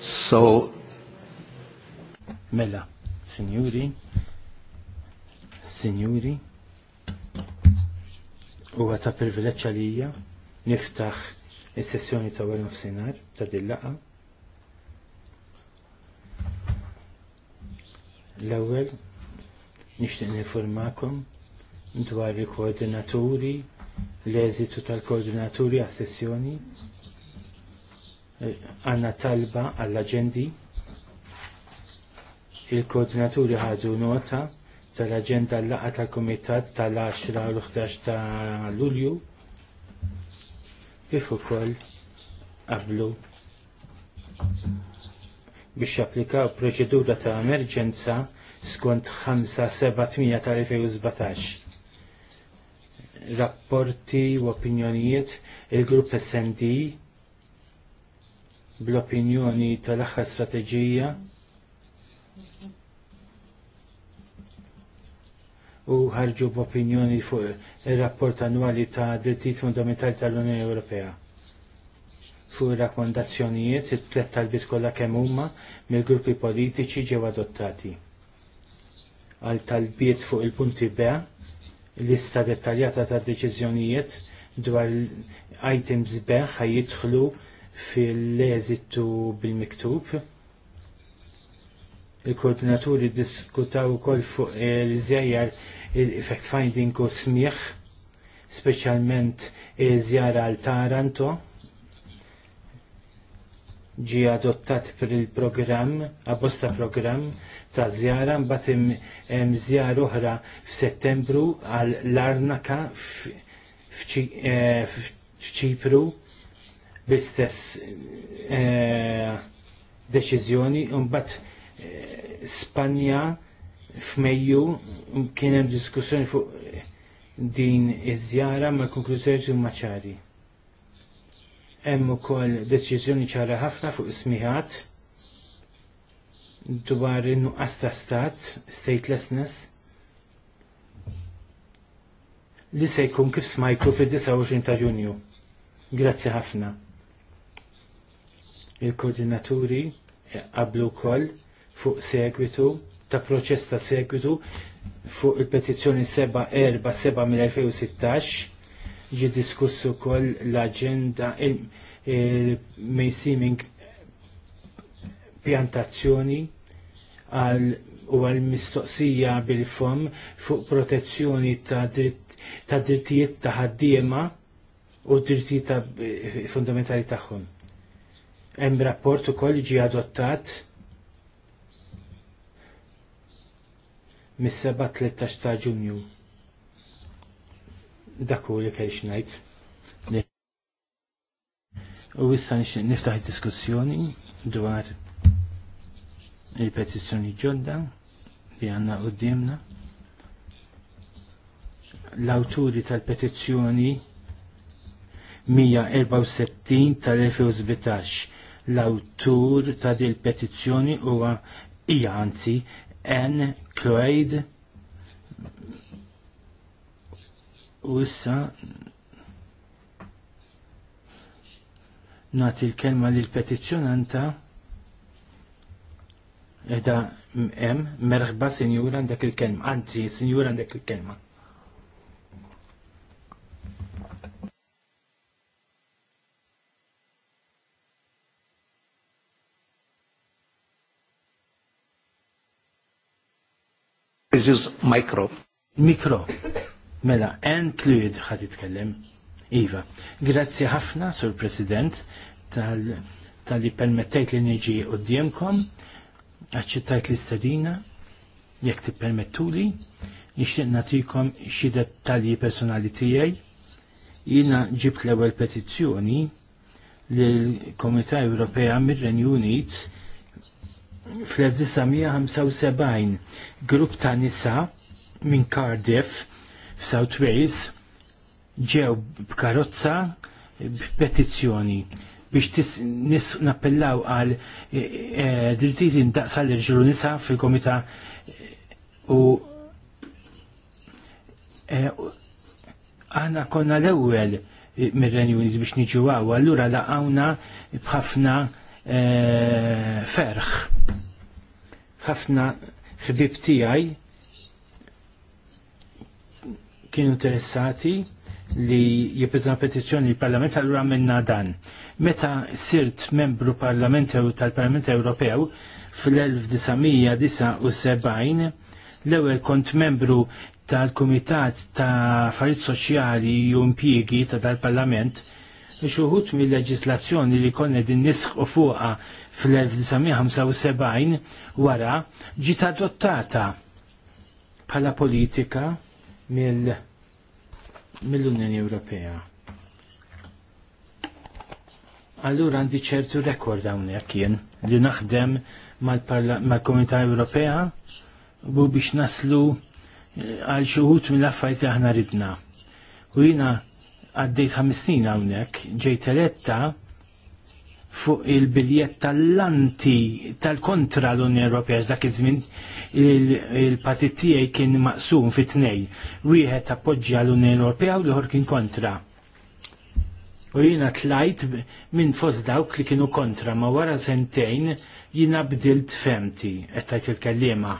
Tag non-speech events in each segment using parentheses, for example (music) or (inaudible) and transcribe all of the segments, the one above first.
So, mela, signori, signori, u għata privileċa lija niftaħ il-sessjoni ta' għal nofsinar ta' dillaqa. L-ewel, nishtiq informakom dwar il-koordinaturi l-eżitu tal-koordinaturi għas-sessjoni e, għanna talba għall-aġendi il-koordinaturi ħadu nota tal-aġenda l-laqa tal-komitat tal-10 u 11 ta' Lulju kif ukoll qablu biex japplikaw proċedura ta' emerġenza skont 5-7 tal-2017 rapporti u opinjonijiet il-grupp SND bl-opinjoni tal-aħħar strateġija u ħarġu b'opinjoni fuq ir-rapport annwali ta' drittijiet fundamentali tal-Unjoni Ewropea fuq ir-rakkomandazzjonijiet it-tlet talbiet kollha kemm huma mill-gruppi politiċi ġew adottati għal talbiet fuq il-punti B lista dettaljata ta' deċiżjonijiet dwar items beħ jidħlu fil-leżittu bil-miktub. Il-koordinaturi diskutaw ukoll fuq il-żjajjar eh, eh, fact-finding u smieħ, speċjalment il eh, żjara għal Taranto ġi adottat per il-programm, abbosta programm ta' zjara, mbagħad hemm zjar oħra f'Settembru għal l-Arnaka eh, f'Ċipru bl-istess eh, deċiżjoni, mbagħad eh, Spanja f'Mejju kien hemm diskussjoni fuq din iż-żjara ma' konklużjoni maċari hemm ukoll deċiżjoni ċara ħafna fuq smiħat dwar in-nuqqas ta' stat, statelessness, li se jkun kif smajtu fid-29 ta' Ġunju. Grazzi ħafna. Il-koordinaturi qablu wkoll fuq segwitu ta' proċess ta' segwitu fuq il-petizzjoni erba' 7 mill-2016 ġi diskussu kol l-agenda il-mainstreaming pjantazzjoni għal u għal mistoqsija bil-fom fuq protezzjoni ta' drittijiet ta' ħaddiema u drittijiet fundamentali tagħhom. Hemm rapport ukoll ġi adottat mis-7 13 ta' Ġunju Dakku li kellix ngħid. U issa niftaħ diskussjoni dwar il-petizzjoni ġodda li għanna u L-awturi tal-petizzjoni 164 tal-2017. L-awtur ta' dil petizzjoni huwa hija anzi N. Cloyd U issa nati l-kelma li lil petizzjonanta edha m-em, merħba senjura għandak il-kelma, anzi senjura għandak il-kelma. This is micro. Micro. Mela, en Cluid ħat jitkellem. Iva, grazzi ħafna, Sur President, tal-li permettajt li niġi u djemkom għacċettajt l-istadina, jek ti permettuli, nishtiq natikom xie dettalji personali tijaj, jina ġib l-ewel petizzjoni li l-Komunità Ewropea mir-Renju Unit fl-1975 grupp ta' nisa minn Cardiff f'South Wales ġew b'karozza b'petizzjoni biex nappellaw għal e, e, drittijiet indaqsa l-irġilu nisa fil-komita u għana e, konna l-ewel mir-Renju biex niġu għaw, allura laqawna bħafna ferħ. ħafna ħbib tijaj kienu interessati li jibizna petizjoni l-Parlament għallura minna dan. Meta sirt membru Parlament tal-Parlament Ewropew fl-1979 l-ewel kont membru tal-Kumitat ta' Affarijiet Soċjali u Impjiegi ta' tal-Parlament xuħut mill-leġislazzjoni li konna din u fuqa fl-1975 wara ġiet adottata bħala politika mill-Unjoni Ewropea. Allura għandi ċertu rekord hawnhekk jien li naħdem mal-Komunità Ewropea u biex naslu eh, għal xuħut mill-affarijiet li aħna ridna. U jiena għaddejt ħamis snin hawnhekk, ġejt eletta fuq il-biljett tal-lanti tal-kontra l-Unjoni Ewropea dak iż-żmien il-partit tiegħi kien maqsum fi tnejn Wieħed appoġġja l-Unjoni Ewropea u l-oħor kien kontra. U jiena tlajt minn fost dawk li kienu kontra, ma wara sentejn jiena bdilt femti qed tajt il-kellima.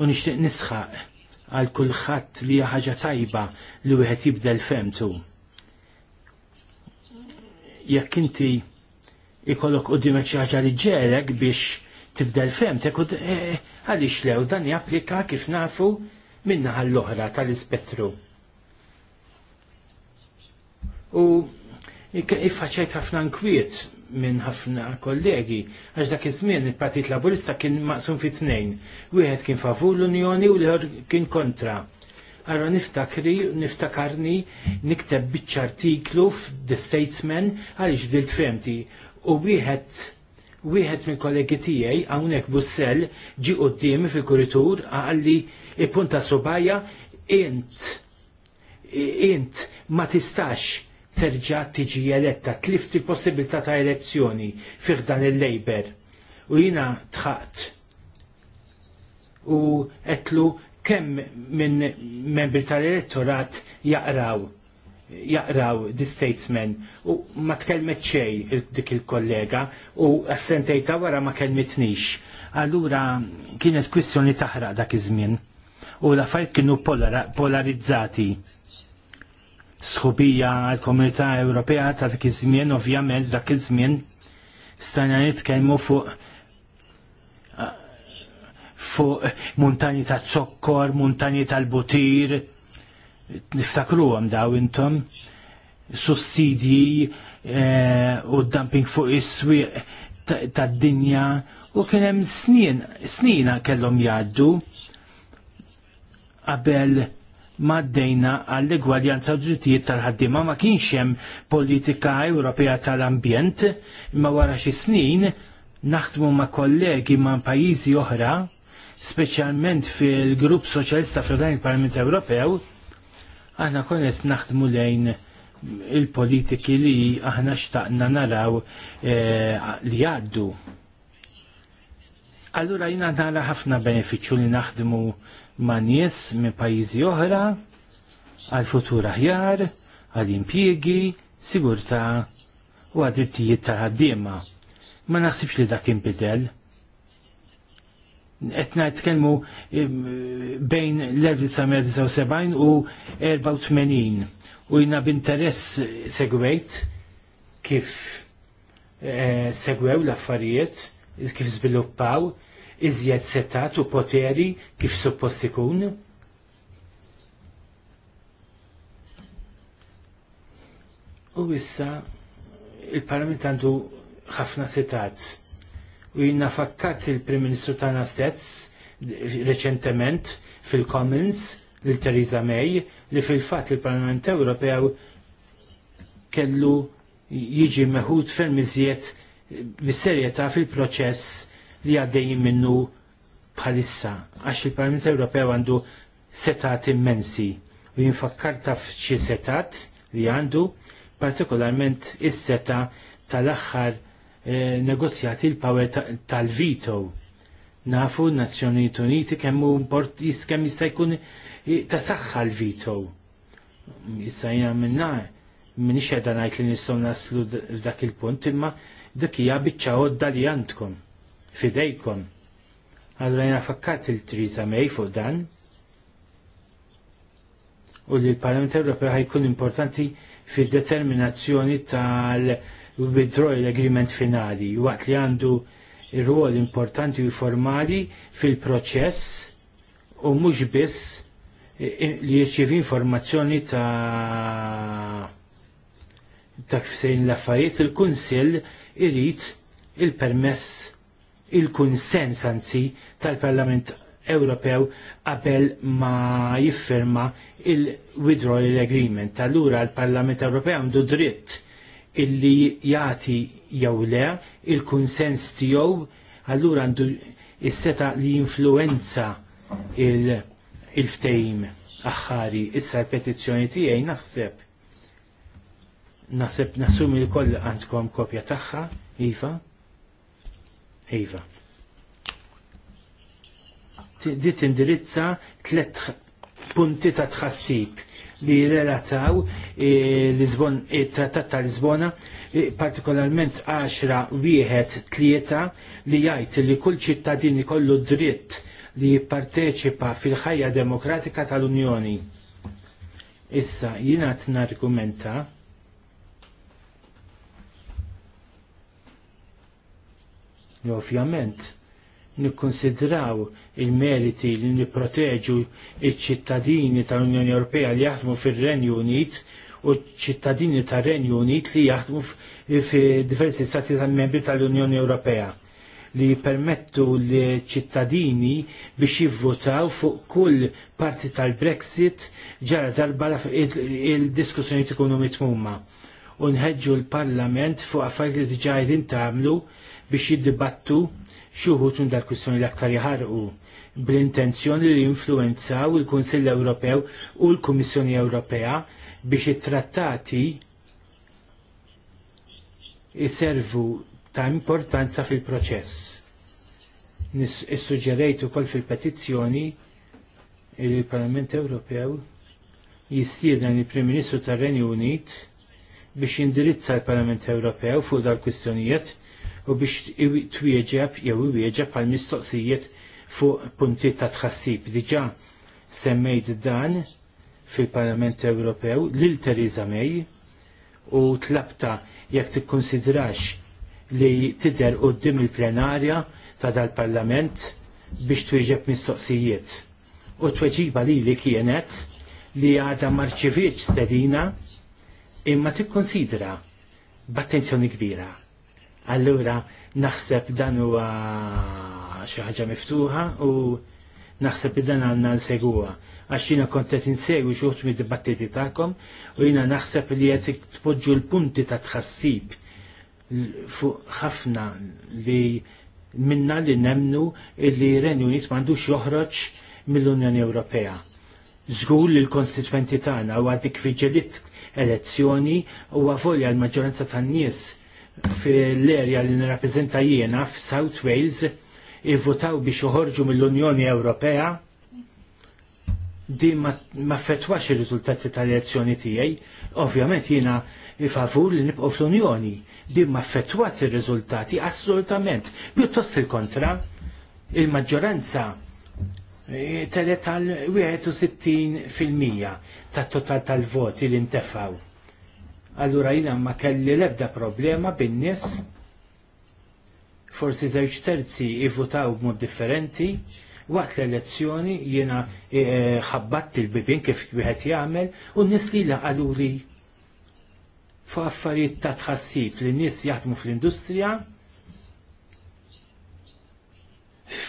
U nixtieq nisħaq għal kulħadd li hija ħaġa tajba li wieħed jibdel femtu jekk inti ikollok u xi ħaġa li ġelek biex tibdel femtek u eh, eh, għalix lew dan japplika kif nafu minna għall-oħra tal-ispettru. U iffaċajt ħafna nkwiet minn ħafna kollegi, għax dak iż-żmien il-Partit Laburista kien maqsum fit tnejn. Wieħed kien favur l-Unjoni u l-ieħor kien kontra. Għarra niftakri, niftakarni nikteb bitċ artiklu f'The Statesman għaliex bilt femti u wieħed wieħed minn kollegi tiegħi hawnhekk Bussell ġi qudiem fil-kuritur għalli ipunta subajja int int ma tistax terġa' tiġi eletta tlift il-possibilità ta' elezzjoni fih dan il-Labor. U jina tħaqt u etlu kemm minn membri tal-elettorat jaqraw jaqraw the statesman u ma tkellmet xej dik il-kollega u assentejta wara ma kelmetnix. Allura kienet kwistjoni taħraq dak iż-żmien u la fajt kienu polarizzati. Sħubija għal-Komunità Ewropea ta' dak iż-żmien, ovvjament dak iż-żmien stajna nitkellmu fuq fuq montani ta' zokkor, montani tal-butir, niftakru għam daw intom, sussidji eh, u dumping fuq is-swieq tad-dinja u kien hemm snin, snina kellhom jgħaddu qabel maddejna għall-igwaljanza u drittijiet tal ħaddima ma kienx hemm politika Ewropea tal-ambjent imma wara xi snin naħdmu ma' kollegi ma' pajjiżi oħra speċjalment fil-grupp soċjalista fil-dan il-Parlament Ewropew, aħna konet naħdmu lejn il-politiki li aħna xtaqna naraw eh, li għaddu. Allura jina nara ħafna beneficju li naħdmu ma' nies minn pajjiżi oħra, għal futur aħjar, għal impjiegi, sigurtà u għad drittijiet tal-ħaddiema. Ma naħsibx li dak inbidel qed jitkelmu eh, bejn l-1979 u 84 u jina b'interess segwejt kif eh, segwew l-affarijiet kif zbiluppaw iżjed setat u poteri kif suppost ikun. U issa il-parlament għandu ħafna setat u jina fakkat il-Prim Ministru tagħna stess reċentement fil-Commons lil Theresa May li fil-fatt il-Parlament Ewropew kellu jiġi meħud ferm iżjed bis-serjetà fil-proċess li għaddejjin minnu bħalissa għax il-Parlament Ewropew għandu setat immensi u jinfakkar taf xi setat li għandu partikolarment is-seta tal-aħħar Eh, negozjati l-power tal-vito. Nafu n-Nazzjonijiet Uniti kemm hu import kemm jista' jkun ta' saħħa l-vito. Issa jiena minna minix qiegħda najt li nistgħu naslu f'dak il-punt imma dik hija biċċa għodda li għandkom fidejkom. Allora jina fakkat il triza Mej fuq dan u li l-Parlament Ewropew ħajkun importanti fil-determinazzjoni tal- l agreement finali, waqt li għandu ir-rwol importanti u formali fil-proċess u mhux biss li jirċiv informazzjoni ta' ta' kfsejn l-affarijiet il-Kunsill irid il-permess il-kunsens anzi tal-Parlament Ewropew qabel ma jiffirma il-withdrawal agreement. Allura l-Parlament Ewropew għandu dritt illi jati jew le il-kunsens tiegħu allura għandu is-seta li influenza il-ftejm il aħħari issa l-petizzjoni tiegħi naħseb naħseb nassumi l-koll għandkom kopja tagħha, Iva. Iva. Dit indirizza tlet punti ta' tħassib li relataw eh, il-Trattat eh, ta' Lisbona, eh, partikolarment 10 wieħed tlieta li jgħid li kull ċittadini kollu dritt li jipparteċipa fil-ħajja demokratika tal-Unjoni. Issa, jina t-nargumenta ovvjament nikkonsidraw il-meriti li niproteġu il-ċittadini tal-Unjoni Ewropea li jaħdmu fil-Renju Unit u ċittadini tal-Renju Unit li jaħdmu fi diversi stati tal-membri tal-Unjoni Ewropea li permettu li ċittadini biex jivvotaw fuq kull parti tal-Brexit ġara darba il-diskussjoni tkunu mitmumma. Unħedġu l-Parlament fuq affarijiet li ġajdin tamlu ta biex jiddibattu xuħut minn dal-kwistjoni l-aktar jaħarqu bl-intenzjoni li influenzaw il-Kunsill Ewropew u l-Kummissjoni Ewropea biex it-trattati jiservu ta' importanza fil-proċess. Nissuġġerejt ukoll fil-petizzjoni il-Parlament Ewropew jistieden il-Prim Ministru tar-Renju Unit biex jindirizza l-Parlament Ewropew fuq dal-kwistjonijiet u biex twieġeb jew iwieġeb għal mistoqsijiet fuq punti ta' tħassib. Diġa semmejt dan fil-Parlament Ewropew lil Theresa May u tlabta jekk tikkonsidrax li tidher qudiem il-plenarja ta' dal-Parlament biex twieġeb mistoqsijiet. U tweġiba li li kienet li għada marċivieċ stedina imma tikkonsidra b'attenzjoni kbira Allura naħseb dan huwa xi ħaġa miftuħa u naħseb li dan għandna nsegwa għax kont kontet insegwi xuħt mid dibattiti ta'kom u jina naħseb li qed tpoġġu l-punti ta' tħassib fuq ħafna li minna li nemnu li Renju Unit m'għandux joħroġ mill-Unjoni Ewropea. Zgur li l-konstituenti tagħna u għadik fiġelit elezzjoni u għavolja l-maġġoranza tan-nies fil area li nirrappreżenta jiena f'South Wales ivvotaw biex uħorġu mill-Unjoni Ewropea din ma fetwax ir-riżultati tal-elezzjoni tiegħi, ovvjament jiena favur li nibqgħu fl-Unjoni. Din ma fetwat ir-riżultati assolutament. Pjuttost il-kontra, il-maġġoranza e, telet tal-61% tat-total tal-voti li ntefgħu allura jina ma kelli lebda problema bin-nies forsi żewġ terzi ivvutaw b'mod differenti waqt l-elezzjoni jiena e, e, ħabbatt il-bibin kif wieħed jagħmel u n-nies li għaluri fuq affarijiet ta' tħassib li nis jaħdmu fl-industrija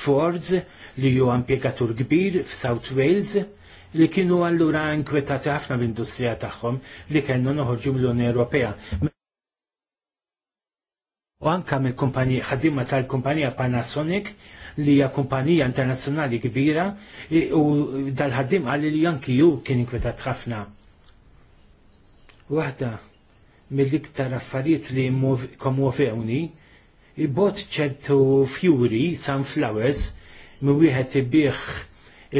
Ford li ju impiegatur kbir f'South Wales li kienu allura inkwetati ħafna l-industrija tagħhom li kellnu noħorġu mill-Unjoni Ewropea. U anka mill-kumpanija ħaddimma tal-kumpanija Panasonic li hija kumpanija internazzjonali kbira u dal-ħaddim għalli li anki ju kien inkwetat ħafna. Waħda mill-iktar affarijiet li i bot ċertu fjuri, sunflowers, mi wieħed ibih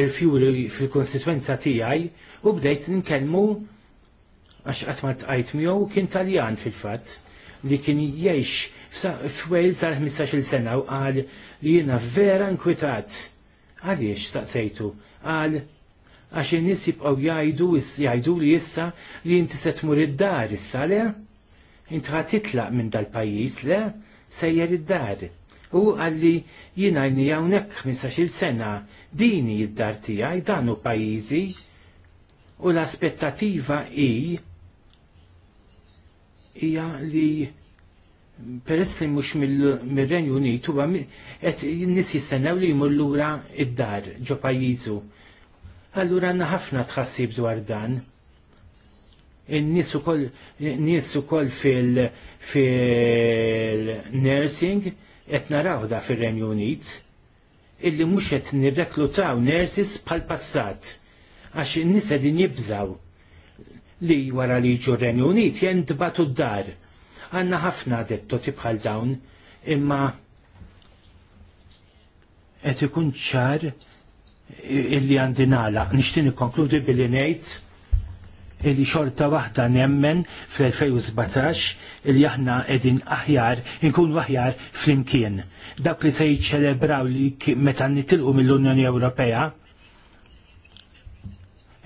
il-fjuri fil-konsekwenza tiegħi u bdejt nkellmu għax qatt ma tqajt miegħu kien Taljan fil-fatt li kien jgħix f'Wales għal 15-il sena u qal li jiena vera nkwitat. Għaliex staqsejtu? Qal għax in-nies jibqgħu jgħidu li issa li inti se tmur id-dar issa le? Jinti ħad minn dal-pajjiż le? Sejjer id-dar. U għalli jinajni jawnek 15 sena dini id-dar tijaj danu pajizi u l-aspettativa i ija li peress li mux mill-Renju Unitu għet nis jistennew li jmullura id-dar ġo pajizu. Allura għanna ħafna tħassib dwar dan. Nis ukoll fil-nursing fil qed naraw fil fir-Renju Unit illi mhux qed nirreklutaw nersis pal passat għax in nisa din jibżaw li wara li jiġu r-Renju Unit jendbatu d-dar. Għanna ħafna detto bħal dawn imma qed ikun ċar illi għandi nagħlaq. Nixtieq nikkonkludi billi ngħid li xorta waħda nemmen fl-2017 li aħna edin aħjar, inkun aħjar fl-imkien. Dak li se jiċċelebraw li meta nitilqu mill-Unjoni Ewropea,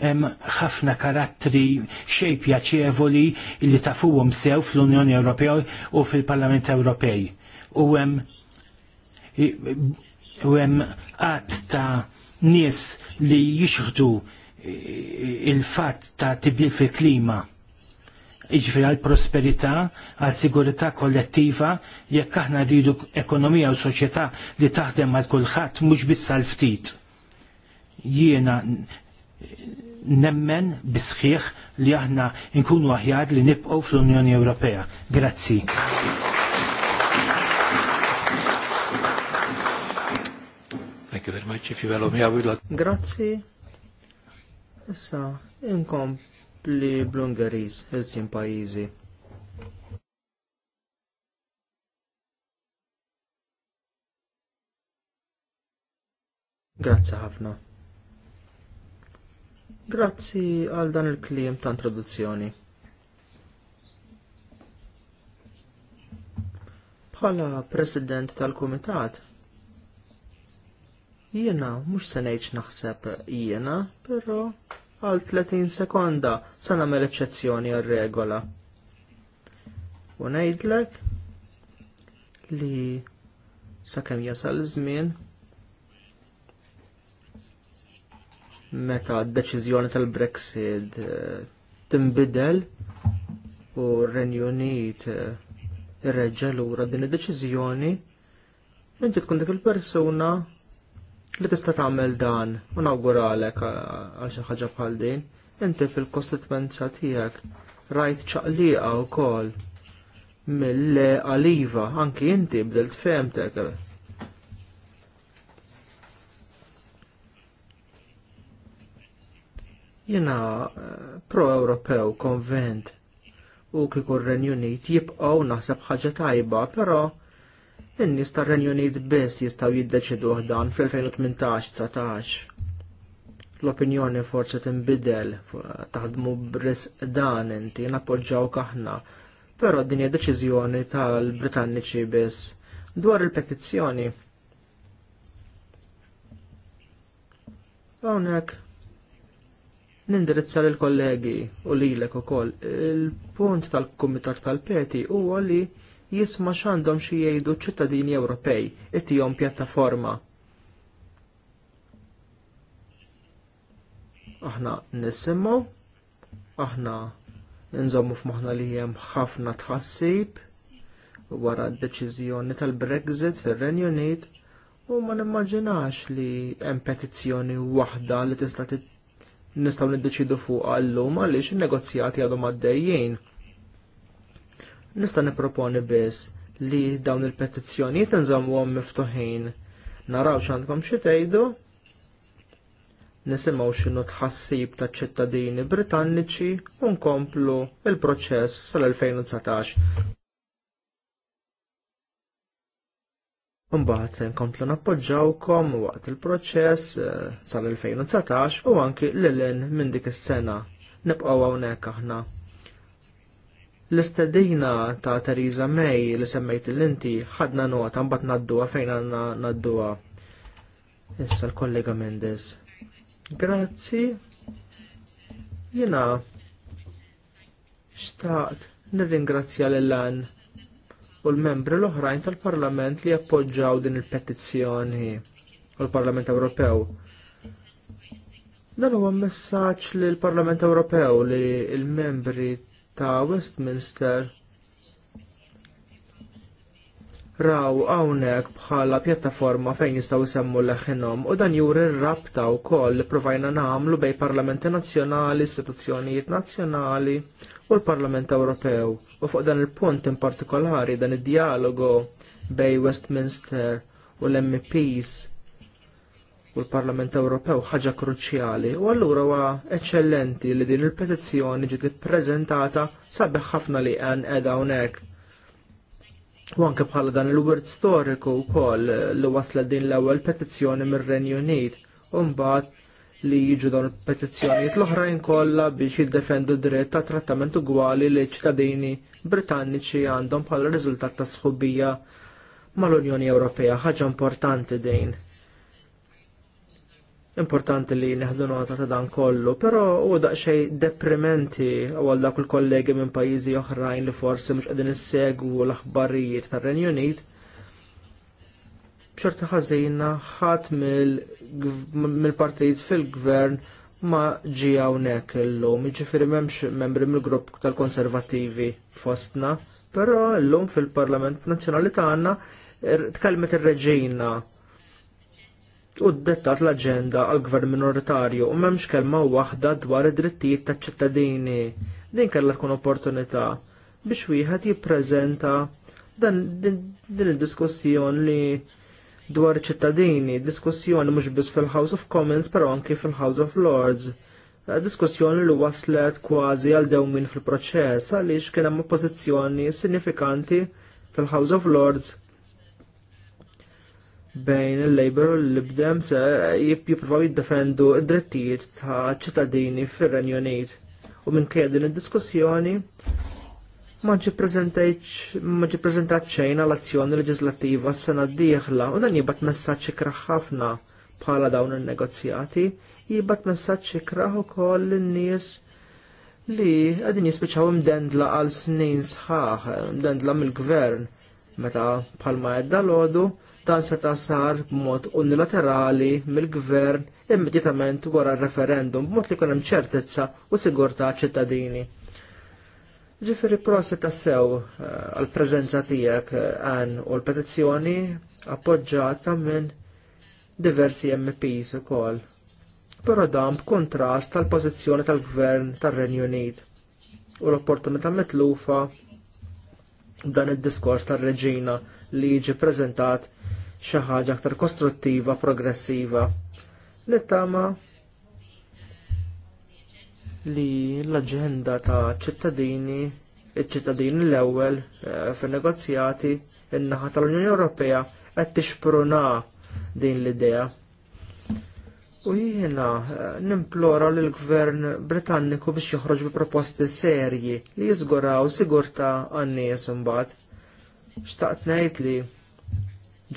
hemm ħafna karattri xej pjaċevoli li tafuhom sew fl-Unjoni Ewropea u fil-Parlament Ewropej. U hemm u hemm qatt ta' nies li jixħdu il-fatt ta' tibdil fil-klima iġifri għal prosperità, għal sigurità kollettiva, jekk aħna rridu ekonomija u soċjetà li taħdem għal kulħadd mhux biss għal ftit. Jiena nemmen bisħiħ li aħna nkunu aħjar li nibqgħu fl-Unjoni Ewropea. Grazzi. Thank you very much. If you allow me, I would like... Grazie. Issa, inkompli li ungeris il-sin pajizi. Grazzi ħafna. Grazzi għal dan il-kliem ta' introduzzjoni. Bħala president tal-Kumitat, jiena mhux se naħseb jiena, però għal 30 sekonda sa nagħmel eċċezzjoni għar-regola. U ngħidlek li sakemm jasal iż-żmien meta d-deċiżjoni tal-Brexit eh, timbidel u r renjunit Unit eh, irreġġa lura din id-deċiżjoni, inti tkun dik il-persuna li tista' tagħmel dan u nawguralek għal xi ħaġa bħal din. Inti fil-kostitwenza tiegħek rajt ċaqliqa wkoll mill-għaliva, anki inti bdelt femtek. Jena eh, pro-Ewropew konvent u kikur Renju Unit jibqgħu naħseb ħaġa tajba, però in-nies tar-Renju Unit biss jistgħu jiddeċidu dan fl-2018-19. L-opinjoni forsi tinbidel taħdmu bris dan inti nappoġġaw aħna, però din hija deċiżjoni tal-Britanniċi biss dwar il-petizzjoni. Hawnhekk nindirizza lill kollegi u lilek ukoll il-punt tal-Kumitat tal-Peti huwa li jisma' x'għandhom xi jgħidu ċittadini Ewropej it-tijom pjattaforma. Aħna nisimgħu, aħna nżommu f'moħħna li hemm ħafna tħassib wara d-deċiżjoni tal-Brexit fir-Renju Unit u ma nimmaġinax li hemm petizzjoni waħda li tista' nistgħu niddeċidu fuq llum għaliex in-negozjati għadhom għaddejjin Nista' nipproponi biss li dawn il-petizzjonijiet nżammuhom miftuħin. Naraw x'għandkom xi tgħidu, nisimgħu x'inhu tħassib taċ ċittadini Britanniċi u nkomplu l proċess sal-2019. Mbagħad nkomplu nappoġġawkom waqt il-proċess eh, sal-2019 u anki l-lin minn dik is-sena. Nibqgħu hawnhekk aħna L-istedina ta' Theresa May li semmejt l-inti ħadna nota mbagħad nadduha fejn għandna nadduha. Issa l-kollega Mendes. Grazzi. Jena xtaqt nirringrazzja l-lan u l-membri l-oħrajn tal-Parlament li appoġġaw din il-petizzjoni u l-Parlament Ewropew. Dan huwa messaġġ li l-Parlament Ewropew li l-membri ta' Westminster raw hawnhekk bħala pjattaforma fejn jistgħu l leħinhom u dan juri r-rabta wkoll li provajna nagħmlu bejn parlamenti nazzjonali, istituzzjonijiet nazzjonali u l-Parlament Ewropew. U fuq dan il-punt in partikolari dan id-dialogu bej Westminster u l-MPs u l-Parlament Ewropew ħaġa kruċjali u allura huwa eċċellenti li din il-petizzjoni ġiet ippreżentata sabeħ ħafna li għan qiegħda hawnhekk. U anke bħala dan il-wirt storiku wkoll li waslet din l-ewwel petizzjoni mir-Renju Unit u mbagħad li jiġu dawn il-petizzjonijiet l-oħrajn kollha biex jiddefendu dritt ta' trattament ugwali li ċittadini Britanniċi għandhom bħala riżultat ta' sħubija mal-Unjoni Ewropea ħaġa importanti dejn. Importanti li neħdu nota ta' dan kollu, però u daqsxej deprimenti għal dak il-kollegi minn pajjiżi oħrajn li forsi mhux qegħdin issegwu l-aħbarijiet tar-Renju Unit ħazina ħat ħadd mill-partijiet fil-gvern ma ġi hawnhekk lum jiġifieri m'hemmx membri mill-grupp tal-Konservattivi fostna, però llum fil-Parlament Nazzjonali tagħna er-, tkellmet ir-Reġina u dettat l-agenda għal gvern minoritarju u memx kelma waħda dwar id-drittijiet taċ ċittadini Din kellha tkun opportunità biex wieħed jippreżenta dan din id-diskussjoni li dwar ċittadini, diskussjoni mhux biss fil-House of Commons però anki fil-House of Lords. Eh, diskussjoni li waslet kważi għal dewmin fil-proċess għaliex kien hemm oppożizzjoni sinifikanti fil-House of Lords bejn il-Labor u l-Libdem se jippruvaw jiddefendu id-drittijiet ta' ċittadini fir-Renju Unit. U minn din id-diskussjoni ma ġi prezentat xejn għal azzjoni leġislattiva s-sena d-dieħla u dan jibat messaġġ ikraħ ħafna bħala dawn il-negozjati, jibat messaġġ ikraħ ukoll lin-nies li għadin jispiċaw imdendla għal snin sħaħ, imdendla mill-gvern, meta bħalma għedda l-ħodu, dan se sar b'mod unilaterali mill-gvern immedjatament wara r-referendum b'mod li kunem hemm ċertezza u sigurtà ċittadini. Ġifieri prosi tassew eh, għall-preżenza tiegħek għan eh, u l-petizzjoni appoġġata minn diversi MPs ukoll. Però dan b'kuntrast tal-pożizzjoni tal-Gvern tar-Renju Unit u l-opportunità mitlufa dan id-diskors tar-reġina li jiġi preżentat xi ħaġa aktar kostruttiva, progressiva li tama li l-aġenda ta' ċittadini, iċ-ċittadini l-ewwel eh, fin-negozjati in-naħa tal-Unjoni Ewropea qed tixpruna din l-idea. U jiena eh, nimplora lill gvern Britanniku biex joħroġ bi proposti serji li jiżguraw sigurta għan-nies imbagħad. Xtaqt ngħid li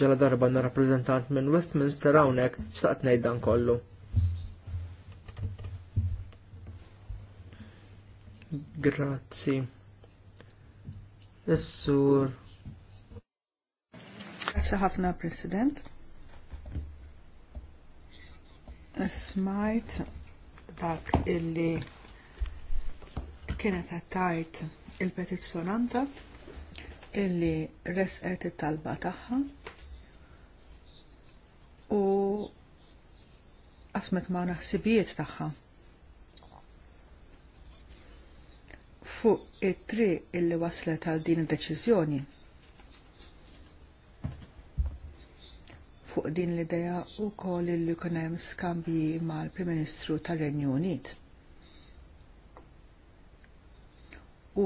ġala darba na rappreżentant minn Westminster hawnhekk xtaqt ngħid dan kollu. Grazzi. Essur. Grazzi ħafna President. Smajt dak illi kienet għattajt il-petizzjonanta illi resqet it-talba tagħha u asmet ma' naħsibiet tagħha. Fuq it-tri illi waslet għal din id-deċiżjoni. Fuq din l-idea wkoll illi kien hemm skambji mal-Prim Ministru tar-Renju Unit. U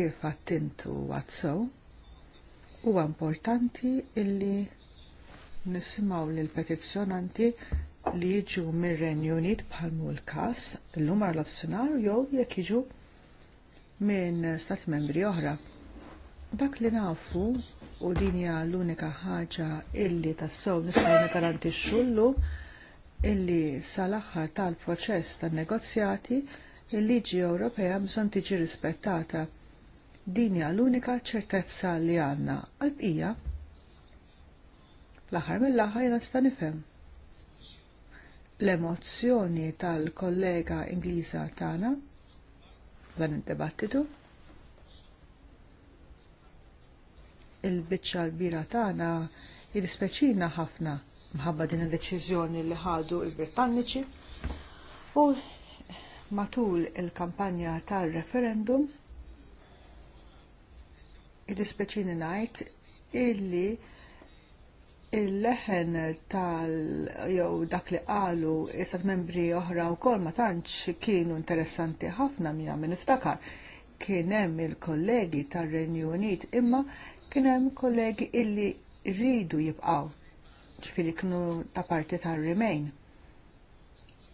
kif għattintu għadsew, huwa importanti illi nisimaw l petizzjonanti li jiġu mir-Renju Unit bħal l-każ illum għal l jew jekk jiġu minn stati membri oħra. Dak li nafu u din hija l-unika ħaġa illi tassew nistgħu nigarantixxu xullu illi sal-aħħar tal-proċess tan-negozjati il-liġi Ewropea bżonn tiġi rispettata. Din hija l-unika ċertezza li għandna għalbqija L-aħħar mill-aħħar jiena nista' nifhem. L-emozzjoni tal-kollega Ingliża tagħna dan id-dibattitu il-biċċa l-bira tagħna jispeċina ħafna mħabba din id-deċiżjoni li ħadu l brittanniċi u matul il-kampanja tal-referendum id-dispeċini najt illi il-leħen tal- jew dak li qalu isat membri oħra wkoll ma tantx kienu interessanti ħafna minna min iftakar. Kien hemm il-kollegi tar-Renju Unit imma kien hemm kollegi illi rridu jibqgħu. Ġifieri kienu ta' parti tar-Remain.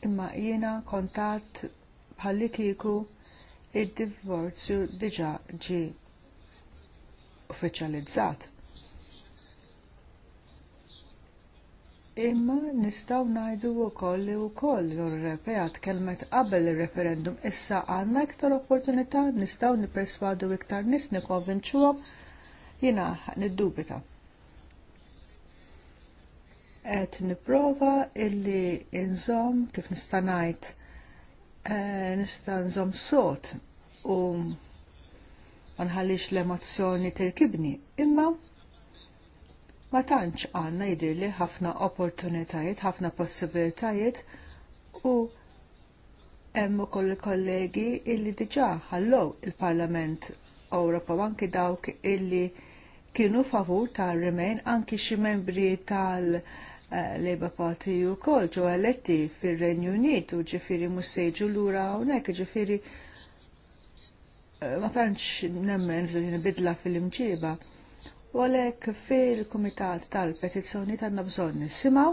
Imma jiena kontat bħalli kieku id-divorzju diġa' ġie uffiċjalizzat Imma nistaw najdu u koll li u koll l-Ewropea tkellmet qabel il-referendum issa għanna iktar opportunità nistaw niperswadu iktar nis nikonvinċuhom jina niddubita. Et niprofa illi nżom kif nista' ngħid eh, nista' nżom sot u ma nħallix l-emozzjoni tirkibni imma ma tantx għandna jidirli ħafna opportunitajiet, ħafna possibilitajiet u hemm ukoll kollegi illi diġà ħallow il-Parlament Ewropa anki dawk illi kienu favur tal remain anki xi membri tal- eh, Labour Party u kol ġo eletti fil-Renju Unit u ġifiri musseġu l-ura unek ġifiri eh, ma tantx nemmen bidla fil-imġiba u fil-Kumitat tal-Petizzjoni tanna bżonn nisimgħu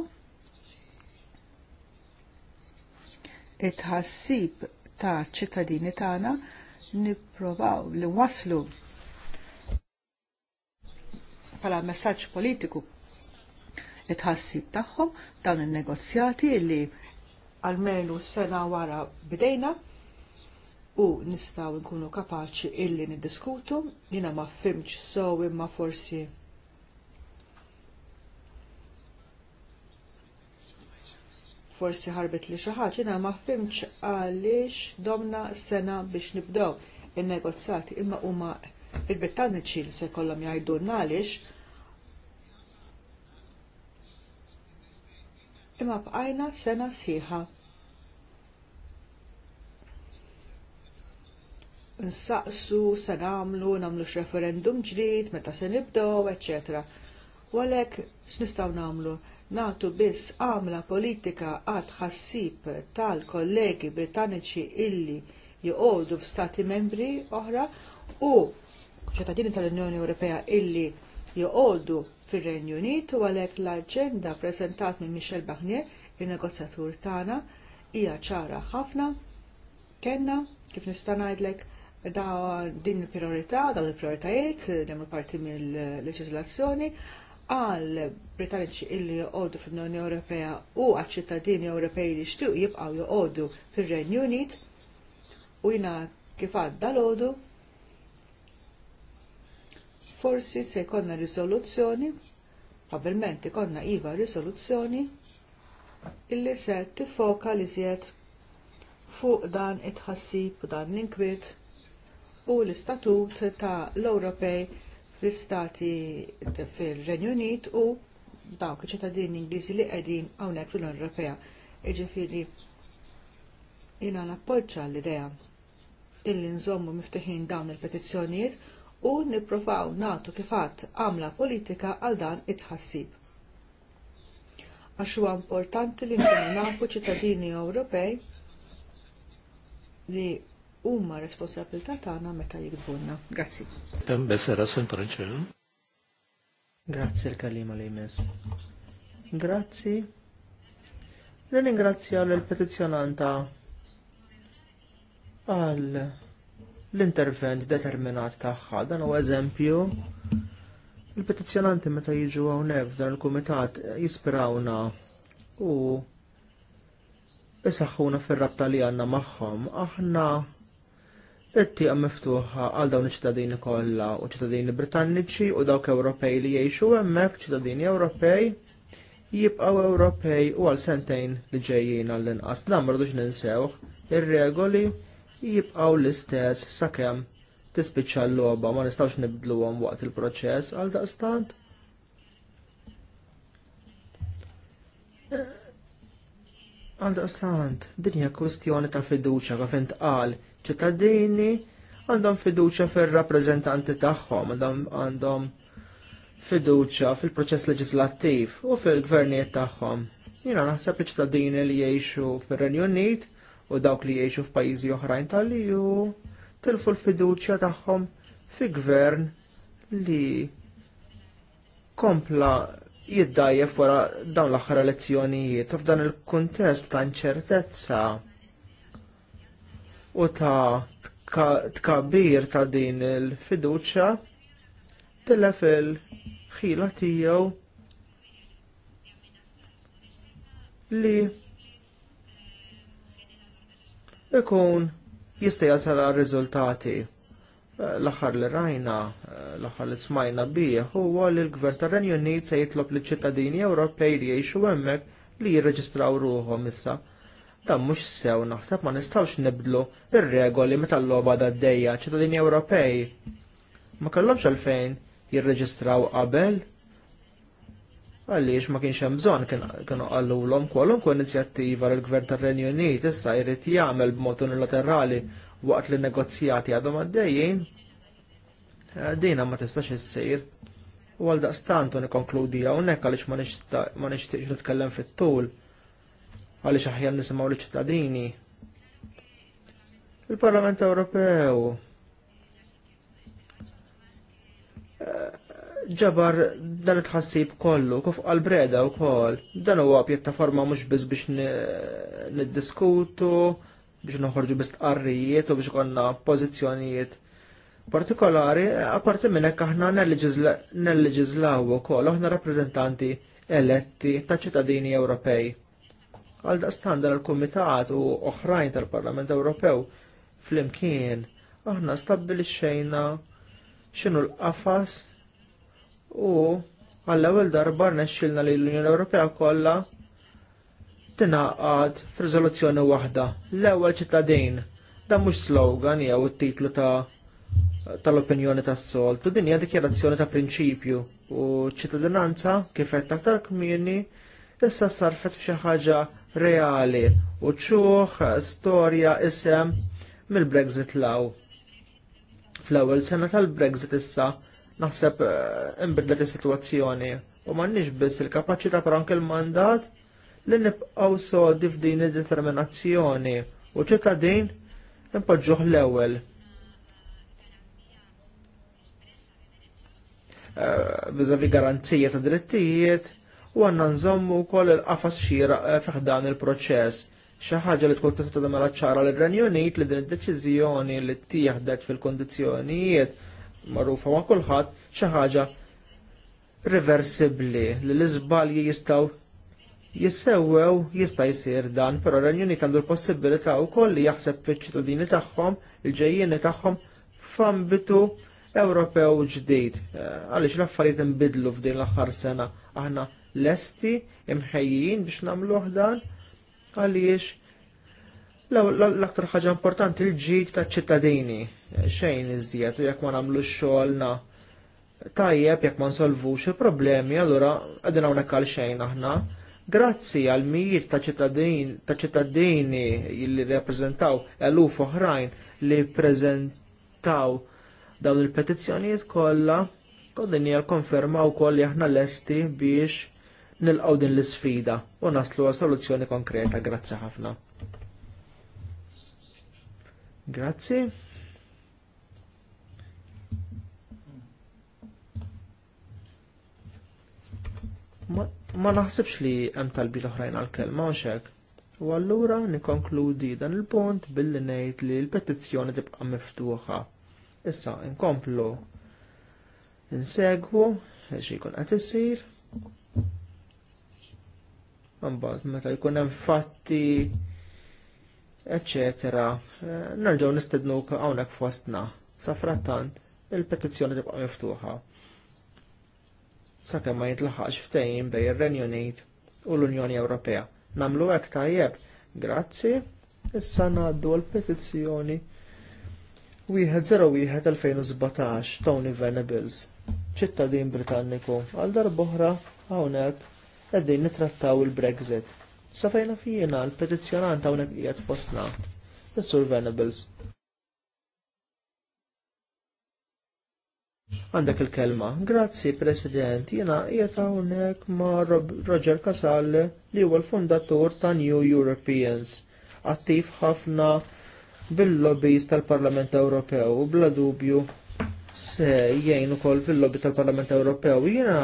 it-ħassib ta' ċittadini tagħna nipprovaw li waslu bħala messaġġ politiku it-ħassib tagħhom dawn in-negozjati li għalmelu sena wara bdejna u nistgħu nkunu kapaċi illi niddiskutu, jiena ma fimċ so imma forsi forsi ħarbet li xi ħaġa jiena ma fimċ għaliex domna sena biex nibdew in-negozjati imma huma il-Britanniċi li se jkollhom jgħidulna għaliex imma bqajna sena siħa. nsaqsu se nagħmlu x referendum ġdid, meta se nibdew, eċetera. U għalhekk x'nistgħu nagħmlu? Nagħtu biss għamla politika għad ħassib tal-kollegi Britanniċi illi joqogħdu stati membri oħra u ċittadini tal-Unjoni Ewropea illi joqogħdu fir-Renju Unit u għalhekk l-aġenda prezentat minn Michel Barnier, il-negozjatur tagħna, hija ċara ħafna, kellna kif nista' ngħidlek da din il-priorità, dawn il-prioritajiet, demmu eh, parti mill-leġizlazzjoni, għal Britanniċi illi joqodu fl-Unjoni Ewropea u għal ċittadini Ewropej li xtiq jibqaw joqogħdu fir-Renju Unit u jina kif dal l forsi se jkollna risoluzzjoni, probabbilment konna iva risoluzzjoni illi se tifoka li fuq dan it-ħassib u dan l-inkwiet u l-istatut ta' l-Ewropej fl-istati fil-Renju Unit u dawk ċittadini Ingliżi li qegħdin hawnhekk fl-Unjoni Ewropea. Jiġifieri jiena nappoġġa l-idea illi nżommu miftuħin dawn il-petizzjonijiet u nippruvaw nagħtu kif kifat għamla politika għal dan it-ħassib. Għax huwa importanti li nkunu nafu ċittadini Ewropej li huma responsabilità tagħna meta jikbunna. Grazzi. Eh? Grazzi l-kalima li jmiss. Grazzi. Nirringrazzja l-petizjonanta għal l-intervent determinat tagħha dan huwa eżempju il-petizjonanti meta jiġu hawnhekk f'dan il-kumitat jispirawna u jisaxħuna fir-rabta li għandna magħhom aħna it-tieqa miftuħa għal dawn iċ-ċittadini kollha u ċittadini Britanniċi u dawk Ewropej li jgħixu hemmhekk ċittadini Ewropej jibqgħu Ewropej u għal sentejn li ġejjin għall-inqas. Dan m'rdux ninsewh ir-regoli jibqgħu l-istess sakemm tispiċċa l-logħba ma nistgħux nibdluhom waqt il-proċess għal daqstant. Għal daqstant, din hija kwestjoni ta' fiduċja kif intqal ċittadini għandhom fiduċja fir-rappreżentanti tagħhom, għandhom fiduċja fil-proċess leġislattiv u fil-gvernijiet tagħhom. Jiena naħseb li ċittadini li jgħixu fir-Renju Unit u dawk li jgħixu f'pajjiżi oħrajn tal-EU tilfu l-fiduċja tagħhom fi gvern li kompla jiddajjef wara dawn l-aħħar elezzjonijiet u f'dan il-kuntest ta' inċertezza u ta' tkabbir ta' din il-fiduċa tilef il-ħila tiegħu li ikun jista' jasal riżultati eh, l-aħħar li rajna, eh, l-aħħar li smajna bih huwa li l-Gvern tar-Renju Unit se jitlob liċ ċittadini Ewropej li jgħixu hemmhekk li jirreġistraw ruhom issa Dan mhux sew naħseb ma nistgħux nibdlu ir-regoli meta l-logħba għaddejja ċittadini Ewropej. Ma kellhomx għalfejn jirreġistraw qabel għaliex ma kienx hemm bżonn kienu qallulhom kwalunkwe inizjattiva l gvern tar-Renju Unit issa jrid jagħmel b'mod unilaterali waqt li negozjati għadhom għaddejjin eh, dina ma tistax issir. U għal daqstant u nikonkludi hawnhekk għaliex ma nixtieqx nitkellem fit-tul għaliex xaħjan nisimgħu l-ċittadini. Il-Parlament Ewropew eh, ġabar dan it-ħassib kollu, kuf għal-breda u koll, dan huwa pjattaforma mux biz biex niddiskutu, biex noħorġu biex tqarrijiet u biex konna pozizjonijiet partikolari, apparti minnek aħna nell ġizlaw u koll, aħna rappresentanti eletti ta' ċittadini Ewropej. Għal daqstan l-Kumitat u oħrajn tal-Parlament Ewropew fl-imkien aħna stabbilixxejna x'inhu l-qafas u għall-ewwel darba rnexxilna li l-Unjoni Ewropea kollha tingħaqad f'riżoluzzjoni waħda l-ewwel ċittadin dan mhux slogan jew it-titlu ta' tal-opinjoni tas-soltu din hija dikjarazzjoni ta' prinċipju u ċittadinanza kif qed aktar kmieni issa sarfet f'xi ħaġa reali u ċuħ storja isem mill-Brexit law. Fl-ewwel sena tal-Brexit issa naħseb eh, imbidlet is-sitwazzjoni u m'għandniex biss il-kapaċità per anke il mandat li nibqgħu sodi f'din id-determinazzjoni u ċittadin impoġġuh l-ewwel. Eh, Biżavi garanzija ta' drittijiet, u għanna nżommu wkoll il-qafas xira eh, fiħdan il-proċess. Xi ħaġa li tkun tista' tagħmel ċara l renju Unit li din id-deċiżjoni li tieħdet fil kondizjonijiet magħrufa ma' kulħadd xi ħaġa reversibbli li l-iżbalji jistgħu jissewwew jista' jsir dan, però r-Renju Unit għandu l-possibilità wkoll li jaħseb fiċ-ċittadini tagħhom, il ġejjini tagħhom f'ambitu Ewropew ġdid. Eh, għaliex l-affarijiet inbidlu f'din l-aħħar sena aħna lesti imħejjin biex namluħ dan għaliex l-aktar ħaġa importanti l-ġid taċ ċittadini xejn iżjed u jekk ma namlu xogħolna tajjeb jekk ma nsolvux il-problemi allura qegħdin hawnhekk għal xejn aħna. Grazzi għal mijiet ta' ċittadini li rappreżentaw eluf oħrajn li preżentaw dawn il-petizzjonijiet kollha Koddin hija konferma wkoll li aħna lesti biex nilqgħu din l-isfida u naslu għal soluzzjoni konkreta. Grazzi ħafna. Grazzi. Ma, naħsibx li hemm talbi l oħrajn għal-kelma u xek. U allura nikonkludi dan il-punt billi ngħid li l-petizzjoni tibqa' miftuħa. Issa nkomplu insegwu xi jkun qed isir Mbagħad meta jkun hemm fatti eċetera, eh, nerġgħu nistednu hawnhekk fostna. Sa frattant il-petizzjoni tibqa' miftuħa. Sakemm ma jitlaħaqx ftehim bejn ir-Renju Unit u l-Unjoni Ewropea. Namlu hekk tajjeb. Grazzi. Issa ngħaddu l-petizzjoni 101-2017 Tony Venables, ċittadin Britanniku, għal darboħra hawnhekk qegħdin nitrattaw il-Brexit. Safajna fijina l-petizzjonant hawnhekk qiegħed fostna. Is-Sur Venables. Għandek il-kelma. Grazzi, President. Jiena qiegħed hawnhekk ma' Roger Casal li huwa l-fundatur ta' New Europeans. Attiv ħafna bil-lobbies tal-Parlament Ewropew bla dubju se jgħin ukoll fil-lobby tal-Parlament Ewropew. Jiena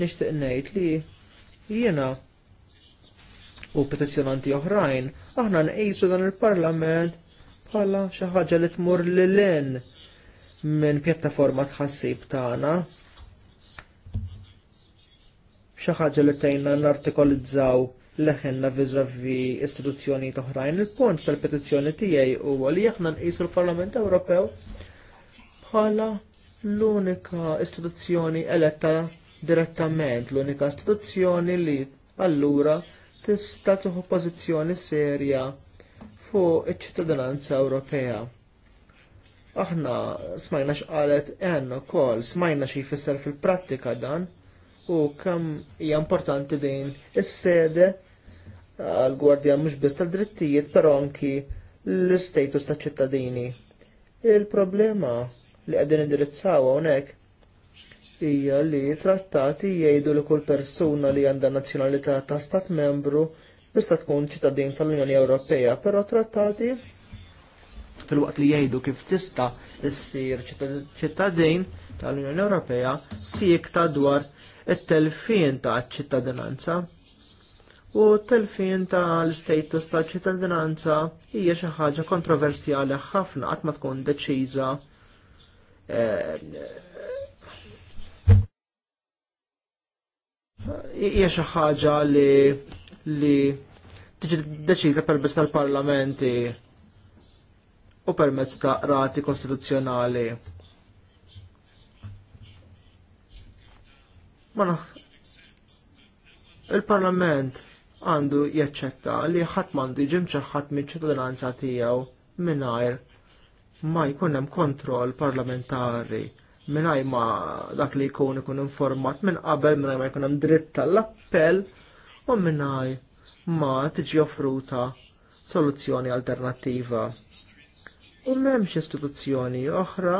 nixtieq ngħid li Jiena u petizjonanti oħrajn, aħna nqisu dan il-Parlament bħala xi ħaġa li tmur lilin minn pjattaforma tħassib tagħna. Xi ħaġa li tgħinna nartikolizzaw leħenna vi istituzzjonijiet oħrajn. Il-punt tal-petizzjoni tiegħi huwa li aħna nqisu l-Parlament Ewropew bħala l-unika istituzzjoni eletta direttament l-unika istituzzjoni li allura tista' tieħu pożizzjoni serja fuq iċ-ċittadinanza Ewropea. Aħna smajna x'qalet hemm ukoll, smajna xi jfisser fil-prattika dan u kemm hija importanti din is-sede għall gwardjan mhux biss tad-drittijiet però anki l istatus taċ ċittadini. Il-problema li qegħdin indirizzaw hawnhekk hija li trattati jgħidu li kull persuna li għandha nazzjonalità ta' stat membru tista' tkun ċittadin tal-Unjoni Ewropea, però trattati fil-waqt li jgħidu kif tista' issir ċittadin tal-Unjoni Ewropea ta' dwar it-telfin ta' ċittadinanza. U t-telfin ta' l-status ta' ċittadinanza hija xi ħaġa kontroversjali ħafna qatt ma tkun deċiża eh, hija xi ħaġa li li tiġi deċiża permezz tal-parlamenti u permezz ta' rati kostituzzjonali. Ma il-parlament għandu jaċċetta li ħadd m'għandu jiġi mċaħħad miċ-ċittadinanza tiegħu mingħajr ma jkun hemm kontroll parlamentari minnaj ma dak li jkun ikun informat minn qabel minnaj ma jkun hemm dritt tal-appell u minnaj ma tiġi offruta soluzzjoni alternattiva. U m'hemmx istituzzjoni oħra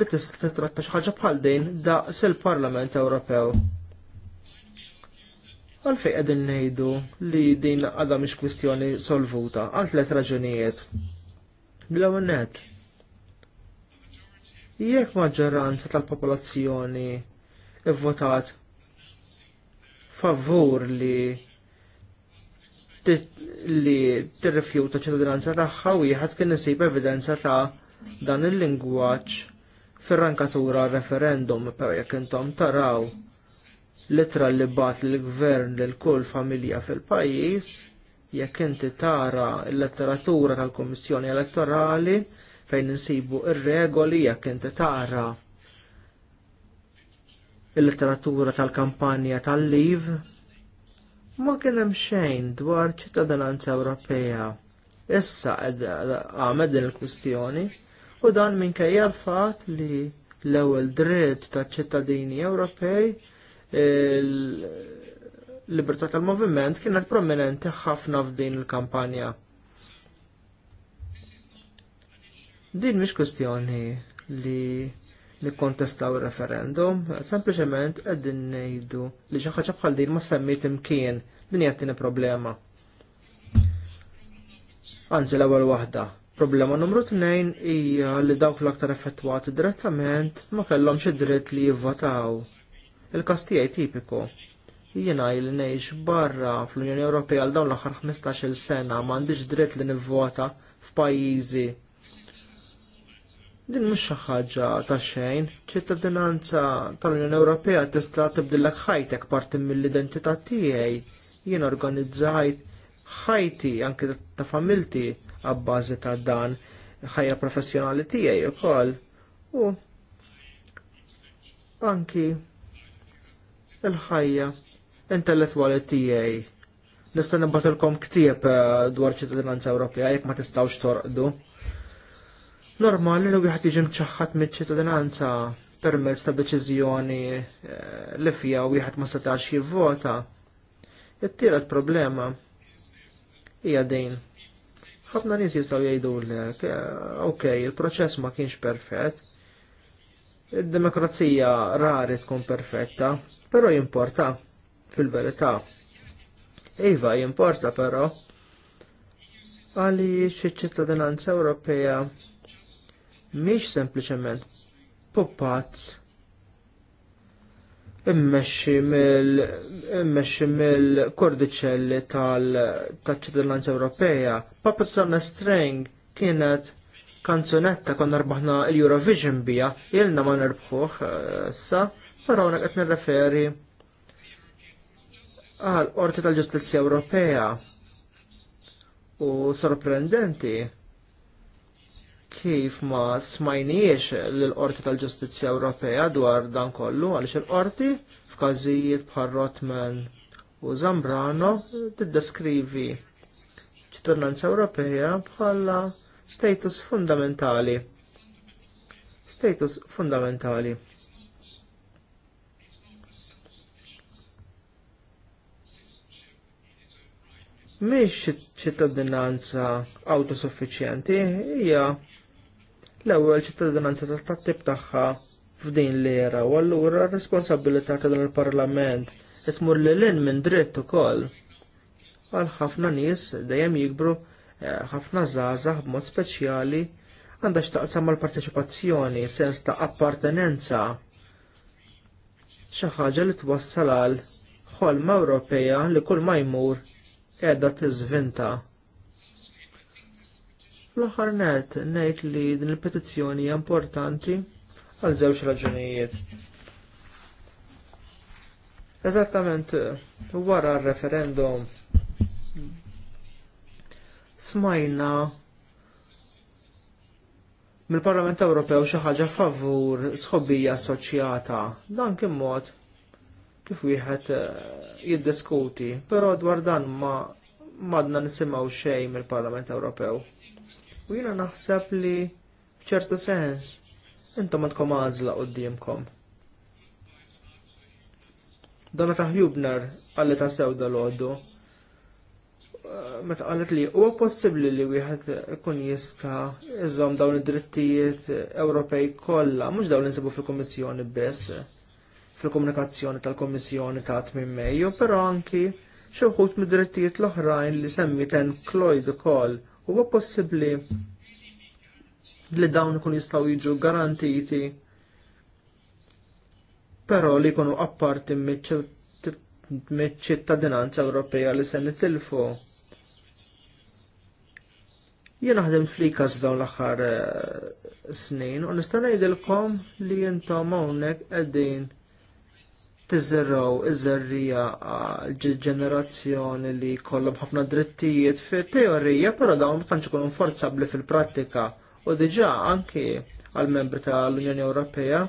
li tista' titratta xi ħaġa bħal din daqs il-Parlament Ewropew. Għalfejn qegħdin ngħidu li din għadha mhix kwistjoni solvuta għal tliet raġunijiet. Bl-ewwel nett Jekk maġġoranza tal-popolazzjoni ivvotat favur li li tirrifjuta ċittadinanza tagħha wieħed kien isib evidenza ta' dan il-lingwaġġ fir-rankatura referendum per jekk intom taraw litra li bat l-gvern lil kull familja fil-pajjiż jekk inti tara l-letteratura tal-Kummissjoni Elettorali fejn insibu ir-regoli jekk inti tara il-letteratura tal-kampanja tal-liv ma kien hemm xejn dwar ċittadinanza Ewropea. Issa għamed din il-kwistjoni u dan minkejja l-fatt li l-ewwel dritt taċ ċittadini Ewropej il-libertà tal-moviment kienet prominenti ħafna f'din il-kampanja. Din mhix kwestjoni li nikkontestaw il-referendum, sempliċement qegħdin ngħidu li xi ħaġa bħal din ma semmit imkien din jattina problema. Anzi l-ewwel waħda, Problema numru tnejn hija li dawk l-aktar effettwati direttament ma kellhomx id-dritt li jivvotaw. Il-każ tiegħi tipiku. Jiena li barra fl-Unjoni Ewropea għal dawn l-aħħar 15-il sena m'għandix dritt li nivvota f'pajjiżi Din mhux ħaġa ta' xejn, ċittadinanza tal-Unjoni Ewropea tista' tibdillek ħajtek parti mill-identità tiegħi. Jien organizzajt ħajti anke ta' familti għabbażi ta' dan ħajja professjonali tiegħi ukoll. U anki il-ħajja intellettwali tiegħi. Nista' nibatilkom ktieb eh, dwar ċittadinanza Ewropea jekk ma tistgħux torqdu. Normali li wieħed jiġi mċaħħad miċ-ċittadinanza permezz ta' deċiżjoni eh, li fija wieħed ma setax jivvota. It-tielet problema hija din. Ħafna nies jistgħu jgħidulek, eh, ok, il-proċess ma kienx perfett, id-demokrazija rari tkun perfetta, però jimporta fil-verità. Iva jimporta però għaliex iċ-ċittadinanza Ewropea mhix sempliċement puppazz immexxi mill immexxi mill-kordiċelli tal-ċittadinanza Ewropea. Papa Tonna String kienet kanzunetta konna rbaħna l-Eurovision bija, jilna ma nerbħuħ eh, sa, però unek qed nirreferi għal Qorti tal-Ġustizzja Ewropea. U sorprendenti kif ma smajniex l-Qorti tal-Ġustizzja Ewropea dwar dan kollu għalix l qorti f'każijiet bħal Rotman u Zambrano tiddeskrivi ċittadinanza Ewropea bħala status fundamentali. Status fundamentali. Mhix ċittadinanza autosuffiċjenti hija l-ewwel ċittadinanza tat-tattib tagħha f'din l-era u allura r-responsabilità ta' dan il-Parlament qed tmur lil hinn minn dritt ukoll. Għal ħafna nies dejjem jikbru eh, ħafna żgħażagħ b'mod speċjali għandha x'taqsam mal-parteċipazzjoni, sens ta' appartenenza xi ħaġa li twassal għal ħolma Ewropea li kull ma jmur qiegħda tiżvinta l aħħar net ngħid li din il-petizzjoni hija importanti għal żewġ raġunijiet. Eżattament wara r-referendum smajna mill-Parlament Ewropew xi ħaġa favur sħobbija assoċjata dan kien mod kif wieħed eh, jiddiskuti, però dwar dan ma madna nisimgħu xejn mill-Parlament Ewropew. U jina naħseb li f'ċertu sens intom għandkom għażla qudiemkom. Dona taħjubnar għalli ta' sew dal-għoddu. Meta qalet li huwa possibbli li wieħed ikun jista' iżomm dawn id-drittijiet Ewropej kollha, mhux dawn insibu nsibu fil-Kummissjoni biss fil-komunikazzjoni tal-Komissjoni ta' tmim Mejju, però anki xi wħud mid-drittijiet l-oħrajn li semmi ten Cloyd ukoll Huwa possibbli li dawn ikun jistgħu jiġu garantiti però li jkunu apparti miċ ċittadinanza Ewropea li se nitilfu. Jien naħdem flikas f'dawn l-aħħar eh, snin u nista' ngħidilkom li intom hawnhekk qegħdin tizzerraw iż-żerrija ġenerazzjoni li kollha ħafna drittijiet fit-teorija, però dawn ma tantx ikunu forzabbli fil-prattika u diġà anki għall membri tal-Unjoni Ewropea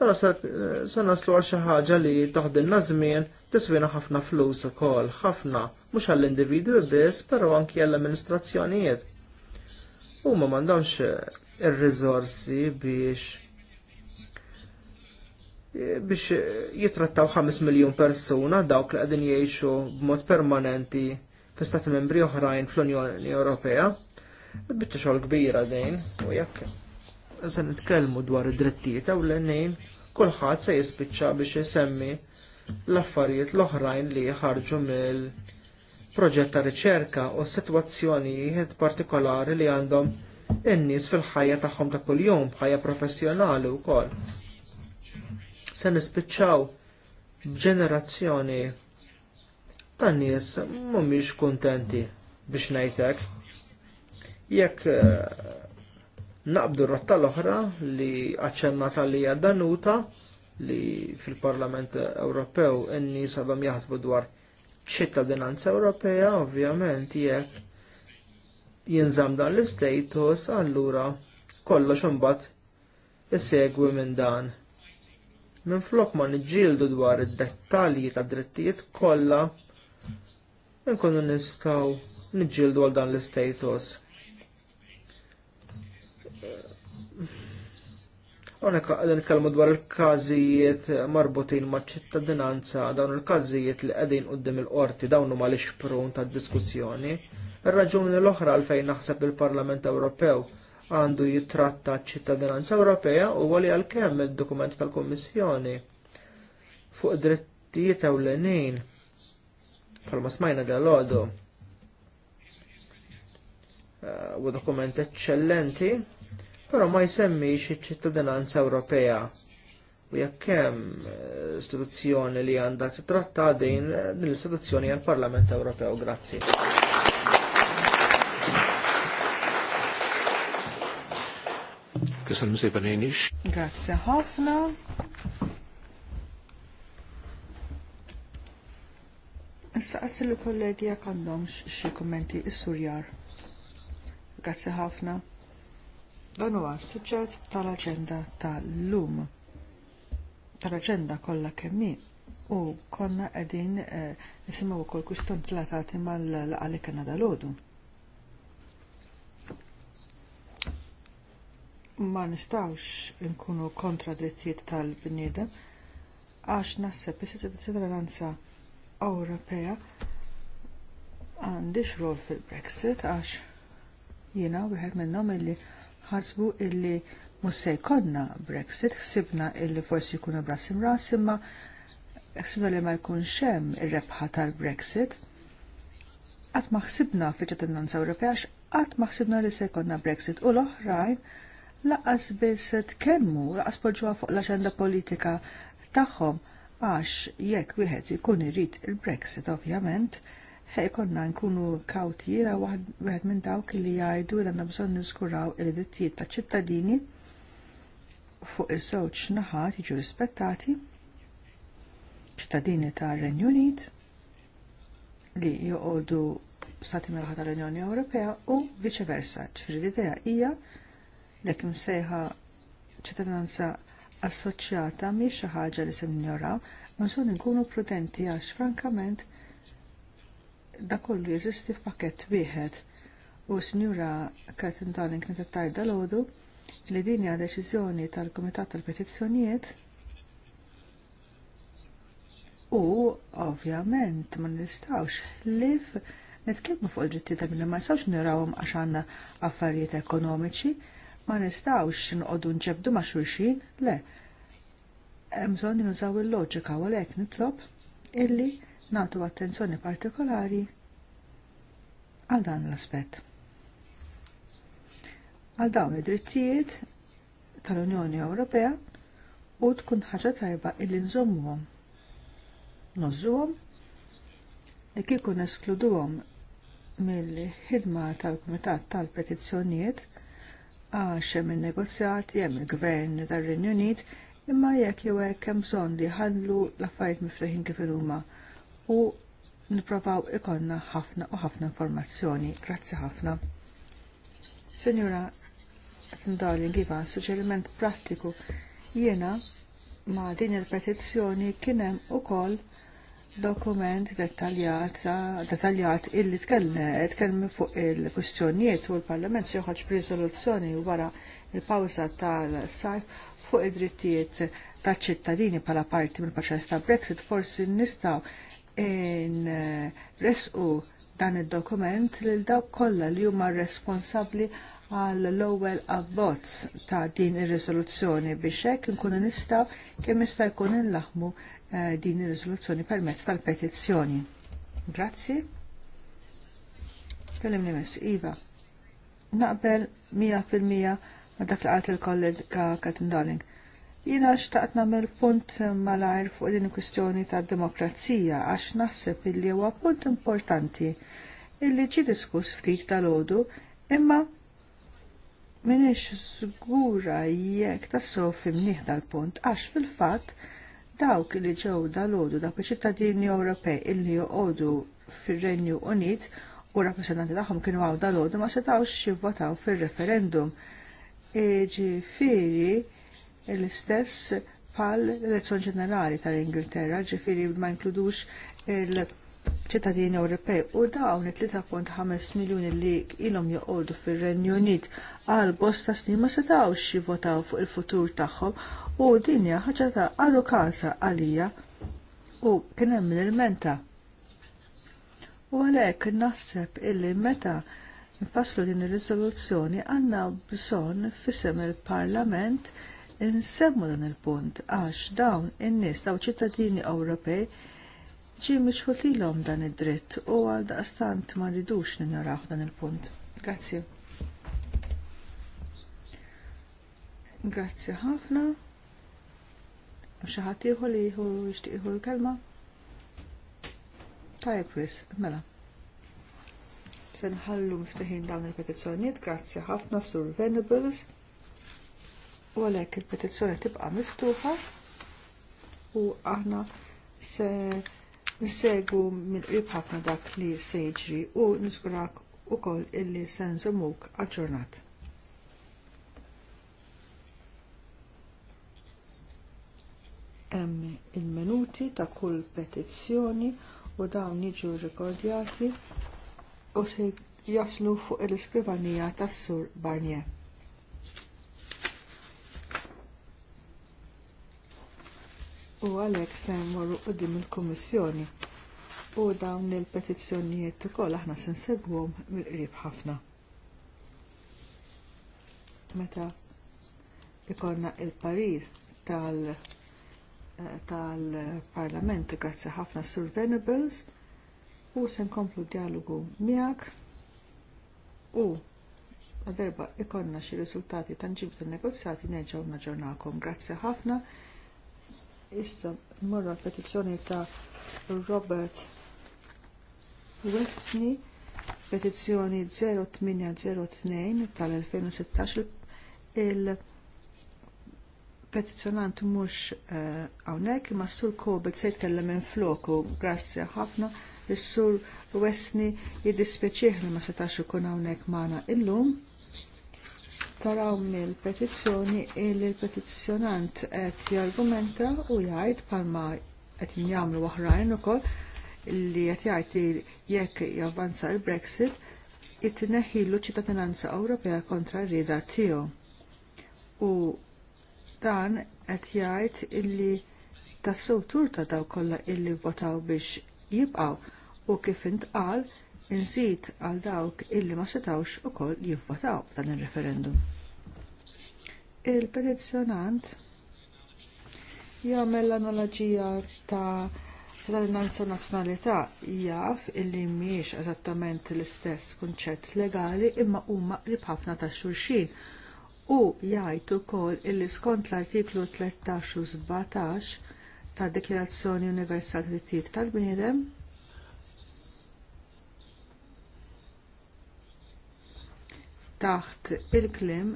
Però se naslu għal xi ħaġa li taħdilna żmien tiswina ħafna flus ukoll, ħafna, mhux għall-individwi biss, però anki għall-amministrazzjonijiet. Huma m'għandhomx ir-riżorsi biex biex jitrattaw 5 miljon persuna dawk li qegħdin jgħixu b'mod permanenti fi stati membri oħrajn fl-Unjoni Ewropea. Bitta xogħol kbira dejn u jekk se nitkellmu dwar id-drittijiet u l-nejn kulħadd se jispiċċa biex isemmi l-affarijiet l-oħrajn li jħarġu mill proġett ta' riċerka u sitwazzjonijiet partikolari li għandhom in-nies fil-ħajja tagħhom ta' kuljum, ħajja professjonali wkoll se nispiċċaw ġenerazzjoni ta' nies mhumiex kuntenti biex ngħidlek. Jekk eh, naqbdu r-rotta l-oħra li aċċennata li hija danuta li fil-Parlament Ewropew in-nies għadhom jaħsbu dwar ċittadinanza Ewropea, ovvjament jekk jinżamm dan l istatus allura kollox imbagħad isegwi minn dan. Minflok ma niġġieldu dwar id-dettalji ta' drittijiet kollha nkunu nistgħu niġġieldu għal dan l-istatus. Unek għadin kalmu dwar il-kazijiet marbutin ma' ċittadinanza, dawn il-kazijiet li għedin qoddim il-qorti, dawn huma li xprun ta' diskussjoni. Ir-raġuni l-oħra għalfejn naħseb il-Parlament Ewropew għandu jitratta ċittadinanza Ewropea u għali għalkemm il-dokument tal-Kommissjoni fuq drittijiet ewlenin bħalma smajna għal għodu eh, u dokument eccellenti, però ma jisemmi iċ-ċittadinanza Ewropea u jekk hemm eh, istituzzjoni li għandha titratta din eh, l-istituzzjoni għall-Parlament Ewropew. Grazzi. Kessan msej banenix. Grazie ħafna. Issa qassi li kollegi jek għandhom xie kommenti is-surjar. Grazie ħafna. Dan huwa suġġett tal-aġenda tal-lum. Tal-aġenda kollha kemm U konna qegħdin eh, nisimgħu wkoll kwistjoni tlatati mal-laqgħa li kena għodu ma nistawx nkunu kontra drittijiet tal-bniedem għax naħseb is-sitwazzjonanza Ewropea għandix rol fil-Brexit għax jiena wieħed minnhom illi ħasbu illi mhux se jkollna Brexit ħsibna illi forsi jkunu ras imras imma ħsibna li ma jkunx hemm ir-rebħa tal-Brexit qatt ma ħsibna fiċ-ċittadinanza Ewropea għax qatt ma ħsibna li se jkollna Brexit u l-oħrajn laqas biss tkellmu, laqas poġġuha fuq l-aġenda politika tagħhom għax jekk wieħed ikun irid il-Brexit ovvjament, konna nkunu kawtira wieħed minn dawk li jgħidu l-għanna bżonn niskuraw il-drittijiet taċ ċittadini fuq il żewġ naħat jiġu rispettati ċittadini tar renju Unit li joqogħdu stati mill tal-Unjoni Ewropea u viċi versa. Ċifri l-idea hija dak imsejħa ċittadinanza assoċjata mhix xi ħaġa li se ninjoraw, ma nkunu prudenti għax frankament da kollu jeżisti f'pakett wieħed. U Sinjura Katin Darling kienet tajda l li din hija deċiżjoni tal-Kumitat tal-Petizzjonijiet u ovvjament ma nistgħux liv nitkellmu fuq id-dritti ta' minna ma nistgħux nirawhom għax għandna affarijiet ekonomiċi ma nistawx nqodu nġebdu ma' xulxin, le. Mżon nużaw il-loġika u għalhekk nitlob illi nagħtu attenzjoni partikolari għal dan l-aspett. Għal dawn id-drittijiet tal-Unjoni Ewropea u tkun ħaġa tajba illi nżommuhom. Nożżuhom li kieku neskluduhom mill-ħidma tal-Kumitat tal-Petizzjonijiet tal għax hemm il negozjat hemm il-gvern tar-Renju Unit, imma jekk jew hekk hemm bżonn li ħallu l-affarijiet miftuħin kif huma u nipprovaw ikonna ħafna u ħafna informazzjoni. Grazzi ħafna. Sinjura, Darling Giva, suġġeriment prattiku. Jiena ma' din il-petizzjoni kien hemm ukoll dokument detaljat illi tkellem fuq il-kwistjonijiet u l-Parlament se joħroġ b'riżoluzzjoni wara il pawza tal-sajf fuq id-drittijiet taċ-ċittadini bħala parti mill-proċess ta' Brexit forsi nistaw in resqu dan id-dokument lil dawk kollha li huma responsabbli għal l-ewwel abbozz ta' din ir-riżoluzzjoni biex hekk inkunu nistaw kemm jista' jkun inlaħmu Eh, din ir-riżoluzzjoni permezz tal-petizzjoni. Grazzi. Kellimni miss Iva. Naqbel 100% ma dak li qalt il-kollega Katin Darling. Jiena xtaqt nagħmel punt malajr fuq din il kwistjoni tad demokrazija għax naħseb illi huwa punt importanti illi ġi diskuss ftit tal għodu imma minix żgura jekk fi fimniħ dal-punt għax fil-fatt dawk li ġew dal-għodu dak ċittadini Ewropej illi joqogħdu fir-Renju Unit u rappresentanti tagħhom kienu għaw dal ma setgħux jivvotaw fir-referendum. Ġifieri l-istess bħal elezzjoni ġenerali tal-Ingilterra, ġifieri ma jinkludux il-ċittadini Ewropej u dawn it-3.5 miljuni li ilhom joqogħdu fir-Renju Unit għal bosta snin ma setgħux jivvotaw fuq il-futur tagħhom u dinja ħaġa ta' għallu kasa għalija u kien hemm l-menta. U għalhekk naħseb illi meta nfasslu din ir-riżoluzzjoni għandna bżonn fissem il-Parlament insemmu dan il-punt għax dawn in-nies daw ċittadini Ewropej ġie mixħutilhom dan id-dritt u għal daqstant ma rridux ninaraħ dan il-punt. Grazzi. Grazzi ħafna. Xi ħadd li jħu jħu l-kelma? Tajb wis, mela. Se nħallu dawn il-petizzjonijiet, grazzi ħafna sur Venables. U għalhekk il-petizzjoni tibqa' miftuħa u aħna se nsegu minn qrib ħafna dak li sejġri u niskurak ukoll illi senżomuk nżommuk hemm il-minuti ta' kull petizzjoni u dawn jiġu rikordjati u se jaslu fuq il-iskrivanija tas-sur Barnier. U għalhekk se jmorru qudiem il-Kummissjoni u dawn il-petizzjonijiet ukoll aħna se nsegwhom mill-qrib ħafna. Meta ikollna il-parir tal- tal-Parlament, grazzi ħafna Sur Venables, u se nkomplu dialogu miak. u għadderba ikonna xi riżultati tanġib tan-negozjati nerġgħu naġġornakom. Grazzi ħafna. Issa morra petizzjoni ta' Robert Westney, petizzjoni 0802 tal-2016 il- petizzjonant mhux eh, hawnhekk imma s-sur Kobet se jitkellem minn floku, grazzi ħafna, s sur Wesni jiddispjaċih li ma setax ikun hawnhekk magħna illum. Taraw mill-petizzjoni li l-petizzjonant qed jargumenta u jgħid palma qed jagħmlu oħrajn ukoll li qed jgħid jekk javvanza l-Brexit it ċittadinanza Ewropea kontra r-rieda tiegħu u Dan qed jgħid illi tassew turta daw kollha illi votaw biex jibqgħu u kif intqal inżid għal dawk illi ma setawx ukoll jivvotaw dan ir-referendum. Il-petizzjonant jagħmel l-analoġija ta' l-Alleanza Nazzjonalità jaf illi mhijiex eżattament l-istess kunċett legali imma huma qrib ħafna ta' xulxin u jgħid ukoll illi skont l-artiklu 13 u 17 tad Universali Universal Drittijiet tal-Bniedem taħt il-klim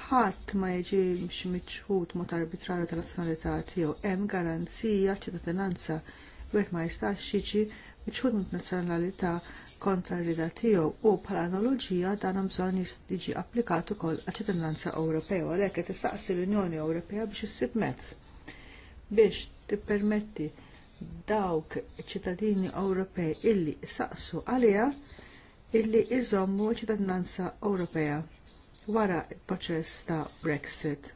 ħadd ma jiġix miċħud mod arbitrarju tal-nazzjonalità tiegħu hemm garanzija ċittadinanza wieħed ma jistax jiġi miċħud mod nazzjonalità kontra rida tiegħu u bħala analoġija dan hemm bżonn jiġi applikat ukoll għaċ-ċittadinanza Ewropea u għalhekk qed tistaqsi l-Unjoni Ewropea biex issib mezz biex tippermetti dawk ċittadini Ewropej illi saqsu għaliha illi iżommu ċittadinanza Ewropea wara l proċess ta' Brexit.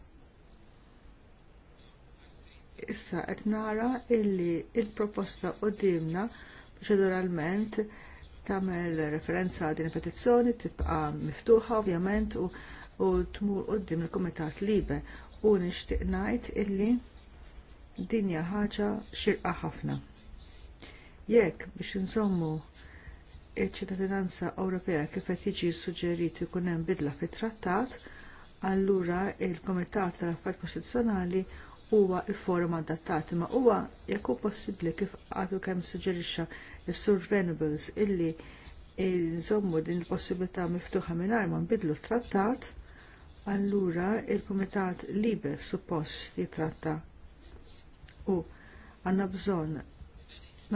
Issa qed nara illi l il proposta qudiemna proċeduralment tagħmel referenza għal din il-petizzjoni tibqa' miftuħa ovvjament u, u tmur quddiem il-Kumitat Libe u nixtieq ngħid illi din hija ħaġa xirqa ħafna. Jekk biex insommu iċ-ċittadinanza Ewropea kif qed jiġi suġġerit ikun hemm bidla fit-trattat, allura l kumitat tal-Affarijiet Kostituzzjonali huwa l forum adattat imma huwa jekk hu possibbli kif għadu kemm suġġerixxa is-sur Venables illi nżommu din il-possibilità miftuħa mingħajr ma nbidlu trattat, allura il-Kumitat Libe suppost jitratta u għandna bżonn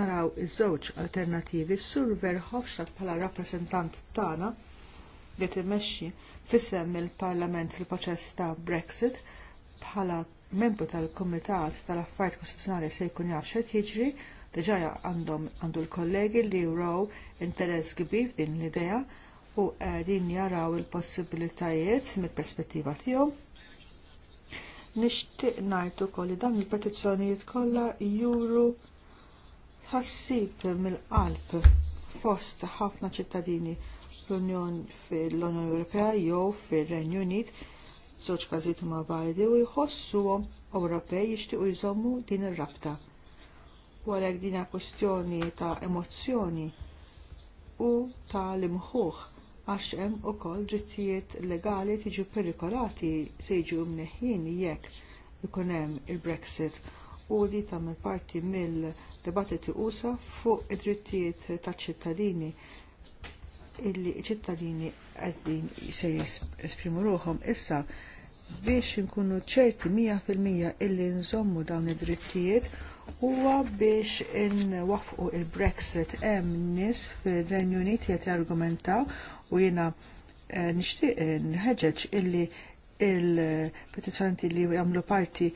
naraw iż-żewġ alternattivi f'Sur Verhofstadt bħala rappreżentant tagħna li timmexxi fissem il-Parlament fil-proċess ta' Brexit bħala membru tal-Kumitat tal-Affarijiet Kostituzzjonali se jkun jaf xed jiġri Deġa għandhom għandu l-kollegi li juraw interess kbir din l-idea u għedin jaraw il-possibilitajiet mill-perspettiva tiegħu. Nixtieq ngħid ukoll li dan il-petizzjonijiet kollha juru ħassib mill-qalb fost ħafna ċittadini l-Unjoni fil-Unjoni Ewropea jew fir-Renju Unit żewġ każijiet ma' validi u jħossuhom Ewropej jixtiequ jżommu din ir-rabta u għalhekk din kwestjoni ta' emozzjoni u ta' l għax hemm ukoll drittijiet legali tiġu perikolati se jiġu mneħħin jekk ikun hemm il-Brexit u li tagħmel parti mill-dibattiti usa fuq id-drittijiet taċ ċittadini illi ċittadini qegħdin se jesprimu ruhom issa biex inkunu ċerti mija fil-mija illi nżommu dawn id-drittijiet huwa biex inwafqu il-Brexit hemm nies fir-Renju Unit qed jargumentaw u jiena eh, nixtieq nħeġġeġ illi il-petizzjonanti li jagħmlu parti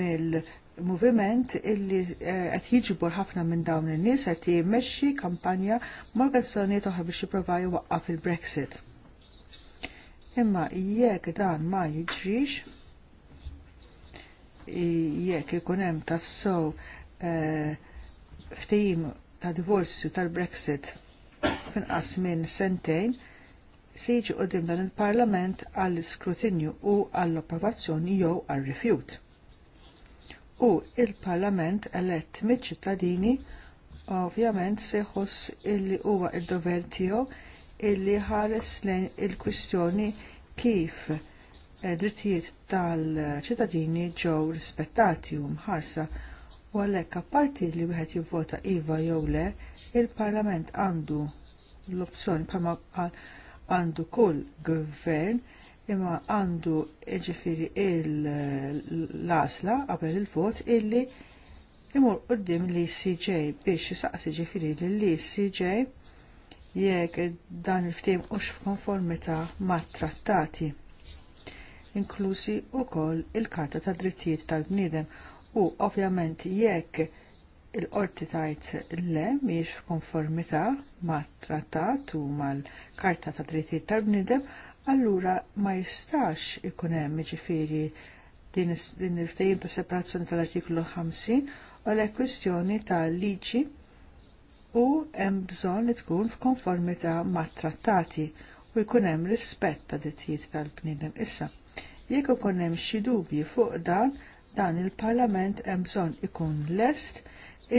mill-moviment illi eh, qed jiġbor ħafna minn dawn in-nies qed jimmexxi kampanja m'organizzazzjonijiet oħra biex jippruvaw jwaqqaf il-Brexit. Imma jekk dan ma jiġrix jekk ikun hemm tassew so Eh, ftim ta' divorzju tal-Brexit finqas minn sentejn se jiġi qudiem dan il-Parlament għall iskrutinju u għall approvazzjoni jew għal rifjut. U il-Parlament elett mill-ċittadini ovvjament se jħoss illi huwa il dover tiegħu illi ħares lejn il-kwistjoni kif eh, drittijiet tal-ċittadini ġew rispettati u mħarsa U għalhekk apparti li wieħed jivvota iva jew le, il-Parlament għandu l-opzjoni bħalma għandu kull gvern imma għandu ġifiri l-asla qabel il-vot illi imur qoddim li CJ biex jisaqsi ġifiri li CJ jekk dan il-ftim ux f'konformità mat trattati inklusi wkoll il-Karta tad Drittijiet tal-Bniedem u ovvjament jekk il-qorti tajt le miex konformita ma' trattat u mal-karta ta' drittijiet tal-bnidem, allura ma jistax ikun hemm ġifieri din il-ftehim ta' separazzjoni tal-artiklu 50 u l kwistjoni ta' liġi u hemm bżonn li tkun f'konformità mat trattati u jkun hemm rispett ta' drittijiet tal-bniedem issa. Jekk ikun hemm xi dubji fuq dan, dan il-Parlament hemm bżonn ikun lest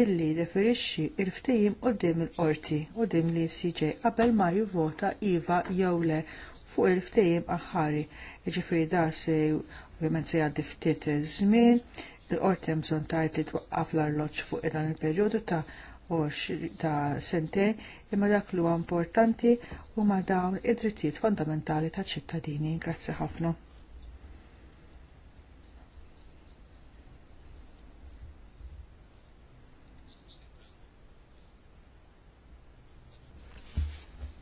illi deferixxi il-ftehim quddiem il-qorti quddiem li CJ qabel ma jivvota iva jew le fuq il-ftehim aħħari. Jiġifieri da se ovvjament se jgħaddi ftit żmien, il-qorti hemm bżonn tajt li twaqqaf l-arloġġ fuq dan il-perjodu ta' għox ta' sentejn imma dak li huwa importanti huma dawn id-drittijiet fondamentali taċ ċittadini. Grazzi ħafna.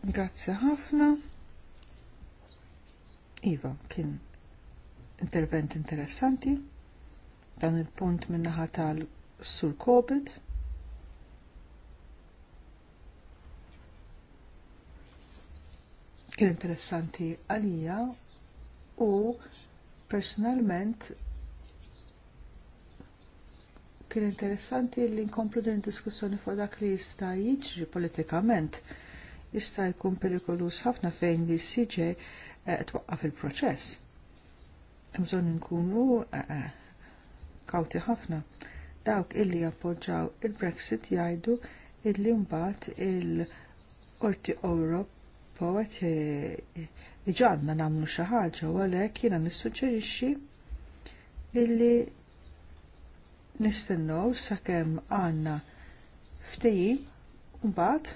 Grazzi ħafna. Iva, kien intervent interessanti. Dan il-punt minnaħa tal-sur COVID. Kien interessanti għalija u personalment kien interessanti li nkomplu din diskussjoni fuq dak li jista' jiġri politikament jista' jkun perikolus ħafna fejn li siġe eh, twaqqaf il-proċess. Bżonn nkunu eh, eh, kawti ħafna. Dawk illi jappoġġaw il-Brexit jgħidu illi mbagħad il-Qorti Ewropa qed iġanna nagħmlu xi ħaġa u għalhekk jiena nissuġġerixxi illi nistennew sakemm għandna ftehim u mbagħad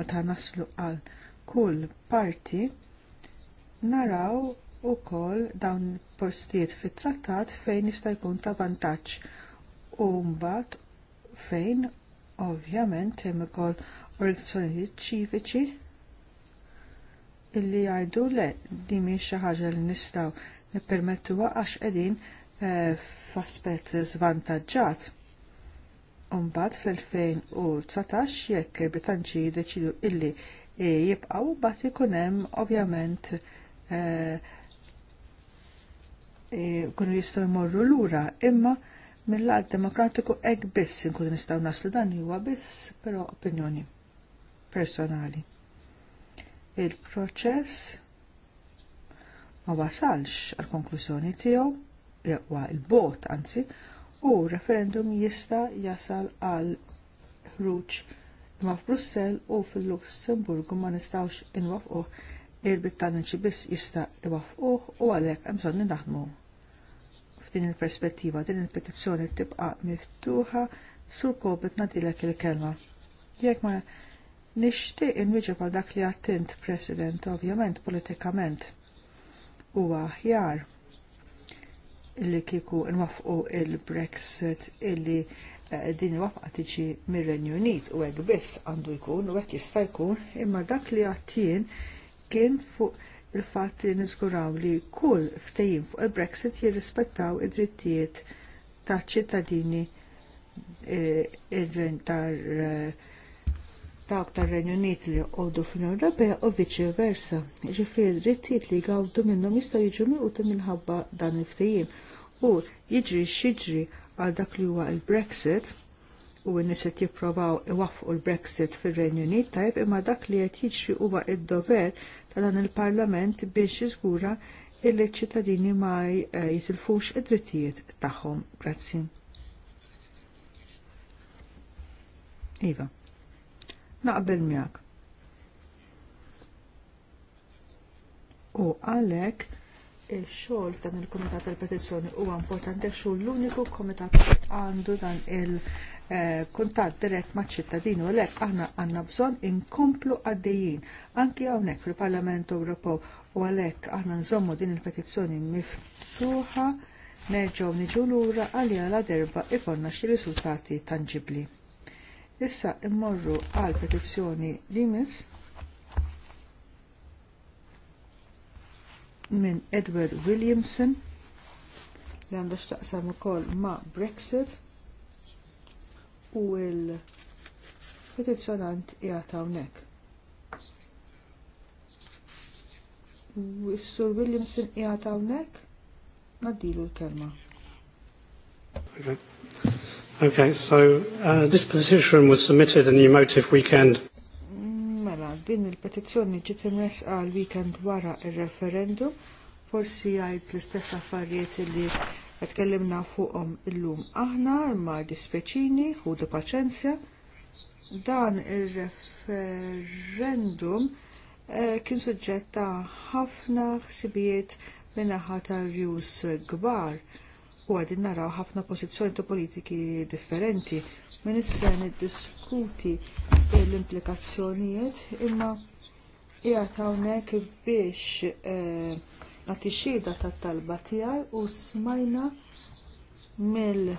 meta naslu għal kull parti naraw ukoll dawn postijiet fit-trattat fejn jista' jkun ta' vantaġġ u mbagħad fejn ovvjament hemm ukoll organizzazzjonijiet ċiviċi illi jgħidu le di mhix xi ħaġa li nistgħu nippermettuha għax qegħdin eh, f'aspett zvantaġġat Umbat fil-2019 jekk il-Britanċi jiddeċidu illi eh, jibqaw bat jikunem ovvjament eh, eh, kunu jistaw morru l-ura imma mill-għad demokratiku ek biss nkunu nistaw naslu dan huwa biss però opinjoni personali. Il-proċess ma wasalx għal konklużjoni tiegħu jew il-bot anzi u referendum jista' jasal għal ħruġ imma f'Brussell u fil-Lussemburgu ma nistgħux inwafquh il-Britanniċi biss jista' iwafquh u għalhekk hemm bżonn naħdmu. F'din il-perspettiva din il-petizzjoni tibqa' miftuħa sur kobet nadilek il-kelma. Jekk ma nixtieq inwiġeb għal dak li għattint President, ovvjament politikament huwa aħjar li kieku nwafqu il-Brexit illi eh, din wafqa tiġi mir-Renju Unit u hekk biss għandu jkun u hekk jista' jkun imma dak li għattien kien fuq il-fatt li niżguraw li kull ftehim fuq il-Brexit jirrispettaw id-drittijiet ta' ċittadini eh, eh, dawk tar-Renju Unit li jqogħdu fl Ewropea u viċi versa. Ġifieri d-drittijiet li jgawdu minnhom jistgħu jiġu miqutu minħabba dan il-ftehim u jiġri xiġri għal dak li huwa il-Brexit u n-nies qed jippruvaw iwaffqu l-Brexit fir-Renju Unit tajb imma dak li qed jiġri huwa id-dover ta' dan il-Parlament biex jiżgura illi ċittadini ma eh, jitilfux id-drittijiet tagħhom. Grazzi. Iva. Naqbel miegħek. U għalhekk il-xogħol f'dan il-Kumitat tal-Petizzjoni huwa importanti għax l-uniku kumitat għandu dan il-kuntatt eh, dirett maċ-ċittadin u għalhekk aħna għandna bżonn inkomplu għaddejjin anki hawnhekk fil-Parlament Ewropew u għalhekk aħna nżommu din il-petizzjoni miftuħa nerġgħu niġu lura għalija la derba ikonna xi riżultati tangibbli. Issa immorru għal petizzjoni li miss minn Edward Williamson li għandu xtaqsam ukoll ma' Brexit u il-petizzjonant jgħata hawnhekk. Sur Williamson jgħata hawnhekk? Naddilu l-kelma. Okay, so uh, this position was submitted in the emotive weekend din il-petizzjoni ġiet imess għal weekend wara r referendum forsi jgħid l-istess affarijiet li tkellimna fuqhom illum aħna imma dispeċini ħudu paċenzja dan ir-referendum eh, kien suġġett ta' ħafna ħsibijiet min-naħa views rjus kbar u għadin naraw ħafna pożizzjoni ta' politiki differenti. Min issa niddiskuti l-implikazzjonijiet imma qiegħed hawnhekk biex eh, nagħti tat-talba tiegħi u smajna mill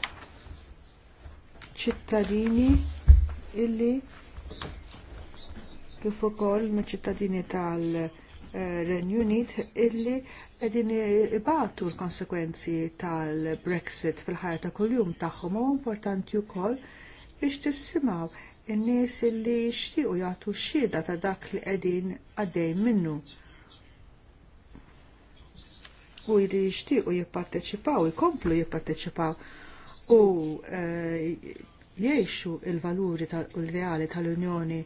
ċittadini illi kif ukoll mill ċittadini tal- Renju Unit illi qegħdin ibatu l-konsekwenzi tal-Brexit fil-ħajja ta' kuljum tagħhom u importanti wkoll biex tissimgħu il nies illi jixtiequ jagħtu xhieda ta' dak li qegħdin għaddej minnu u li jixtiequ jipparteċipaw, jkomplu jipparteċipaw u e, jgħixu il-valuri tal-ideali tal-Unjoni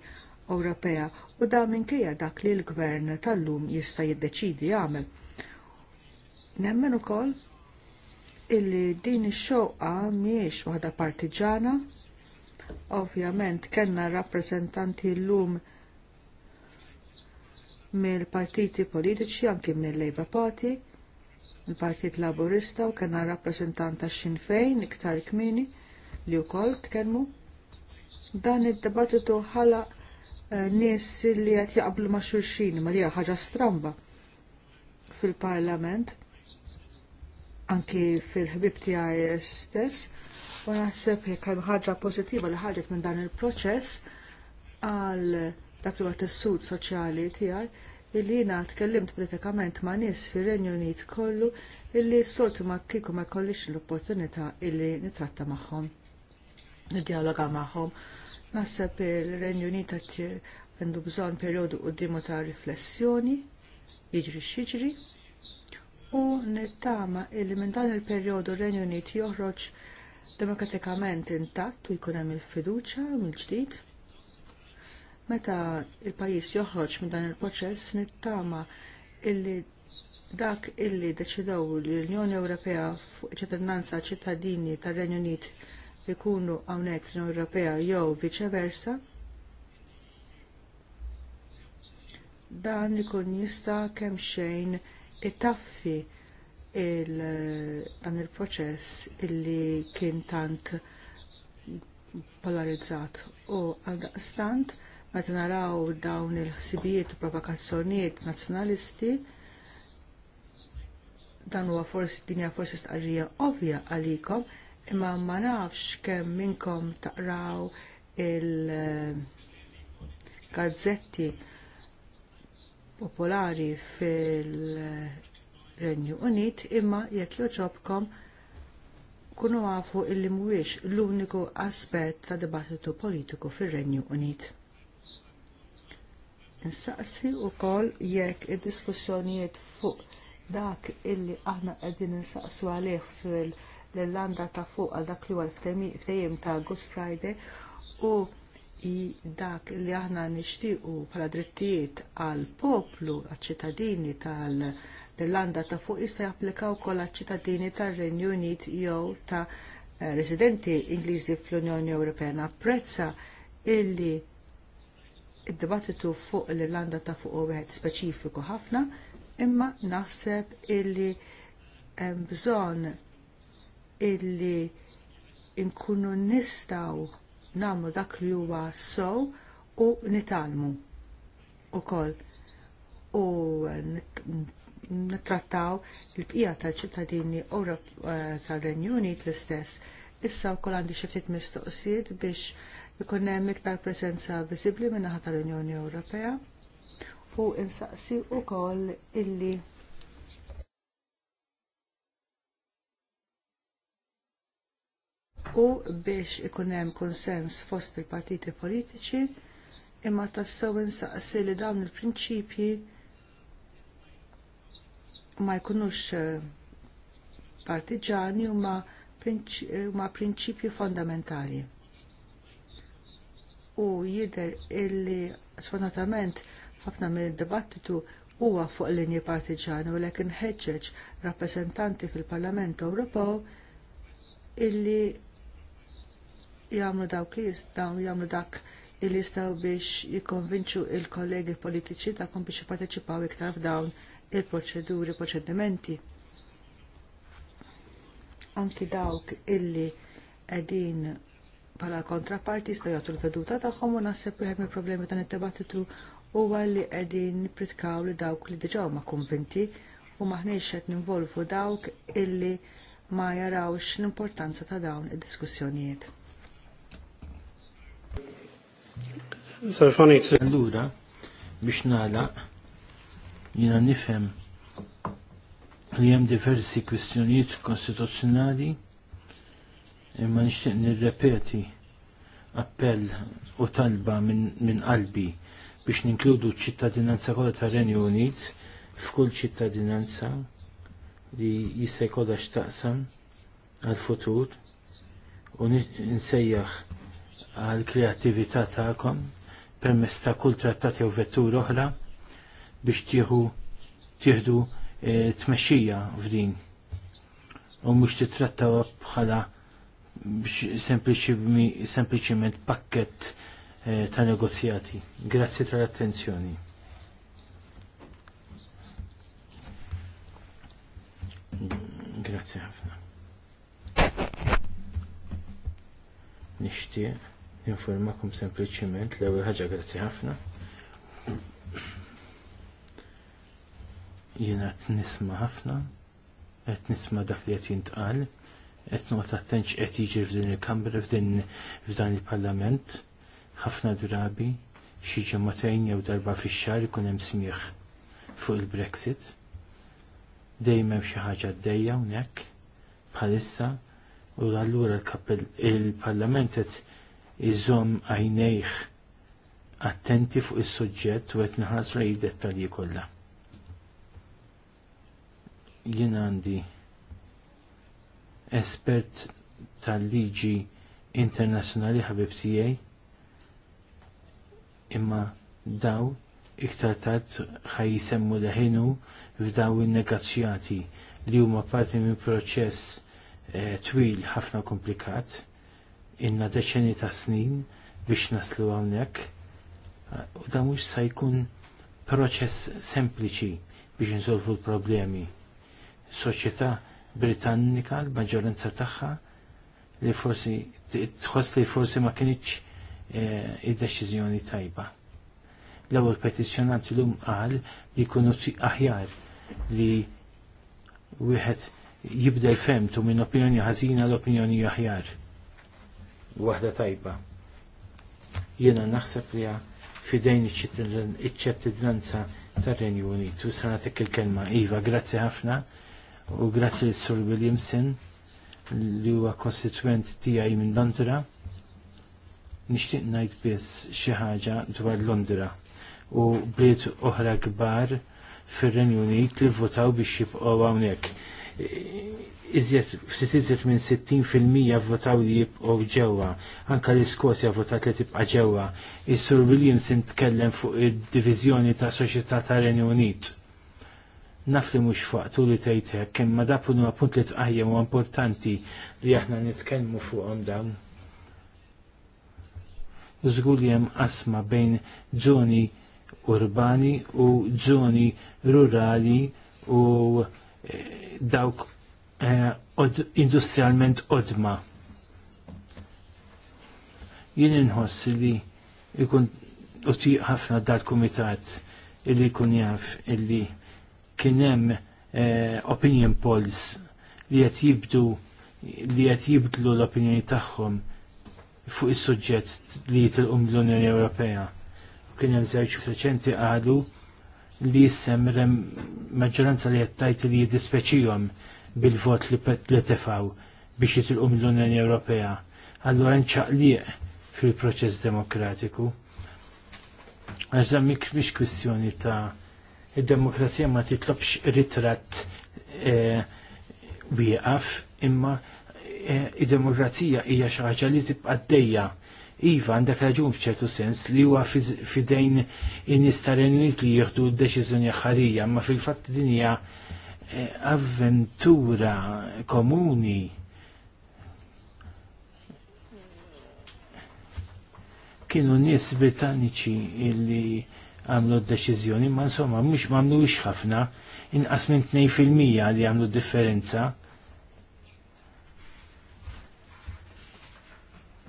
Ewropea u da minkejja dak li l-gvern tal-lum jista' jiddeċidi jagħmel. Nemmen ukoll illi din ix-xewqa mhijiex waħda partiġana, ovvjament kellna rappreżentanti llum mill-partiti politiċi anki mill lejba Party, il-Partit Laburista u kena rappresentanta Sinn Fejn iktar kmini li wkoll tkellmu. Dan id-debattitu ħala nies li qed jaqblu ma' xulxin ma li ħaġa stramba fil-Parlament anki fil-ħbib tiegħi stess u naħseb jekk hemm ħaġa pożittiva li ħarġet minn dan il-proċess għal dak li was-sud soċjali tiegħi illi jiena tkellimt pratikament ma' nies fir-Renju Unit kollu illi s-soltu ma' kieku ma' kollix l-opportunità illi nitratta magħhom, niddialoga magħhom Nasab il-Renju Unita għandu bżon periodu dimu ta' riflessjoni, jiġri xiġri, u nittama illi minn dan il-periodu Renju Unit joħroġ demokratikament intatt u jkun hemm il-fiduċja mill-ġdid. Meta il-pajjiż joħroġ minn dan il-proċess nittama illi dak illi deċidew l-Unjoni Ewropea fuq ċittadinanza ċittadini tar-Renju Unit li jkunu hawnhekk fl Ewropea jew viċeversa, dan ikun jista' kemm xejn itaffi il dan il-proċess illi kien tant polarizzat u għaldaqstant meta naraw dawn il-ħsibijiet u provokazzjonijiet nazzjonalisti dan huwa forsi dinja forsi stqarrija ovvja għalikom imma ma nafx kemm minnkom taqraw il-gazzetti popolari fil-Renju Unit imma jekk joġobkom kunu għafu illi mhuwiex l-uniku aspett ta' dibattitu politiku fir-Renju Unit. Insaqsi wkoll jekk id-diskussjonijiet fuq dak illi aħna qegħdin insaqsu għalih fil- l-Irlanda ta' fuq għal dak li huwa l-ftehim ta' Good Friday u dak li aħna nixtiequ bħala drittijiet għal poplu għal ċittadini tal-Irlanda ta' fuq jista' japplika wkoll għal ċittadini tar-Renju Unit jew ta' eh, residenti Ingliżi fl-Unjoni Ewropea. Napprezza illi id-dibattitu fuq l-Irlanda ta' fuq u wieħed speċifiku ħafna, imma naħseb illi hemm bżonn illi nkunu nistaw namlu dak li huwa sow u nitalmu ukoll u eh, nittrattaw il-bqija tal-ċittadini eh, tal renjuni l-istess. Issa wkoll għandi xi ftit mistoqsijiet biex ikun hemm iktar visibli viżibbli min-naħa tal-Unjoni Ewropea u insaqsi wkoll illi u biex ikun hemm konsens fost il-partiti politiċi imma tassew insaqsi li dawn il-prinċipji ma jkunux eh, partiġani u ma prinċipju fondamentali. U jidher illi sfortunatament ħafna mill-dibattitu huwa fuq linji partiġani u lekin ħeġġeġ rappreżentanti fil-Parlament Ewropew illi jagħmlu dawk li jistgħu jagħmlu dak li jistgħu biex jikkonvinċu l kollegi politiċi tagħhom biex jipparteċipaw iktar f'dawn il-proċeduri, proċedimenti. Anki dawk illi qegħdin bħala kontraparti jistgħu jagħtu l-veduta tagħhom u naħseb wieħed mill-problemi ta' it-debattitu huwa li qegħdin pritkaw li dawk li diġà huma konvinti u maħniex qed ninvolvu dawk illi ma jarawx l-importanza ta' dawn id-diskussjonijiet. Allura, biex nagħlaq jiena nifhem li hemm diversi kwistjonijiet konstituzzjonali imma nixtieq nirrepeti appell u talba minn qalbi biex ninkludu ċ-ċittadinanza kollha tar-Renju Unit f'kull ċittadinanza li jista' jkollha x'taqsam għall-futur u nsejjaħ għal kreativita ta'kom permess ta' kull trattat jew vettur oħra biex tieħu tieħdu e, tmexxija f'din. U mhux titrattaw bħala biex sempliċiment pakket e, ta' negozjati. Grazzi tal-attenzjoni. Grazzi ħafna. Nixtieq ninformakom sempliċiment l-ewwel ħaġa grazzi ħafna. Jiena qed nisma' ħafna, qed nisma' dak li qed jintqal, qed noqgħod attenċ qed jiġri f'din il-Kamra f'din f'dan il-Parlament ħafna drabi xi ġematejn jew darba fix-xahar ikun hemm smieħ fuq il-Brexit. Dejjem hemm xi ħaġa għaddejja hawnhekk bħalissa u allura il-Parlament qed iżomm għajnejh attenti fuq is-suġġett u qed naħas lej dettalji kollha. Jien għandi espert tal-liġi internazzjonali ħabib tiegħi imma daw iktar tard jisemmu leħinu f'daw in-negozjati li huma parti minn proċess eh, twil ħafna komplikat inna deċeni ta' snin biex naslu għawnek u da mux sa' jkun proċess sempliċi biex nsolvu l-problemi. Soċjetà Britannika, l-maġġoranza tagħha li forsi tħoss li forsi ma kienx eh, id-deċiżjoni tajba. L-ewwel petizzjonanti lum qal li jkunu aħjar li wieħed jibdel femtu minn opinjoni ħażina l-opinjoni aħjar waħda tajba. Jiena naħseb li fidejn iċ-ċettidranza tar-Renju Unitu. U sanatek il-kelma. Iva, grazzi ħafna u grazzi l sur Williamson li huwa konstituent tiegħi minn Londra. Nixtieq ngħid biss xi ħaġa dwar Londra u bliet oħra kbar fir-Renju Unit li votaw biex jibqgħu hawnhekk iżjed ftit iżjed minn 60% votaw li jibqgħu ġewwa, anke l-Iskozja votat li tibqa' ġewwa. Is-Sur Williams intkellem fuq id-diviżjoni ta' soċjetà tar-Renju Unit. Naf li mhux faqtu li tgħid hekk, imma dak huma punt li tqajjem u importanti li aħna nitkellmu fuqhom dawn. Żgur li hemm qasma bejn żoni urbani u żoni rurali u eh, dawk Eh, industrialment odma. Jien inħoss li jkun tiq ħafna dal-kumitat illi jkun jaf illi kien hemm eh, opinion polls li qed jibdu li qed jibdlu l-opinjoni tagħhom fuq is-suġġett li jitilqum l-Unjoni Ewropea. kien hemm żewġ reċenti qalu li jissem maġġoranza li qed tajt li jiddispeċihom bil-vot li tefaw biex jitilqu mill-Unjoni Ewropea. Allura nċaqliq fil-proċess demokratiku. Għax mik kwistjoni ta' id-demokrazija ma titlobx ritratt e, wieqaf imma e, id-demokrazija hija xi ħaġa li tibqa' dejja. Iva għandek raġun f'ċertu sens li huwa fidejn in-nies li jieħdu d-deċiżjoni ħarija, ma fil-fatt din hija Eh, avventura komuni kienu nies britanniċi illi għamlu d-deċizjoni, ma insomma, mux ma għamlu ħafna, inqas minn 2% li għamlu differenza.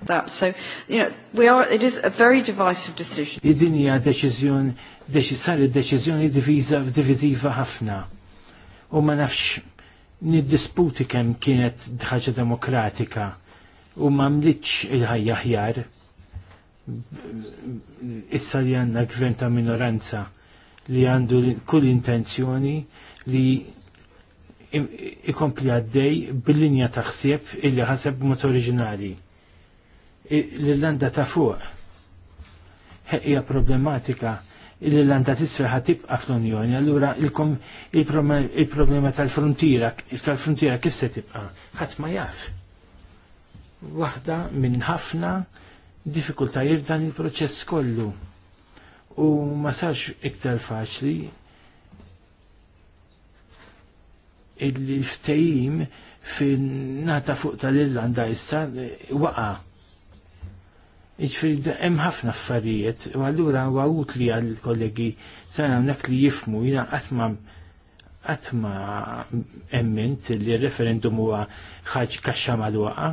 That, so, you know, we are, it is a very divisive decision. Id-dinja deċizjoni, deċizjoni, deċizjoni diviziva ħafna u ma nafx niddisputi kemm kienet ħaġa demokratika u ma mlitx il-ħajja ħjar issa li għanna gvern ta' minoranza li għandu kull intenzjoni li ikompli għaddej bil-linja ta' ħsieb illi ħaseb mod oriġinali. l landa ta' fuq hija problematika l-Irlanda tisfel ħatibqa fl-Unjoni, allura il-problema tal-frontiera, tal-frontiera kif se tibqa? Ħadd ma jaf. Waħda minn ħafna diffikultajiet dan il-proċess kollu. U ma sarx iktar faċli il-ftejim fin nata fuq tal-Irlanda issa eh, waqa' Iġfiri hemm ħafna affarijiet u allura huwa utli għall kollegi tagħna hawnhekk li jifmu jiena qatt ma qatt emmint li r-referendum huwa ħaġ kaxxa mal-waqa.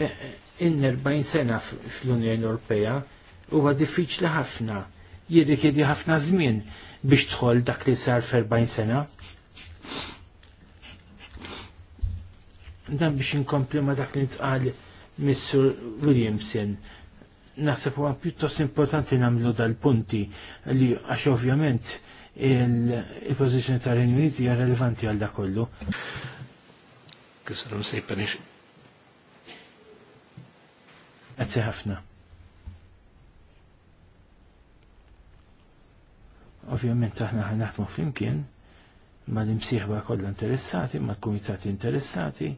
E, e, in-40 sena fl-Unjoni Ewropea huwa diffiċli ħafna, jirrikjedi ħafna żmien biex tħol dak li sar f'40 sena. dan biex inkompli ma dak li ntqal Mr. Williamson. Naħseb huwa pjuttost importanti nagħmlu dal-punti li għax ovvjament il-pożizzjoni tal-Renju Uniti hija relevanti għal dak kollu. Kisra nsejpen ix. ħafna. Ovvjament aħna ħanaħdmu flimkien ma l-imsieħba kollha interessati, ma l-kumitati interessati.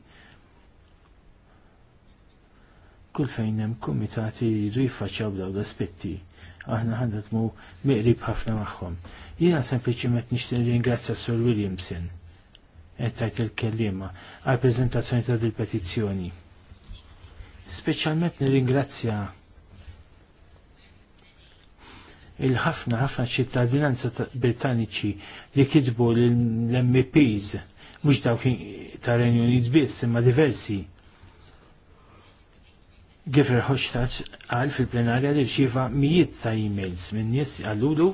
Kull fejn hemm kumitati jridu jiffaċċjaw daw l-aspetti. Aħna ħanna tmu miqrib ħafna magħhom. Jiena sempliċiment nixtieq ringrazzja Sur Williamson qed tajt il-kellima għall preżentazzjoni ta' dil-petizzjoni. Speċjalment nirringrazzja il-ħafna ħafna ċittadinanza britanniċi li kitbu l-MPs, mux dawk ta' Renju Unit biss, imma diversi. Giffer Hoxtaċ għal fil-plenarja li rċiva mijiet ta' e-mails minn nies għallulu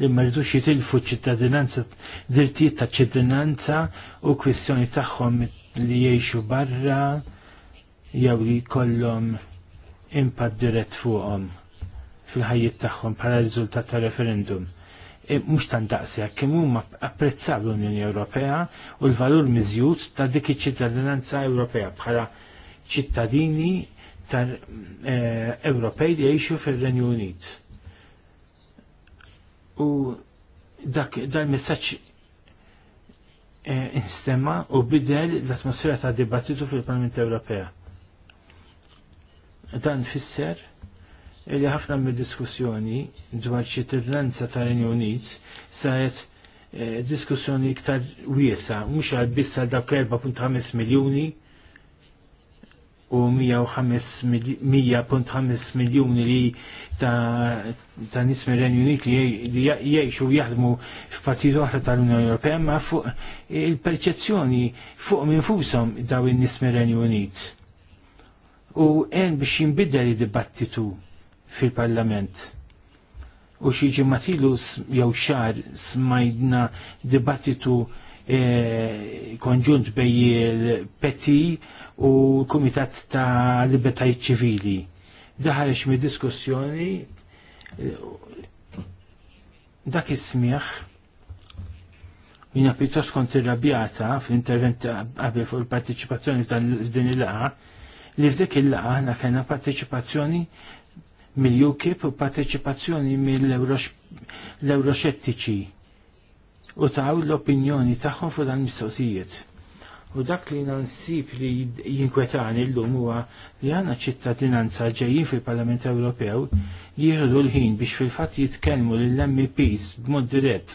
li xie jitilfu ċittadinanza, dirtijiet ta' ċittadinanza u kwistjoni tagħhom li jiexu barra jew li kollom impatt dirett fuqhom fil-ħajjiet tagħhom bħala riżultat ta' referendum. E, mhux tan daqsija kemm huma apprezzaw l-Unjoni Ewropea u l-valur miżjud ta' dik iċ-ċittadinanza Ewropea bħala ċittadini tal-Ewropej e, li jgħixu fir-Renju Unit. U dak dal-messaġġ e, instema u bidel l-atmosfera ta' dibattitu fil-Parlament Ewropea. Dan fisser li ħafna mid-diskussjoni dwar ċittadinanza tal-Renju Unit saret eh, diskussjoni iktar wiesa, mhux għal biss għal dak 4.5 miljuni u 105.5 miljuni li ta', ta nis mir-Renju Unit li jgħixu jaħdmu f'partit oħra tal-Unjoni Ewropea ma fuq il-perċezzjoni fuq minn fushom daw in-nies mir-Renju Unit. U għen biex jinbidel id-dibattitu fil-Parlament. U xi ġimatilu jew xar smajna dibattitu e, konġunt bej il-PETI u l-Kumitat ta' Libertajiet Ċivili. Daħarix mi diskussjoni dak ismiħ jina pjuttost kont irrabjata fl-intervent qabel fuq il-partiċipazzjoni ta' din il-laqa li f'dik il-laqa ħna kellna partiċipazzjoni mill-UKIP u parteċipazzjoni mill-Euroxettiċi u taw l-opinjoni tagħhom fuq dan mistoqsijiet. U dak li nansib li jinkwetani l-lum huwa li għandna ċittadinanza ġejjin fil-Parlament Ewropew jieħdu l-ħin biex fil-fatt jitkellmu lill-MPs b'mod dirett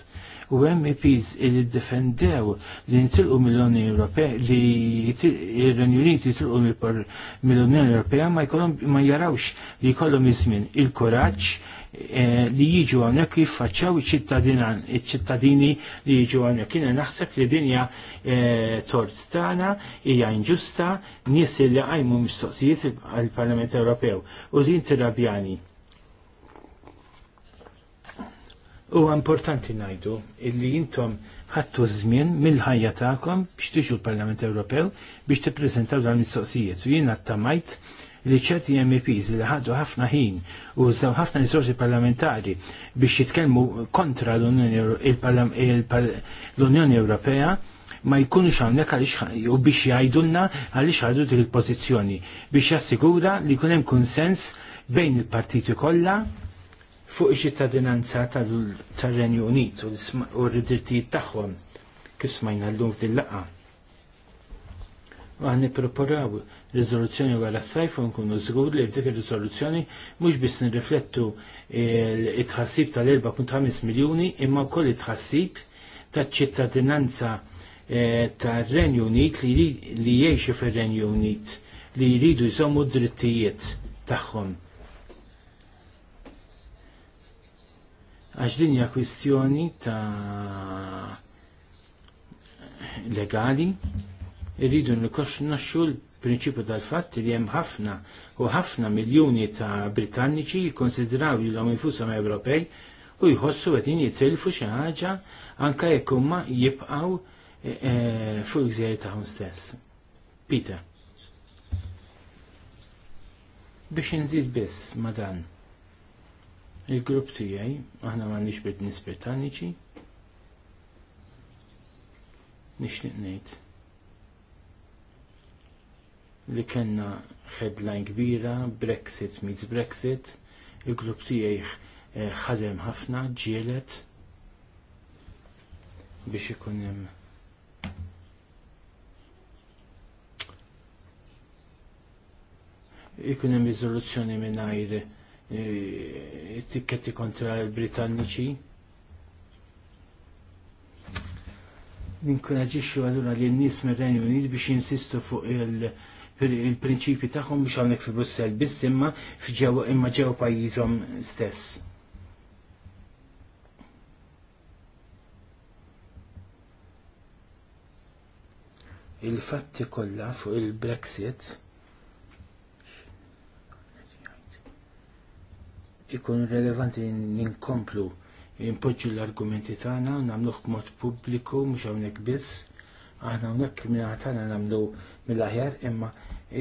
u MEPs li defendew li nitilqu mill-Unjoni Ewropea li ir-Renju Unit jitilqu mill-Unjoni Ewropea ma jkollhom ma jarawx li jkollhom iż-żmien il-kuraġġ eh, li jiġu għawnek jiffaċċaw iċ-ċittadini li jiġu għawnek. Kina naħseb li dinja eh, tort tana, hija inġusta, nies li għajmu mistoqsijiet għal-Parlament Ewropew. U din tirrabjani. U importanti najdu illi jintom ħattu żmien mill-ħajja tagħkom biex tixu l-Parlament Ewropew biex tippreżentaw dan mistoqsijiet u jiena tamajt li ċerti MEPs li ħaddu ħafna ħin u żew ħafna risorsi parlamentari biex jitkellmu kontra l-Unjoni Ewropea ma jkunux hawnhekk għaliex u biex jgħidulna għaliex ħadu il pożizzjoni biex jassigura li jkun hemm konsens bejn il-partiti kollha fuq iċ-ċittadinanza tal-Renju Unit u r-drittijiet tagħhom kif smajna l-lum f'dil-laqgħa. U nipproporaw niproporaw rizoluzzjoni wara s-sajf u nkunu żgur li f'dik ir-riżoluzzjoni mhux biss nirriflettu it-tħassib tal-4.5 miljuni imma wkoll it-tħassib taċ-ċittadinanza eh, tar-Renju Unit li jgħixu fir-Renju Unit li jridu jżommu d-drittijiet tagħhom għax din hija kwistjoni ta' legali irridu naxxu l-prinċipju tal-fatt li hemm ħafna u ħafna miljuni ta' Britanniċi jikkonsidraw li l infushom Ewropej u jħossu qed jitilfu xi ħaġa anke jekk huma jibqgħu e, fuq gżejjer tagħhom stess. Peter. Biex inżid biss ma' dan Il-grupp tiegħi aħna m'għandniex bidnis britanniċi. Nixtieq ngħid li kellna headline kbira, Brexit meets Brexit, il-grupp tiegħi eh, ħadem ħafna, ġielet biex ikun hemm ikun hemm riżoluzzjoni mingħajr it-tikketti e, kontra l-Britanniċi. Ninkoraġixxu allura li n-nies mir-Renju Unit biex jinsistu fuq il prinċipi tagħhom biex hawnhekk fi Brussell biss imma ġewwa imma ġew pajjiżhom stess. Il-fatti kollha fuq il-Brexit ikun relevanti ninkomplu jimpoġġu l-argumenti tagħna nagħmluh b'mod pubbliku mhux hawnhekk biss aħna hawnhekk tagħna nagħmlu mill-aħjar imma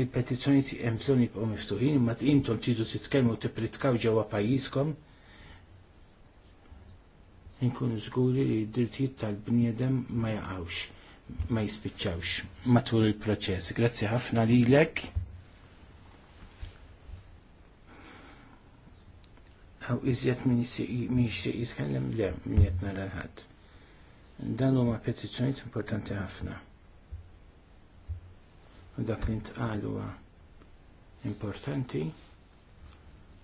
il-petizzjoni hemm bżonn jibqgħu miftuħin imma intom tridu titkellmu u tippritkaw ġewwa pajjiżkom inkunu żguri li d-dirtijiet tal-bniedem ma jaqgħux ma jispiċċawx matul il-proċess. Grazzi ħafna lilek. għaw iżjed minn jixtieq jitkellem le minn qed nara ħadd. Dan huma petizzjonijiet importanti ħafna. U dak li ntqal huwa importanti.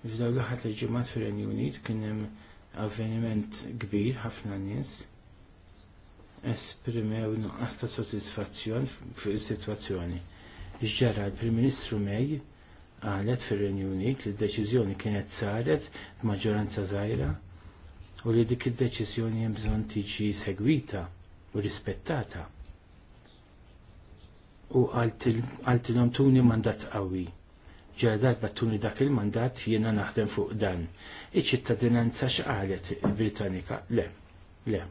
F'dawn l-aħħar li ġimgħat fir-Renju kien hemm avveniment kbir ħafna nies esprimew nuqqas ta' sodisfazzjon fuq is-sitwazzjoni. Ġġara l-Prim Ministru Mej għalet fir-Renju Unit li d-deċiżjoni kienet saret b'maġġoranza żgħira u li dik id-deċiżjoni hemm bżonn tiġi segwita u rispettata. U għaltilhom tuni mandat qawwi. Ġara darba tuni dak il-mandat jiena naħdem fuq dan. Iċ-ċittadinanza x'qalet il-Britannika? Le, le.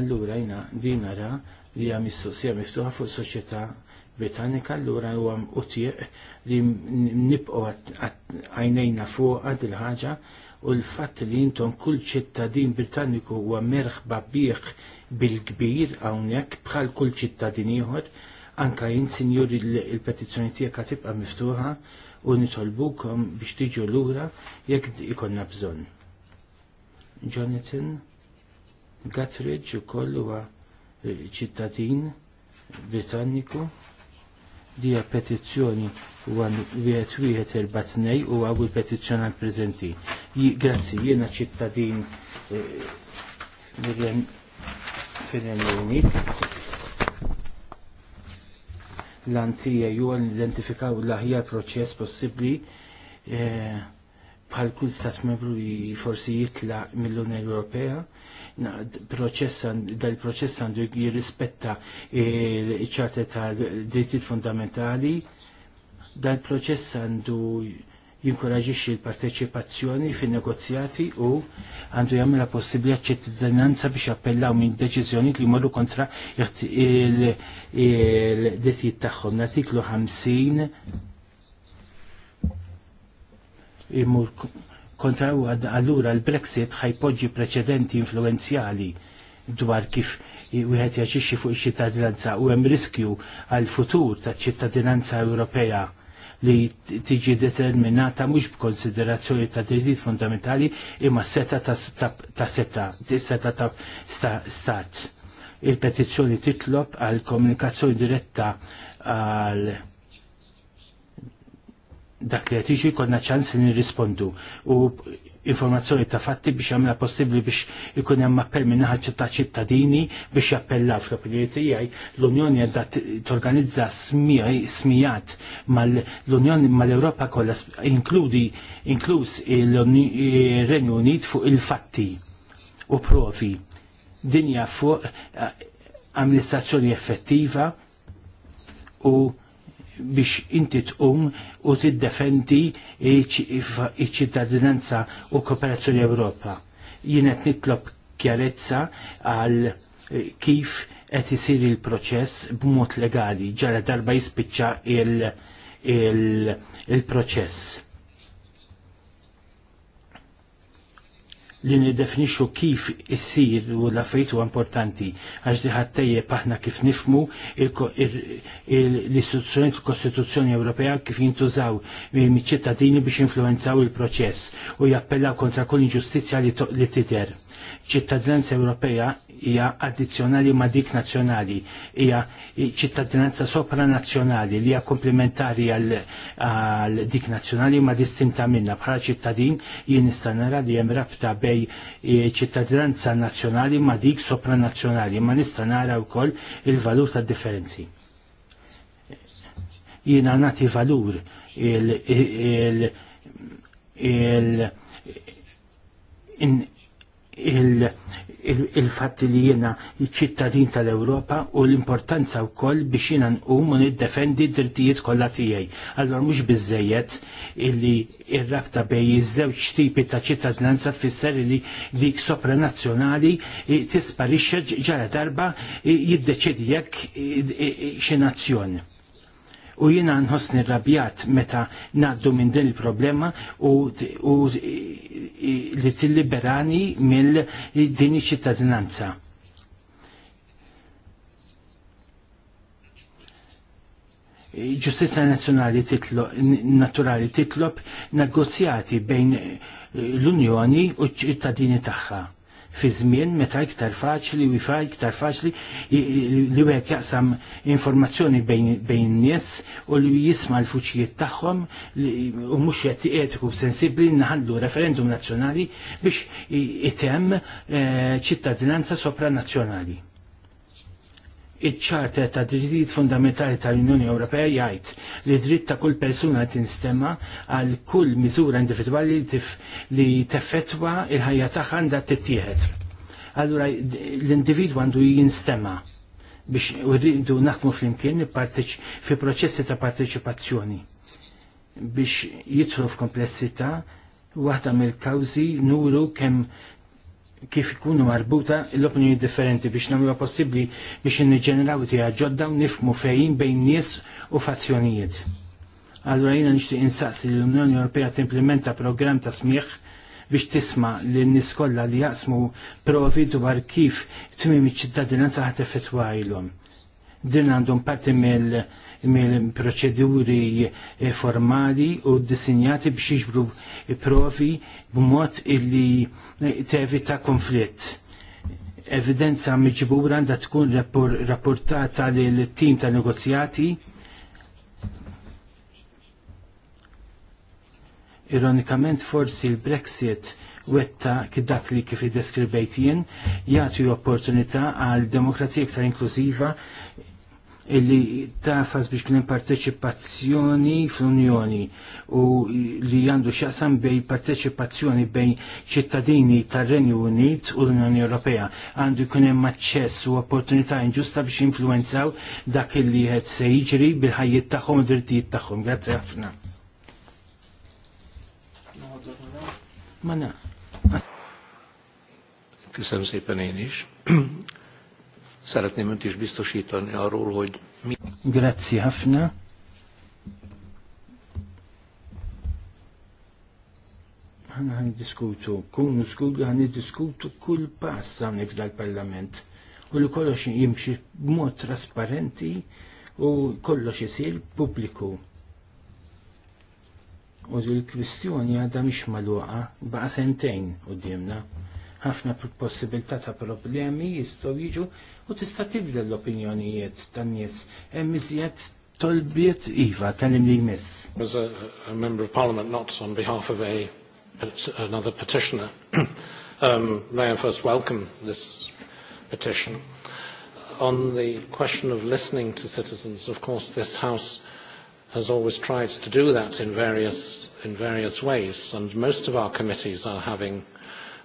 Allura jina din nara li hija mistoqsija miftuħa fuq soċjetà Britannika allura huwa utieq li nibqgħu għajnejna fuqha il ħaġa u l-fatt li intom kull ċittadin Britanniku huwa merħba bih bil-kbir hawnhekk bħal kull ċittadin ieħor anka jien sinjur il-petizzjoni tiegħek tibqa' miftuħa u nitolbukom biex tiġu lura jekk ikonna bżonn. Jonathan Guthridge ukoll huwa eh, ċittadin Britanniku Dija petizzjoni wieħed wieħed il-batnej u għaw il-petizzjoni prezenti. Grazzi, jiena ċittadin fil-Renju eh, Unit l-antija ju identifikaw l-aħjar proċess possibli eh, bħal kull stat membru li forsi jitla mill-Unjoni Ewropea, dal-proċess għandu jirrispetta il-ċarta e, ta' drittijiet fundamentali, dal-proċess għandu jinkoraġixxi l-parteċipazzjoni fin negozjati u għandu la possibilità ċittadinanza biex appellaw minn deċiżjoni li jmorru kontra il-drittijiet tagħhom. L-artiklu 50 imur kontra u allura l-Brexit ħajpoġġi preċedenti influenzjali dwar kif wieħed jaġixxi fuq iċ-ċittadinanza u hemm riskju għal futur taċ-ċittadinanza Ewropea li tiġi determinata mhux b'konsiderazzjoni ta' diritti fundamentali imma seta ta' seta, seta ta' stat. Il-petizzjoni titlob għal komunikazzjoni diretta għal dak li għetiġu jkollna ċans li nirrispondu u informazzjoni ta' fatti biex għamla possibli biex ikun hemm appell minn naħa ta' ċittadini biex jappellaw fl-opinjoni tiegħi l-Unjoni għandha torganizza smijat mal-Unjoni mal-Ewropa kollha inkludi inkluż il-Renju Unit fuq il-fatti u provi dinja fuq eh, amministrazzjoni effettiva u biex inti tqum u tiddefendi iċ-ċittadinanza u kooperazzjoni Ewropa. Jien qed nitlob kjarezza għal eh, kif qed isir il-proċess b'mod legali ġara darba jispiċċa il-proċess. li nidefinixu kif issir u l-affarijiet huwa importanti għax li paħna aħna kif nifmu l istituzjoni l-Kostituzzjoni Ewropea kif jintużaw mill-ċittadini biex influenzaw il-proċess u jappellaw kontra kull inġustizzja li tidher. ċittadinanza Ewropea hija addizzjonali ma' dik nazzjonali, hija ċittadinanza sopranazzjonali li hija komplementari għal dik nazzjonali ma' distinta minna bħala ċittadin jien nista' nara li hemm rabta bej e, ċittadinanza nazzjonali ma' dik sopranazzjonali ma' nista' nara wkoll il-valur differenzi. Jiena nagħti valur il, il, il, il, il il-fatt li jiena ċittadin tal-Ewropa u l-importanza wkoll biex jiena nqum u niddefendi d-drittijiet kollha tiegħi. Allora mhux biżejjed illi r-rabta bej iż-żewġ tipi ta' ċittadinanza tfisser li dik sopranazzjonali tisparixxa ġara darba jiddeċidi jekk xi nazzjon u jina nħossni rabjat meta naddu minn din il-problema u, u li tilliberani mill din iċittadinanza. ċittadinanza Ġustizza naturali titlob negozjati bejn l-Unjoni u t ċittadini tagħha fi żmien meta iktar faċli u iktar faċli li wieħed jaqsam informazzjoni bejn nies u li jisma' l-fuċijiet tagħhom u mhux qed etiku sensibbli naħallu referendum nazzjonali biex item eh, ċittadinanza sopranazzjonali iċ-ċarta ta' drittijiet fundamentali tal-Unjoni Ewropea jgħid li dritt ta' kull persuna tinstema għal kull miżura individwali li teffettwa il-ħajja tagħha għandha tittieħed. Allura l-individwu għandu jinstema biex rridu naħdmu flimkien fi proċessi ta' parteċipazzjoni biex jitlu f'komplessità waħda mill-kawżi nuru kemm kif ikunu marbuta l-opinjoni differenti biex namlu possibbli biex inniġġeneraw tija ġodda u nifmu fejn bejn nies u fazzjonijiet. Allura jina nixtieq insaqsi li l-Unjoni Ewropea timplementa programm ta' smieħ biex tisma' lin nies kollha li jaqsmu provi dwar kif tmiem iċ-ċittadinanza ħadd effettwajlhom. Din għandhom parti mill mill-proċeduri eh, formali u dissinjati biex jiġbru provi b'mod illi tevita konflitt. Evidenza miġbura għandha tkun rapportata lil tim ta' negozjati Ironikament forsi l-Brexit wetta dak li kif iddeskribejt jien jagħti opportunità għal demokrazija iktar inklużiva illi tafas biex kien parteċipazzjoni fl-Unjoni u li għandu xaqsam bej parteċipazzjoni bejn ċittadini tar-Renju Unit u l-Unjoni Ewropea għandu jkun hemm aċċess u opportunità inġusta biex influenzaw dak illi qed se jiġri bil-ħajjiet tagħhom u drittijiet tagħhom. Grazzi ħafna. Mana. Kisem sejpen Szeretném önt is biztosítani arról, hogy mi... Grazie, Hafna. ħana ħan diskutu, kun diskutu, ħan diskutu kull pass għamni dal parlament U li kollox jimxi b'mod trasparenti u kollox jisir pubbliku. U l-kwistjoni għadha mhix magħluqa baqa' sentejn qudiemna ħafna possibilità ta' problemi jistgħu jiġu u tista' tibda l-opinjonijiet tan-nies hemm iżjed tolbiet iva kellim li jmiss. As a, a member of parliament not on behalf of a another petitioner, (clears throat) um, may I first welcome this petition. On the question of listening to citizens, of course this House has always tried to do that in various, in various ways, and most of our committees are having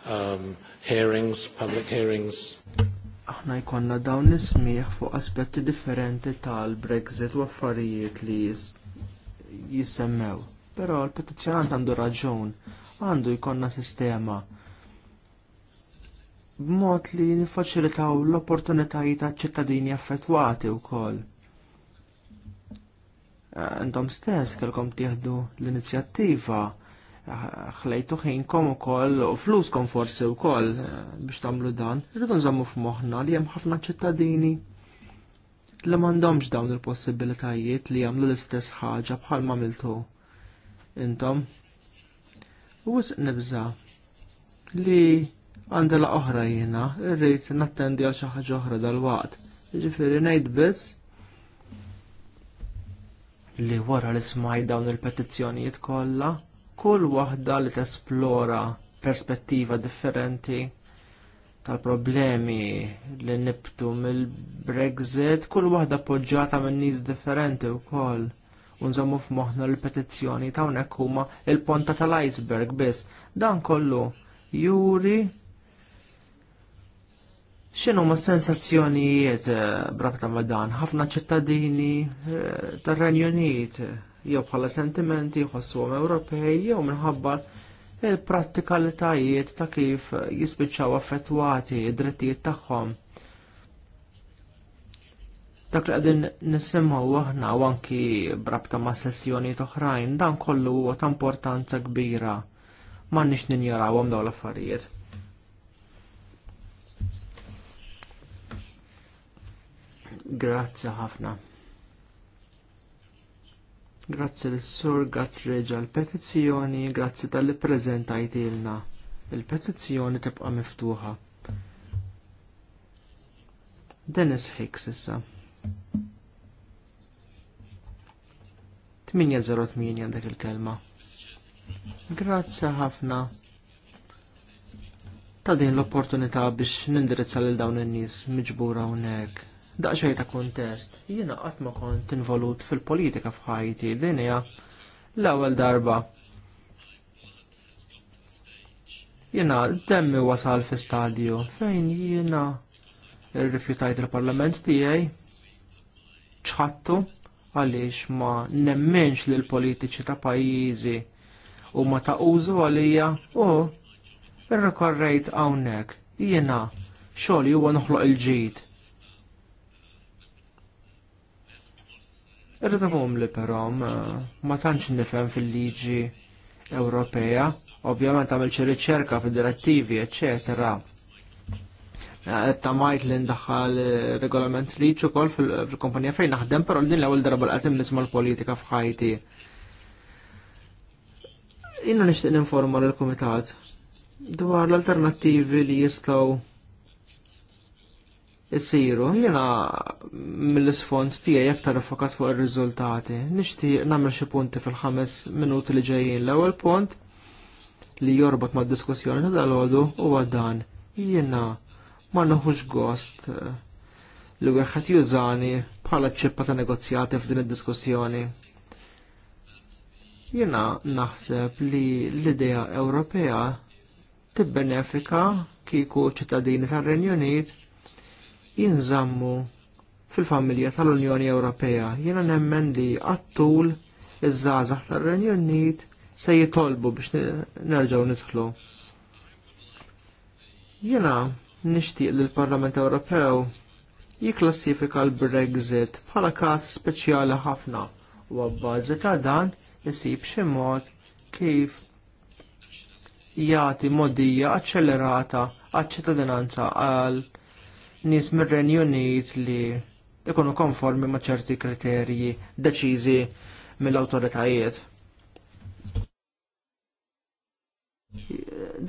um, hearings, public hearings. Aħna jkollna dawn nismieħ fuq aspetti differenti tal-Brexit u affarijiet li jisemmew. Però l-petizzjonant għandu raġun, għandu jkollna sistema b'mod li nifaċilitaw l-opportunitajiet ta' ċittadini affettwati wkoll għandhom eh, stess kelkom tieħdu l-inizjattiva ħlejtu ħinkom u koll u fluskom forsi u koll eh, biex tamlu dan. Rridu nżammu f'moħna li hemm ħafna ċittadini li m'għandhomx dawn il-possibilitajiet li jagħmlu l-istess ħaġa bħal ma miltu intom. U wisq nibża li għandela oħra jena, irrid nattendi għal xi ħaġa oħra dal-waqt. Jiġifieri ngħid biss li wara li smaj dawn il-petizzjonijiet kollha kull waħda li tesplora perspettiva differenti tal-problemi li nibtu mill-Brexit, kull waħda poġġata minn nies differenti wkoll. Unżommu f'moħħna l-petizzjoni ta' hawnhekk huma il-ponta tal-iceberg biss. Dan kollu juri Xinu ma' sensazzjonijiet eh, brabta ma' dan ħafna ċittadini eh, tar-Renju Unit jew bħala sentimenti jħossuhom Ewropej jew minħabba il-prattikalitajiet ta' kif jispiċċaw affettwati id-drittijiet tagħhom. Dak li qegħdin nisimgħu aħna u anki brabta ma' sessjonijiet oħrajn dan kollu huwa ta' importanza kbira m'għandniex ninjarawhom dawn l-affarijiet. Grazzi ħafna. Grazzi l-sur Gatreġa l-petizzjoni, grazzi tal-li prezentajt ilna. Il-petizzjoni tibqa miftuħa. Dennis Hicks issa. 808 għandek il-kelma. Grazzi ħafna ta' din l-opportunità biex nindirizza lil dawn in-nies miġbura hawnhekk Daqxej ta' kontest, jiena qatt ma kont involut fil-politika f'ħajti dinja l-ewwel darba. Jiena demmi wasal fi stadju fejn jiena rrifjutajt il-parlament tiegħi ċħattu għaliex ma nemmenx li l-politiċi ta' pajjiżi u ma ta' użu għalija u rrikorrejt hawnhekk jiena xogħol huwa noħloq il-ġid għom li però ma tantx nifhem fil-liġi Ewropea, ovvjament għamil riċerka fid-direttivi, eċetera. Tamajt li ndaħħal eh, regolament liġi ukoll fil-kompanija fejn naħdem, però din l-ewwel darba l-qatim nisma' l-politika f'ħajti. Inna nixtieq ninforma l-Kumitat dwar l-alternattivi li jistgħu isiru. Jiena mill-isfond tiegħi aktar fokat fuq ir-riżultati. Nixtieq nagħmel xi punti fil-ħames minuti li ġejjin. L-ewwel punt li jorbot mad-diskussjoni ta' dalodu huwa dan. Jiena ma naħux gost eh, li wieħed jużani bħala ċippa ta' negozjati f'din id-diskussjoni. Jiena naħseb li l-idea Ewropea tibbenefika kieku ċittadini tar-Renju Unit jinżammu fil-familja tal-Unjoni Ewropea. Jiena nemmen li għattul iż-żgħażagħ tar-Renju Unit se jitolbu biex nerġgħu nidħlu. Jiena nixtieq li l-Parlament Ewropew jiklassifika l-Brexit bħala każ speċjali ħafna u għabbażi ta' dan isib xi mod kif jagħti modija aċċelerata għaċ-ċittadinanza għal nies mir renjonijiet li ikunu konformi ma' ċerti kriterji deċiżi mill-awtoritajiet.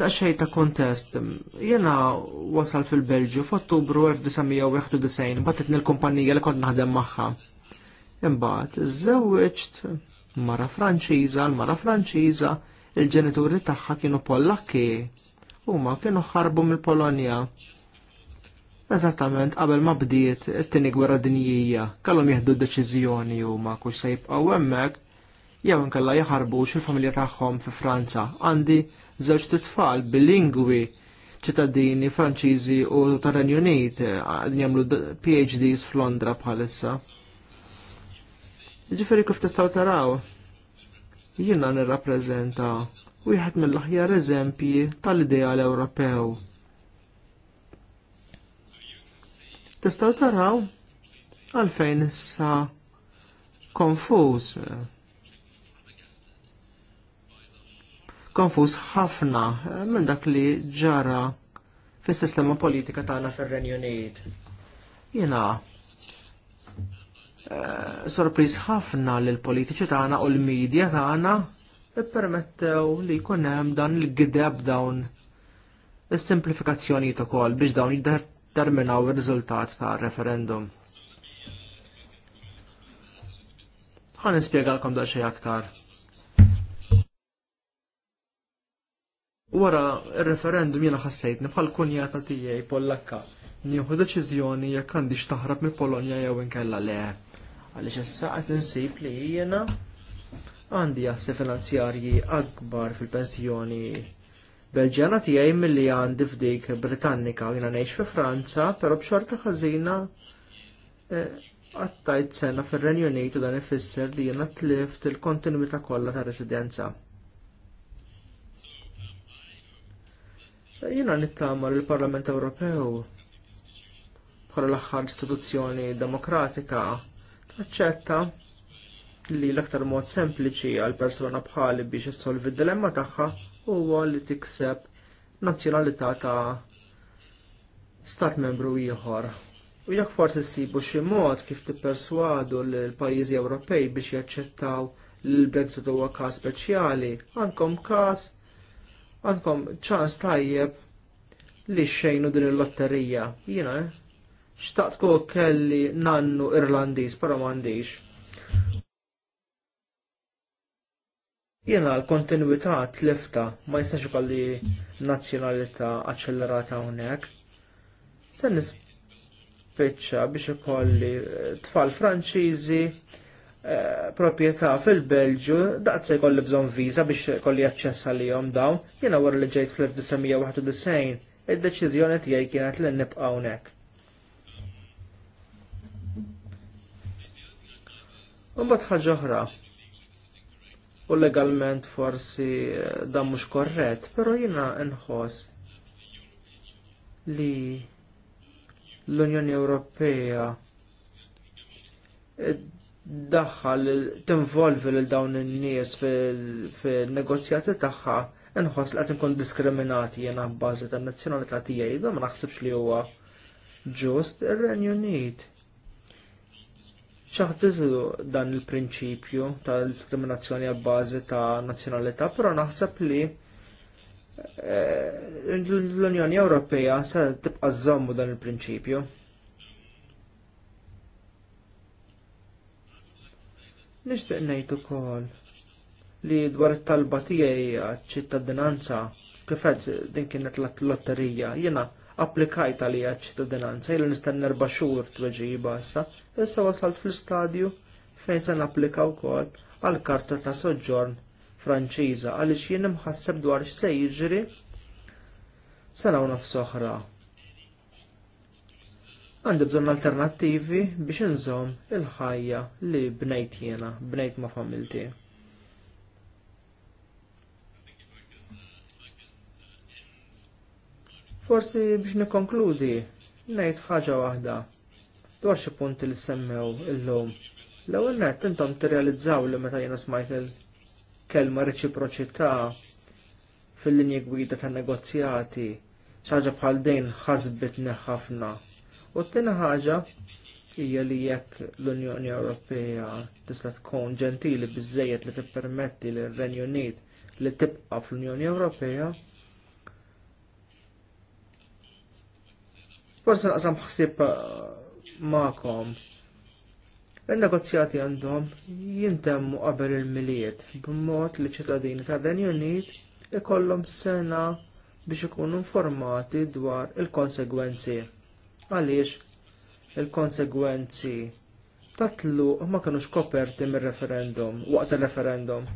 Da xej ta' kontest, jena wasal fil-Belġu f'Ottubru 1991 batet nil-kumpanija li kont naħdem magħha. Imbagħad iżżewweġt mara Franċiża, l-mara Franċiża, il-ġenituri tagħha kienu Pollakki, huma kienu ħarbu mill-Polonja Eżattament, qabel ma bdiet it-tieni gwerra dinjija, kellhom jieħdu deċiżjoni huma kux se jibqgħu hemmhekk jew inkella jaħarbu xil-familja tagħhom fi Franza. Għandi żewġ titfal bilingwi ċittadini Franċiżi u tar-Renju Unit eh, jagħmlu PhDs f'Londra bħalissa. Ġifieri kif tistgħu taraw, jiena nirrappreżenta wieħed mill-aħjar eżempji tal-ideal Ewropew Tistaw taraw għalfejn issa konfuż. Konfuż ħafna minn dak li ġara fis-sistema politika tagħna fir-Renju Unit. Jiena eh, sorpriż ħafna lil politiċi tagħna u l-medja tagħna ippermettew li jkun hemm dan il-gideb dawn is-simplifikazzjonijiet ukoll biex dawn jidher determinaw ir-riżultat ta' referendum. Ħan nispjegalkom da xejn aktar. Wara ir-referendum jiena ħassejt bħal kunja ta' tiegħi Pollakka nieħu deċiżjoni jekk għandix taħrab mill-Polonja jew inkella le. Għaliex issa qed insib li jiena għandi jassi finanzjarji akbar fil-pensjoni Belġjana tiegħi milli għandi f'dik Britannika jiena ngħix fi Franza, però b'xorta ħażina eh, għattajt sena fir-Renju Unit u dan ifisser li jiena tlift il-kontinuità kollha ta' residenza. Jiena nittama lill parlament Ewropew bħala l-aħħar istituzzjoni demokratika taċċetta li l-aktar mod sempliċi għal persuna bħali biex issolvi d-dilemma tagħha huwa li tikseb nazzjonalità ta' stat membru ieħor. U jekk forsi ssibu xi mod kif tipperswadu l-pajjiżi Ewropej biex jaċċettaw l-Brexit huwa każ speċjali, għandkom każ għandkom ċans tajjeb li xejnu din il-lotterija. Jiena, eh? xtaqt kelli nannu Irlandiż, però m'għandix. Jena l-kontinuità tlifta ma jistax ikolli nazzjonalità aċċellerata hawnhekk. Se nispiċċa biex ikolli eh, tfal Franċiżi eh, proprjetà fil-Belġu, daqs se jkolli bżonn viża biex ikolli aċċess għalihom dawn. Jiena wara li ġejt fl-1991 id-deċiżjoni tiegħi kienet li nibqa' hawnhekk. Mbagħad ħaġa oħra u legalment forsi eh, dan mhux korrett, però jiena nħoss li l-Unjoni Ewropea eh, daħħal tinvolvi lil dawn in-nies fin negozjati tagħha inħoss li qed inkun diskriminati jiena bbażi tan-nazzjonalità tiegħi, ma naħsibx li huwa ġust ir-Renju Unit ċaħdiżlu dan il-prinċipju ta' diskriminazzjoni għal bażi ta' nazzjonalità, però naħseb li eh, l-Unjoni Ewropea se tibqa' żommu dan il-prinċipju. Nixtieq ngħid ukoll li dwar it-talba tiegħi ċittadinanza kif qed din kienet l-lotterija jiena applikajt għalija ċittadinanza, nistan nerba erba' xhur weġi jibassa, issa wasalt fl-istadju fejn se napplika wkoll għal karta ta' soġġorn Franċiża għaliex jien imħasseb dwar x'se jiġri sena u nofs Għandi bżonn alternattivi biex inżomm il-ħajja li bnejt jiena, bnejt ma' familti. Forsi biex nikonkludi, ngħid ħaġa waħda dwar xi punti li semmew illum. L-ewwel nett intom tirrealizzaw li meta jiena smajt il-kelma reċiproċità fil-linji gwida tan-negozjati ħaġa bħal din ħasbitni ħafna. U t-tieni ħaġa hija li jekk l-Unjoni Ewropea tista' tkun ġentili biżżejjed li tippermetti lir renju Unit li tibqa' fl-Unjoni Ewropea, Forse naqsam ħsib eh, ma'kom. Il-negozjati għandhom jintemmu qabel il-miliet b'mod li ċittadini tal Unit ikollhom sena biex ikunu informati dwar il-konsegwenzi. Għaliex il-konsegwenzi tatlu ma kienux koperti mir-referendum waqt il-referendum.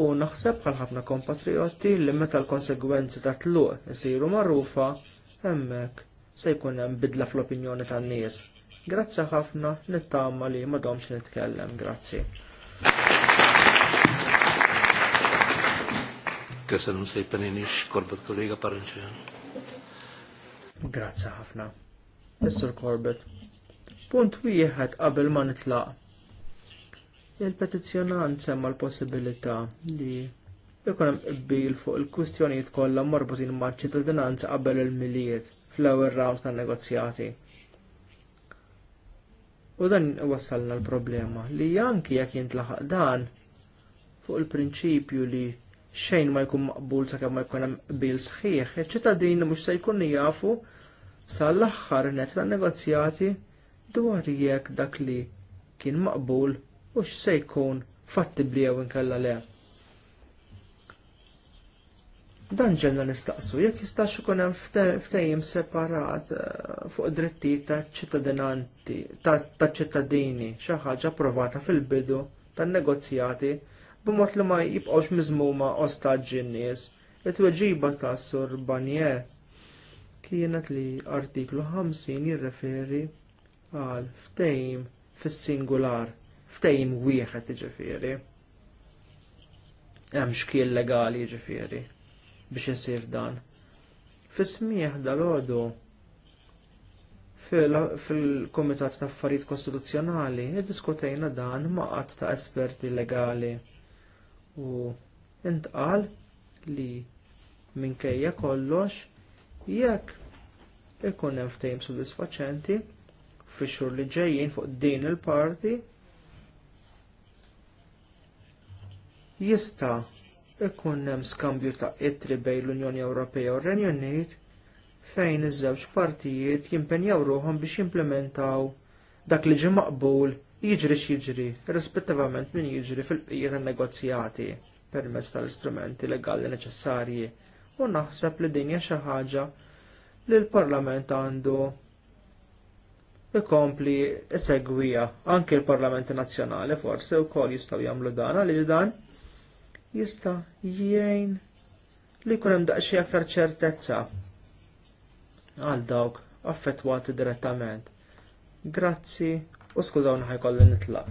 U naħseb bħal ħafna kompatrioti li meta l-konsegwenzi tluq isiru magħrufa hemmhekk se jkun hemm bidla fl-opinjoni tan-nies. Grazzi ħafna nittama li ma domx nitkellem, grazzi. Köszönöm szépen én is, kollega kolléga Grazzi ħafna. Mr. Corbett, punt wieħed qabel ma nitlaq. Il-petizzjonant semma l-possibilità li jkun hemm qbil fuq il-kwistjonijiet kollha marbutin maċ-ċittadinanza qabel il-miliet fl-ewwel round tan-negozjati. U dan wassalna l-problema li anki jekk jintlaħaq dan fuq il-prinċipju li xejn ma jkun maqbul sakemm ma jkun hemm qbil sħiħ, iċ-ċittadini mhux se jkun jafu sal-aħħar net tan-negozjati dwar jekk dak li kien maqbul u x'se jkun fattibli jew inkella le. Dan ġenna nistaqsu, jekk jistax ikun hemm ftehim separat eh, fuq drittijiet ta' ċittadinanti ta' ċittadini xi ħaġa approvata fil-bidu tan-negozjati b'mod li ma jibqgħux miżmuma ostaġġi n-nies. It-tweġiba ta' Sur Banier kienet li artiklu 50 jirreferi għal ftehim fis-singular, ftejim wieħed iġifieri. Hemm xkiel legali jiġifieri biex isir dan. Fis-smieħ dal ordu fil-Komitat ta' Affarijiet Kostituzzjonali diskutejna dan maqat ta' esperti legali u intqal li minkejja kollox jekk ikun hemm ftehim sodisfaċenti fix-xhur li ġejjin fuq din il-parti jista' ikun hemm skambju ta' ittri bejn l-Unjoni Ewropea u r-Renju Unit fejn iż-żewġ partijiet jimpenjaw ruhom biex jimplementaw dak li ġi maqbul jiġri x'jiġri, rispettivament min jiġri fil-qija tan-negozjati permezz tal-istrumenti legali neċessarji u naħseb li din hija xi ħaġa li l-Parlament għandu ikompli segwija anke l-Parlamenti Nazzjonali forsi wkoll jistgħu jagħmlu dan għaliex dan jista jien li jkun hemm daqsxejn aktar ċertezza għal dawk affettwati direttament. Grazzi u naħaj ħajkolli nitlaq.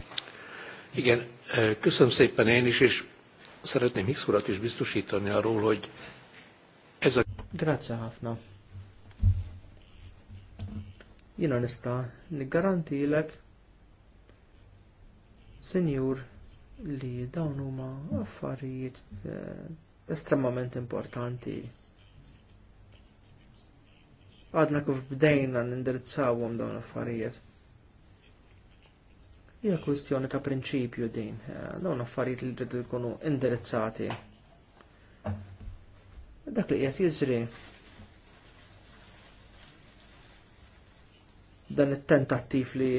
Igen, eh, köszönöm szépen én is, és szeretném Hicks urat is biztosítani arról, hogy ez a... Grazie, Hafna. Jina nista, niggarantilek, Senjur, li dawn huma affarijiet eh, estremament importanti. Għadna kif bdejna nindirizzawhom dawn affarijiet. Hija kwistjoni ta' prinċipju din, eh, dawn affarijiet li rridu jkunu indirizzati. Dak li qiegħed jiġri dan it-tentattiv li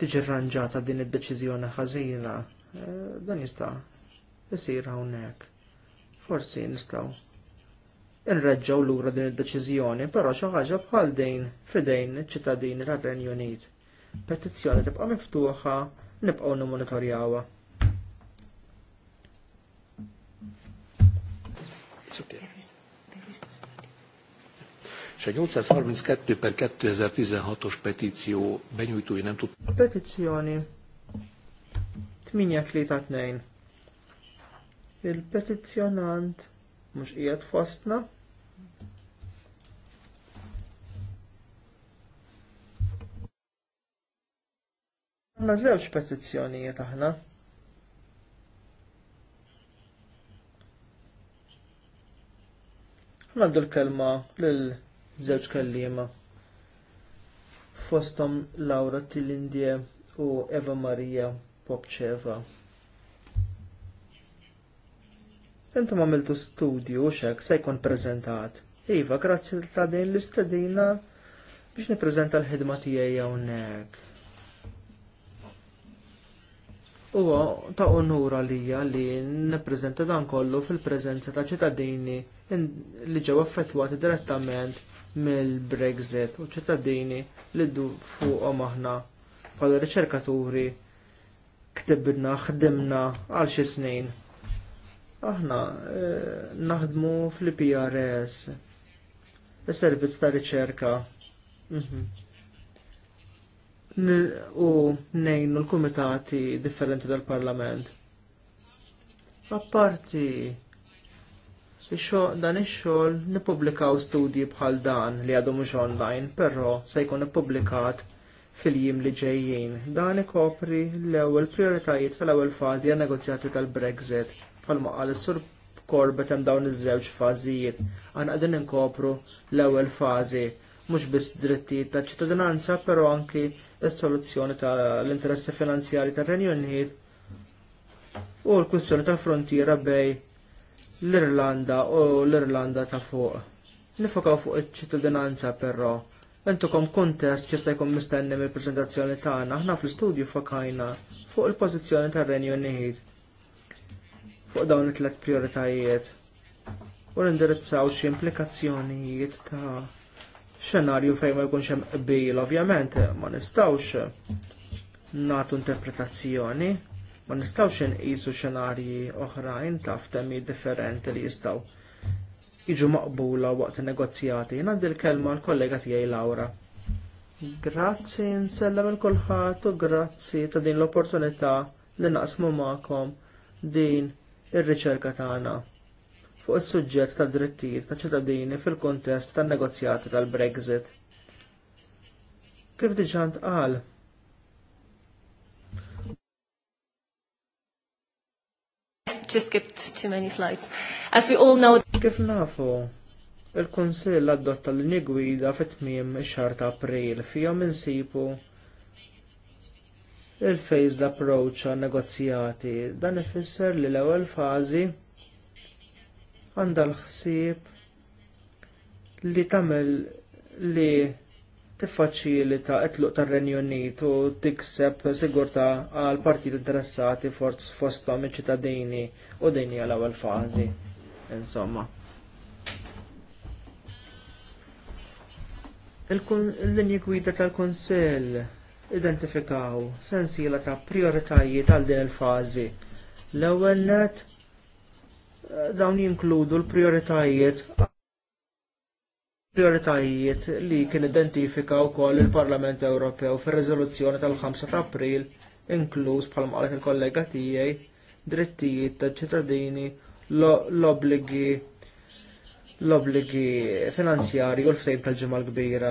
tiġi rranġata din id-deċiżjoni ħażina, eh, dan jista' isir hawnhekk. Forsi nistgħu nreġġgħu lura din id-deċiżjoni, però xi ħaġa bħal dejn fidejn iċ-ċittadini tar-Renju Unit. Petizzjoni tibqa' miftuħa, nibqgħu nimmonitorjawha. okay és a 832 per 2016-os petíció benyújtói nem tud... Petícióni. 832. Il-petizjonant mux ijed fostna. Għanna zewġ petizzjonijiet aħna. Għandu l-kelma lil żewġ kelliema. Fostom Laura Tilindje u Eva Marija Tentu Intom għamiltu studju xek se jkun prezentat. Iva, grazzi ta' din l-istadina biex prezenta l-ħidma tiegħi hawnhekk Huwa ta' onura lija li nippreżenta dan kollu fil-preżenza ta' ċittadini li ġew affettwati direttament mill-Brexit u ċittadini li ddu fuqhom aħna bħala riċerkaturi ktibna, ħdimna għal xi snin. Aħna eh, naħdmu fl-PRS, is-servizz ta' riċerka. Mhm u nejnu l-kumitati differenti tal-Parlament. Apparti dan ix-xogħol nippubblikaw studji bħal dan li għadu mhux online, però se jkun ippubblikat fil-jiem li ġejjin. Dan ikopri l-ewwel prioritajiet tal-ewwel fażi għan negozjati tal-Brexit bħalma qal is-sur korbet hemm dawn iż-żewġ fażijiet. Għan qegħdin inkopru l-ewwel fażi mhux biss drittijiet ta' ċittadinanza, però anki is-soluzzjoni tal-interessi finanzjari tar-Renju Unit u l-kwistjoni tal-frontiera bej l-Irlanda u l-Irlanda ta' fuq. Nifokaw fuq iċ-ċittadinanza però Entukom kontest ċista jkun mistenni mill prezentazzjoni tagħna, aħna fl-istudju fakajna fuq il-pożizzjoni tar-Renju Unit fuq dawn it-tlet prioritajiet u l-indirizzaw xi implikazzjonijiet ta' xenarju fejn ma jkunx hemm qbil ovvjament ma nistgħux nagħtu interpretazzjoni, ma nistgħux inqisu xenarji oħrajn ta' ftemi differenti li jistgħu jiġu maqbula waqt negozjati. Ngħaddi l-kelma l-kollega tiegħi Laura. Grazzi nsellem il kulħadd u grazzi ta' din l-opportunità li naqsmu magħkom din ir-riċerka tagħna fuq is-suġġett tad drittijiet ta' ċittadini fil-kuntest tan-negozjati tal-Brexit. Kif diġà qal? Just skipped too many slides. As we all know... Kif nafu? Il-Konsill adotta l-linji gwida fit-tmiem ix-xahar ta' April fija insibu il-phased approach għan negozjati dan ifisser li l-ewwel fażi għandha l-ħsieb li tagħmel li tiffaċilita etluq tar-Renju u tikseb sigurtà għal partit interessati fosthom iċ-ċittadini u dini għal ewwel fażi. Insomma. Il-linji gwida tal-Kunsill identifikaw sensiela ta' prioritajiet għal din il-fażi. L-ewwel net dawn jinkludu l-prioritajiet prioritajiet li kien identifika wkoll il-Parlament Ewropew fir rezoluzzjoni tal-5 ta' April inkluż bħal qalet il-kollega tiegħi drittijiet ta' ċittadini l-obbligi l-obbligi finanzjari u l-ftejb tal-ġimgħa kbira.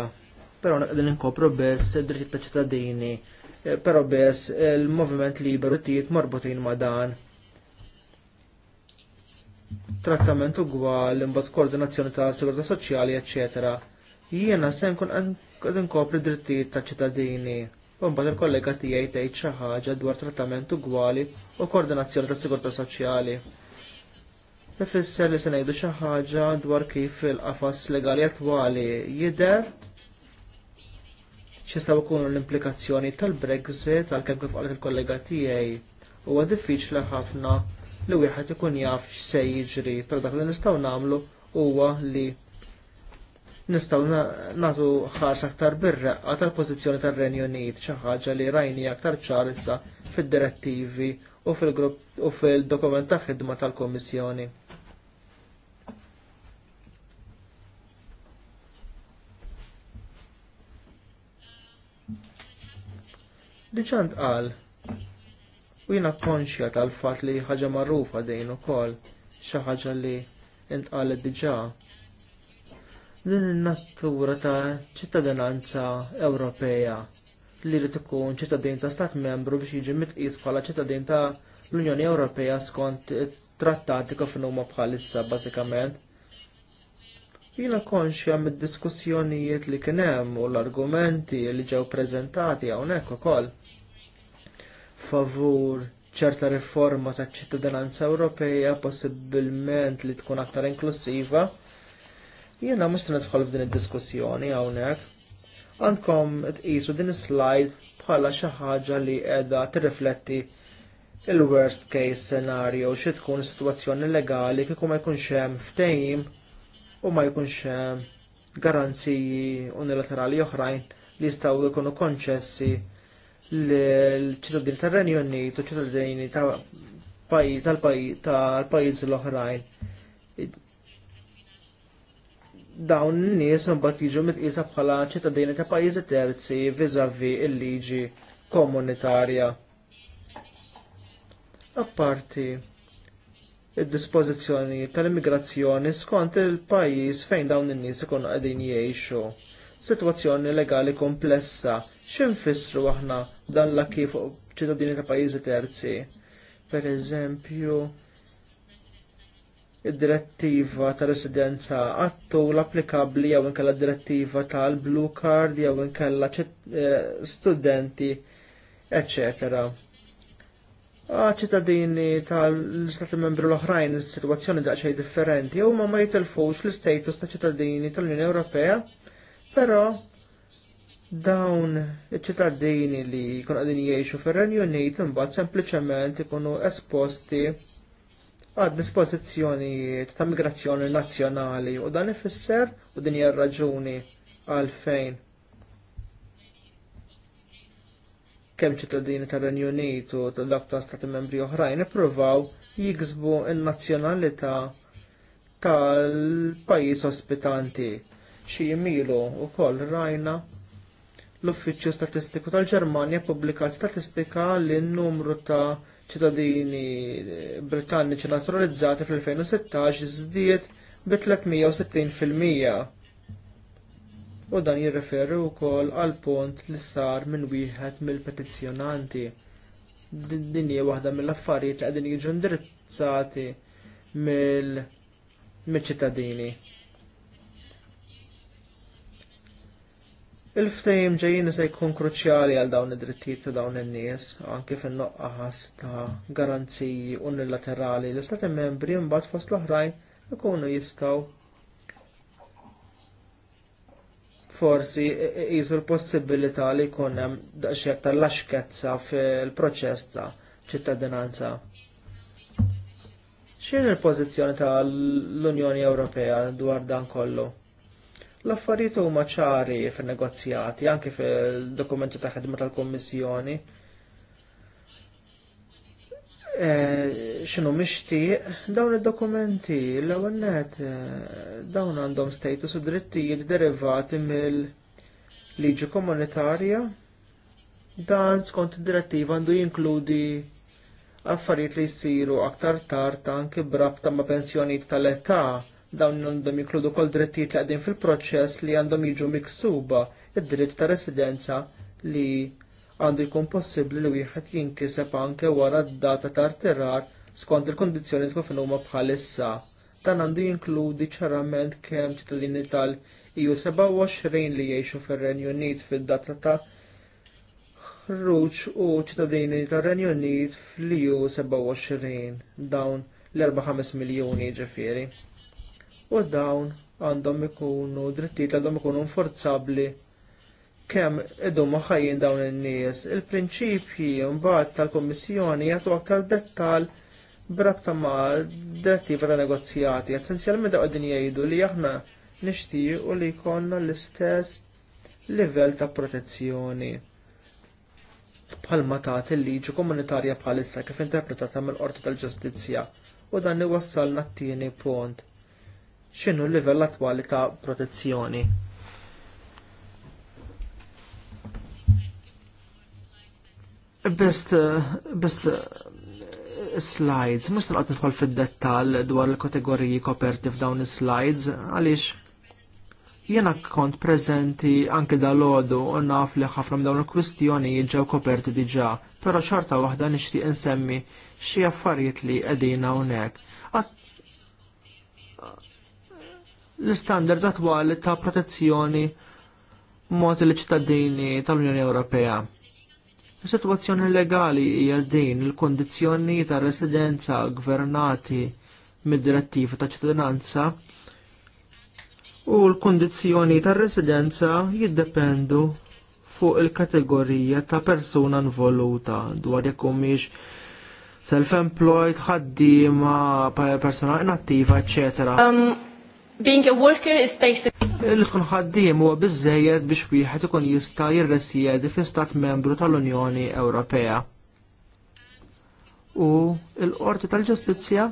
Però qegħdin inkopru biss id-drittijiet ta' ċittadini eh, però biss il-Moviment Liberu tijiet marbutin ma' dan trattament ugwal imbagħad koordinazzjoni ta' sigurtà soċjali, eċetera. Jiena se nkun qed inkopri drittijiet ta' ċittadini. u mbagħad il-kollega tiegħi tgħid xi ħaġa dwar trattament ugwali u koordinazzjoni ta' sigurtà soċjali. Ifisser li se ngħidu xi ħaġa dwar kif il-qafas legali attwali jidher xistaw ikunu l-implikazzjoni tal-Brexit għalkemm kif qalet il-kollega tiegħi huwa diffiċli ħafna li wieħed ikun jaf x'se jiġri, però dak li nistgħu nagħmlu huwa li nistgħu nagħtu ħars aktar birreqqa tal-pożizzjoni tar-Renju Unit xi ħaġa li rajni aktar ċar issa fid-direttivi u fil-grupp u fil-dokument ta' ħidma tal kummissjoni Diċant U jiena konxja tal-fatt li ħaġa magħrufa dejn ukoll xi ħaġa li intqalet diġà. Din in-natura ta' ċittadinanza Ewropea li rid ikun ċittadin ta' stat membru biex jiġi mitqis bħala ċittadin ta' l-Unjoni Ewropea skont trattati kif huma bħalissa bażikament. Jiena konxja mid-diskussjonijiet li kien hemm u l-argumenti li ġew preżentati hawnhekk ukoll favur ċerta riforma taċ ċittadinanza Ewropea possibilment li tkun aktar inklusiva. Jiena mhux se nidħol f'din id-diskussjoni hawnhekk. Għandkom tqisu din is-slide bħala xi ħaġa li qiegħda tirrifletti il-worst case scenario xi tkun sitwazzjoni legali kieku ma jkunx hemm ftehim u ma jkunx hemm garanziji unilaterali oħrajn li jistgħu jkunu konċessi l-ċittadini tar renju Unit u ta' pajiz tal pajiz l-oħrajn. Dawn n-nies mbagħad jiġu mitqisa bħala ċittadini ta' pajjiżi terzi viżavi l-liġi komunitarja. Apparti id-dispożizzjoni tal-immigrazzjoni skont il-pajjiż fejn dawn in-nies ikunu qegħdin jgħixu situazzjoni legali komplessa. X'infissru aħna dan l-akki fuq ċittadini ta' pajjiżi terzi? Per eżempju, id-direttiva ta' residenza għattu l-applikabli jew inkella direttiva tal-blue card jew inkella eh, studenti, eccetera. ċittadini tal-istati membru l-oħrajn is-sitwazzjoni daqsxejn differenti huma ma ma jitilfux l-istatus ta' ċittadini tal-Unjoni Ewropea Però dawn iċ-ċittadini li jkun għadin jgħixu fir-Renju Unit imbagħad sempliċement ikunu esposti għad dispożizzjonijiet ta' migrazzjoni nazzjonali u dan ifisser u din hija raġuni għalfejn kemm ċittadini tar-Renju Unit u dawk ta' stati membri oħrajn ippruvaw jiksbu n-nazzjonalità tal-pajjiż ospitanti xi jimilu wkoll rajna l-Uffiċċju Statistiku tal-Ġermanja pubblikat statistika li n-numru ta' ċittadini eh, Britanniċi naturalizzati fl-2016 żdied bi 360%. U dan jirriferi wkoll għal punt li sar minn wieħed mill-petizzjonanti. Din hija waħda mill-affarijiet li qegħdin jiġu indirizzati mill-ċittadini. Il-ftehim ġejjin se jkun kruċjali għal dawn id-drittijiet ta' dawn in-nies, anke fin-noqqas ta' garanziji unilaterali li stati membri mbagħad fost l-oħrajn ikunu jistgħu forsi jisu l-possibilità li jkun hemm daqsxejn ta' laxkezza fil-proċess ta' ċittadinanza. X'in il-pożizzjoni tal-Unjoni Ewropea dwar dan kollu? L-affarijiet huma ċari fin-negozjati, anke fil-dokumenti ta' ħedma tal-Kommissjoni. Eh, x'inhu mixtieq dawn id-dokumenti l-ewwel net eh, dawn għandhom status u drittijiet derivati mill-liġi komunitarja dan skont id-direttiva għandu jinkludi affarijiet li jsiru aktar tard anke brabta ma' pensjonijiet tal-età dawn għandhom jinkludu kol drittijiet li għadin fil-proċess li għandhom jiġu miksuba id-dritt ta' residenza li għandu jkun possibbli li wieħed jinkiseb anke wara d-data ta' artirar skont il-kondizzjoni tkun finhuma bħalissa. Dan għandu jinkludi ċarament kemm ċittadini tal-EU 27 li jgħixu fir-Renju Unit fid-data ta' ħruġ u ċittadini tal-Renju Unit fl-EU 27 dawn l-4-5 miljoni ġifieri u dawn għandhom ikunu drittijiet għandhom ikunu forzabbli kemm idhom ħajjin dawn in-nies. Il-prinċipji mbagħad tal-Kummissjoni jagħtu aktar dettal brabta ma' direttiva ta' negozjati. Essenzjalment dawn qegħdin jgħidu li aħna nixtiequ li jkollna l-istess livell ta' protezzjoni bħalma tagħti il-liġi komunitarja bħalissa kif interpretata mill-Qorti tal-Ġustizzja u dan iwassalna t-tieni punt x'inhu l-livell attwali ta' protezzjoni. Best, best uh, slides, mux tanqot nidħol fid-dettal dwar il-kategoriji koperti f'dawn is-slides, għaliex jena kont prezenti anke dal-ħodu u naf li ħafna dawn il-kwistjoni ġew koperti diġà, però xorta waħda nixtieq insemmi xi affarijiet li qegħdin hawnhekk. Għat l-standard attwali ta' protezzjoni mod li ċittadini tal-Unjoni Ewropea. Is-sitwazzjoni legali hija din il-kondizzjoni ta' residenza gvernati mid-direttiva ta' ċittadinanza u l-kondizzjoni ta' residenza jiddependu fuq il-kategorija ta' persuna involuta dwar jekk humiex self-employed, ħaddiema, persona inattiva, eccetera. Um Being a worker is basically... Il-kun ħaddiem huwa biżejjed biex wieħed ikun jista' jirresjedi fl-istat membru tal-Unjoni Ewropea. U l-Qorti tal-Ġustizzja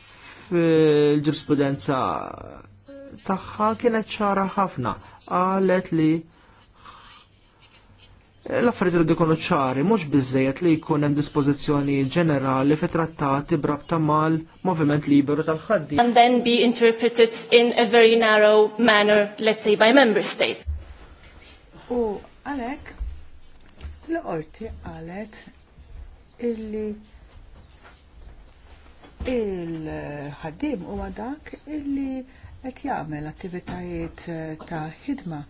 fil-ġurisprudenza tagħha kienet ċara ħafna qalet li L-affarijiet irid jkunu ċari mhux biżejjed li jkun hemm dispożizzjoni ġenerali fi trattati brabta mal-moviment liberu tal-ħaddi. And then be interpreted in a very narrow manner, let's say by member states. U għalhekk l-qorti qalet illi il-ħaddim huwa dak illi qed jagħmel attivitajiet ta' ħidma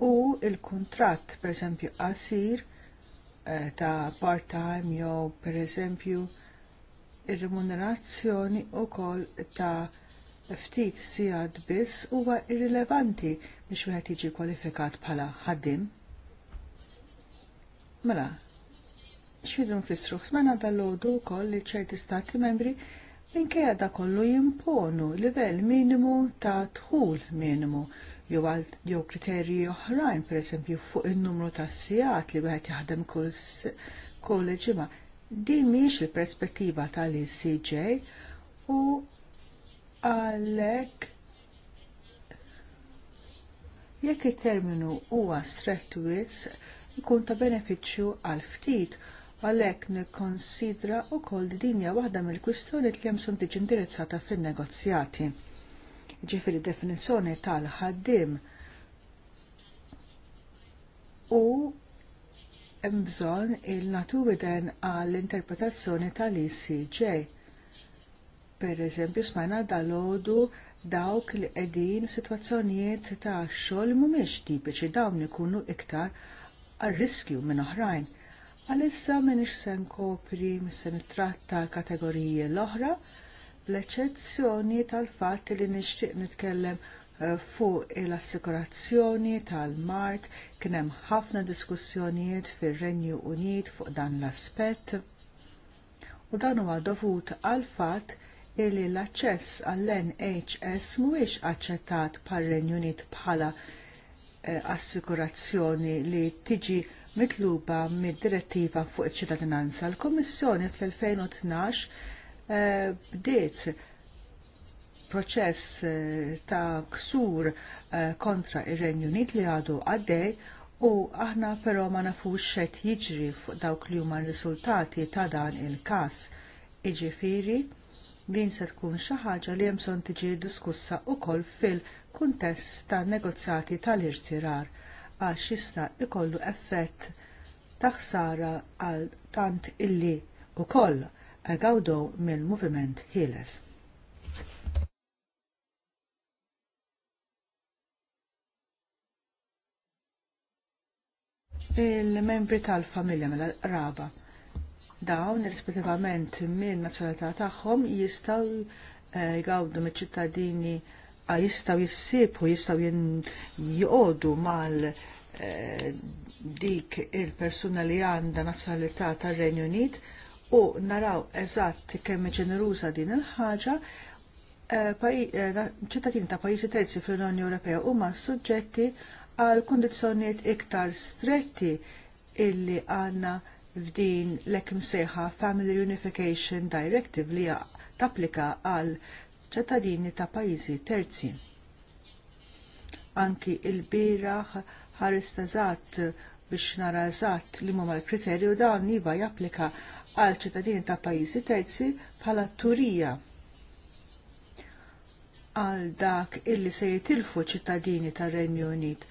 u il-kontrat, per esempio, qasir eh, ta' part-time jew per esempio il remunerazzjoni wkoll ta' ftit sigħat biss huwa irrilevanti biex wieħed jiġi kwalifikat bħala ħaddim. Mela, x'jidu nfissru smena dal-għodu wkoll li ċerti stati membri minkejja da kollu jimponu livell minimu ta' dħul minimu jew jew kriterji oħrajn, pereżempju fuq in-numru ta' sigħat li wieħed jaħdem kull kull ġimgħa. Din mhix il-perspettiva tal ecj u għalhekk jekk it-terminu huwa strett wis ikun ta' benefiċċju għal ftit għalhekk nikkonsidra wkoll din hija waħda mill-kwistjonijiet li hemm tiġi indirizzata fin-negozjati ġifiri definizzjoni tal-ħaddim u mbżon il-natu widen għall-interpretazzjoni tal-ECJ. Per eżempju, smajna dal-ħodu dawk li qegħdin situazzjonijiet ta' xogħol mhumiex tipiċi dawn ikunu iktar għal riskju minn oħrajn. Għalissa m'inhiex se nkopri se nittratta tratta kategoriji l-oħra l eċezzjoni tal-fatt li nixtieq nitkellem eh, fuq l-assikurazzjoni tal-mart kien hemm ħafna diskussjonijiet fir-Renju Unit fuq dan l-aspett. U dan huwa dovut għal fatt li l-aċċess għall-NHS mhuwiex aċċettat par-Renju Unit bħala eh, assikurazzjoni li tiġi mitluba mid-direttiva fuq iċ-ċittadinanza. L-Kummissjoni fl-2012 bdiet proċess eh, ta' ksur eh, kontra ir-Renju Unit li għadu għaddej u aħna però ma nafux xed jiġri fuq dawk li huma r-riżultati ta' dan il-każ. Iġifieri, din se tkun xi ħaġa li hemm bżonn tiġi diskussa wkoll fil-kuntest tan negozjati tal-irtirar għax jista' jkollu effett ta' ħsara għal tant illi wkoll gawdu mill-moviment ħieles. il-membri tal-familja mill-raba. Mela Dawn, rispettivament minn nazzjonalità tagħhom jistgħu eh, jgawdu miċ ċittadini ah, jistgħu jissibu, jistgħu joqogħdu mal eh, dik il-persuna li għandha nazzjonalità tar-Renju Unit u naraw eżatt kemm ġeneruża din il-ħaġa eh, eh, ċittadini ta' pajjiżi terzi fl-Unjoni Ewropea huma suġġetti għal kundizzjonijiet iktar stretti illi għandna f'din l-ekim sejħa Family Unification Directive li tapplika għal ċittadini ta' pajjiżi terzi. Anki il-biraħ ħarista eżatt biex nara eżatt li huma l-kriterju dan iva japplika għal ċittadini ta' pajjiżi terzi bħala turija għal dak illi se jitilfu ċittadini tar renju Unit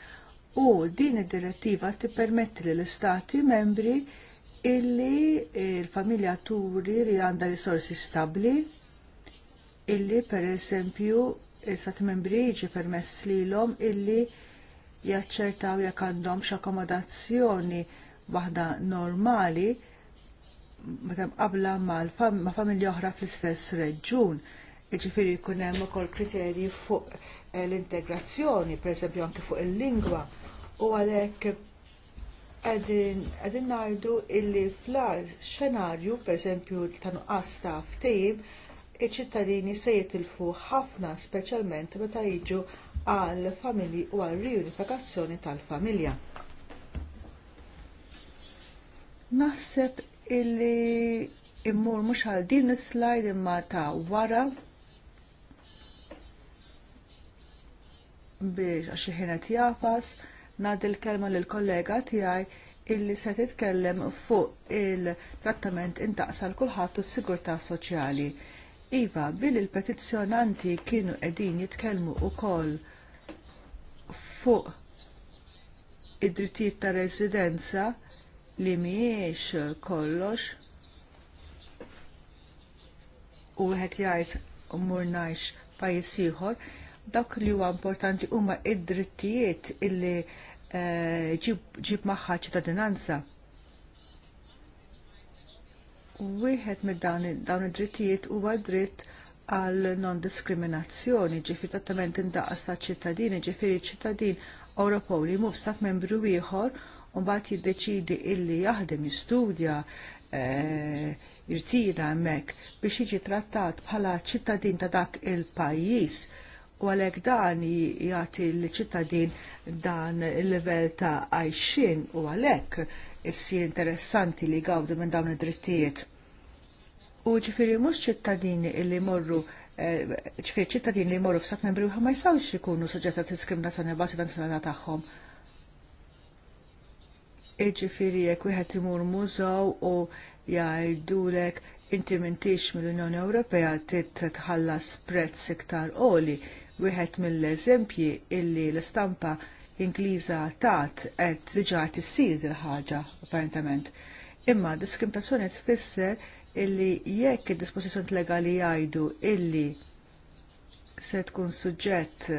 u din id-direttiva tippermetti li l-istati membri illi il-familja turi li għandha risorsi stabbli illi per esempio il-stati membri jiġi permess lilhom illi jaċċertaw jekk għandhom x'akkomodazzjoni waħda normali meta qabla ma' familja oħra fl-istess reġjun. Iġifiri jkun hemm ukoll kriterji fuq eh, l-integrazzjoni, pereżempju anke fuq il-lingwa, u għalhekk qegħdin ngħidu illi fl-ar xenarju, pereżempju ta' nuqqas ta' ftehim, iċ-ċittadini se jitilfu ħafna speċjalment meta jiġu għal familji u għal riunifikazzjoni tal-familja. Naħseb illi immur mhux għal din is-slide imma ta' wara biex għax ħina jafas nad il-kelma lill-kollega tiegħi illi se titkellem fuq il-trattament intaqsa l-kulħadd u s-sigurtà soċjali. Iva, bil il-petizzjonanti kienu qegħdin jitkellmu wkoll fuq id-drittijiet ta' residenza li mhijiex kollox u wieħed jgħid mur ngħix pajjiż ieħor, dak li huwa importanti huma id-drittijiet illi eh, ġib magħha ċittadinanza. Wieħed minn dawn id-drittijiet huwa dritt għal non-diskriminazzjoni, ġifi trattament indaqas ta' ċittadini, ġifiri ċittadin Ewropew li mhux stat membru ieħor u mbagħad jiddeċidi illi jaħdem jistudja jirtira eh, hemmhekk biex jiġi trattat bħala ċittadin ta' dak il-pajjiż u għalek dan jgħati l-ċittadin dan il-level ta' għajxin u għalek issi interessanti li għawdu minn dawn id-drittijiet. U ġifiri mux ċittadini illi morru ċifiri eh, ċittadini li morru f'sak membri uħa ma jistawx ikunu suġġetta diskriminazzjoni bazi dan sanata tagħhom. Iġifiri jekk wieħed imur mużaw u jgħidulek inti m'intix mill-Unjoni Ewropea trid tħallas prezz iktar qoli. Wieħed mill-eżempji illi l-istampa Ingliża tat qed diġà tissir il ħaġa apparentament. Imma diskriminazzjoni tfisser illi jekk id-dispożizzjoni legali jgħidu illi se tkun suġġett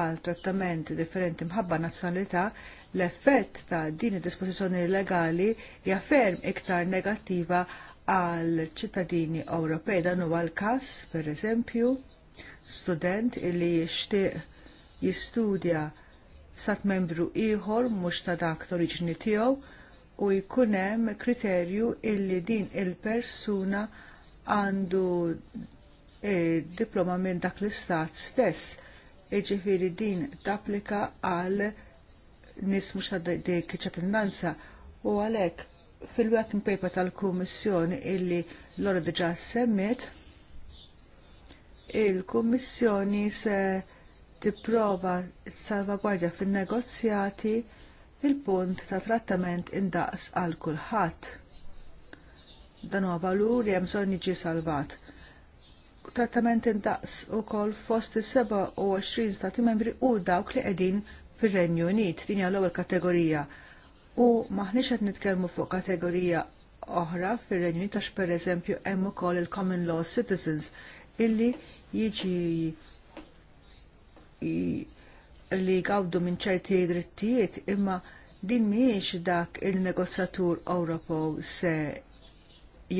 għal trattament differenti mħabba nazzjonalità, l-effett ta' din id-dispożizzjoni legali hija ferm iktar negattiva għal ċittadini Ewropej dan huwa l-każ pereżempju student illi jixtieq jistudja sat membru ieħor mhux ta' dak t-oriġini tiegħu u jkun hemm kriterju illi din il-persuna għandu e, diploma minn dak l-istat stess. Jiġifieri din tapplika għal nis mux għaddej kħiċat il-mansa u għalek fil-working paper tal-Kummissjoni illi l-għora diġa semmit, il-Kummissjoni se tipprova salvagwardja fin-negozjati il-punt ta' trattament indaqs għal kulħadd. Dan huwa valur li hemm bżonn jiġi salvat. Trattament indaqs ukoll fost is-27 stati membri u dawk li qegħdin fir-Renju Unit, din hija l-ewwel kategorija. U maħniex qed nitkellmu fuq kategorija oħra fir-Renju Unit għax pereżempju hemm ukoll il-common law citizens illi jiġi li gawdu minn ċerti drittijiet imma din mhijiex dak il-negozjatur Ewropew se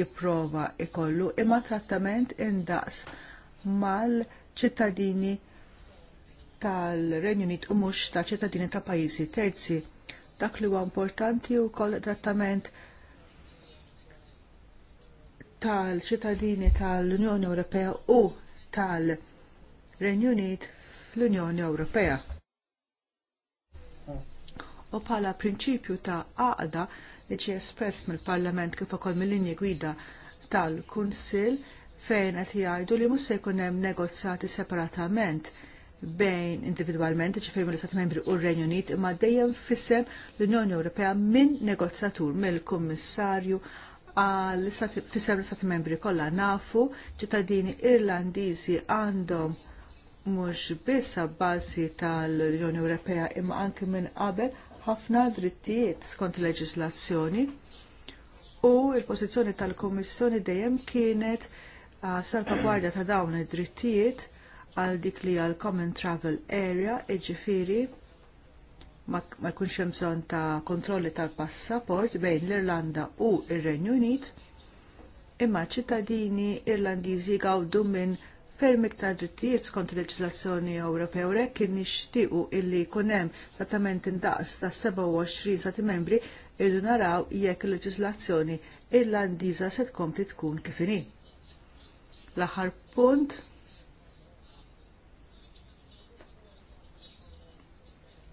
jipprova ikollu imma trattament indaqs mal-ċittadini tal-Renju Unit u mhux ta' ċittadini ta' pajjiżi terzi. Dak li huwa importanti wkoll trattament tal-ċittadini tal-Unjoni Ewropea u tal-Renju Unit fl-Unjoni Ewropea. U bħala prinċipju ta' għaqda li ġie espress mill-Parlament kif ukoll mill-linji gwida tal-Kunsill fejn qed jgħidu li mhux se jkun hemm negozjati separatament bejn individwalment, ċifir mill istat membri u r-Renju Unit, imma dejjem fissem l-Unjoni Ewropea minn negozjatur, mill-Kummissarju għal fissem l istat membri kollha nafu ċittadini Irlandiżi għandhom mhux biss bażi tal-Unjoni Ewropea imma anke minn qabel ħafna drittijiet skont leġislazzjoni u l-pożizzjoni tal-Kummissjoni dejjem kienet salvagwardja ta' dawn id-drittijiet għal dik li għal Common Travel Area, iġifiri ma jkunx hemm bżonn ta' kontrolli tal-passaport bejn l-Irlanda u r-Renju Unit, imma ċittadini Irlandiżi gawdu minn ferm iktar drittijiet skont il-leġislazzjoni Ewropew rek kien nixtiequ illi jkun hemm trattament indaqs ta' 27 stati membri irdu naraw jekk il-leġislazzjoni Irlandiża se tkompli tkun kif inhi. L-aħħar punt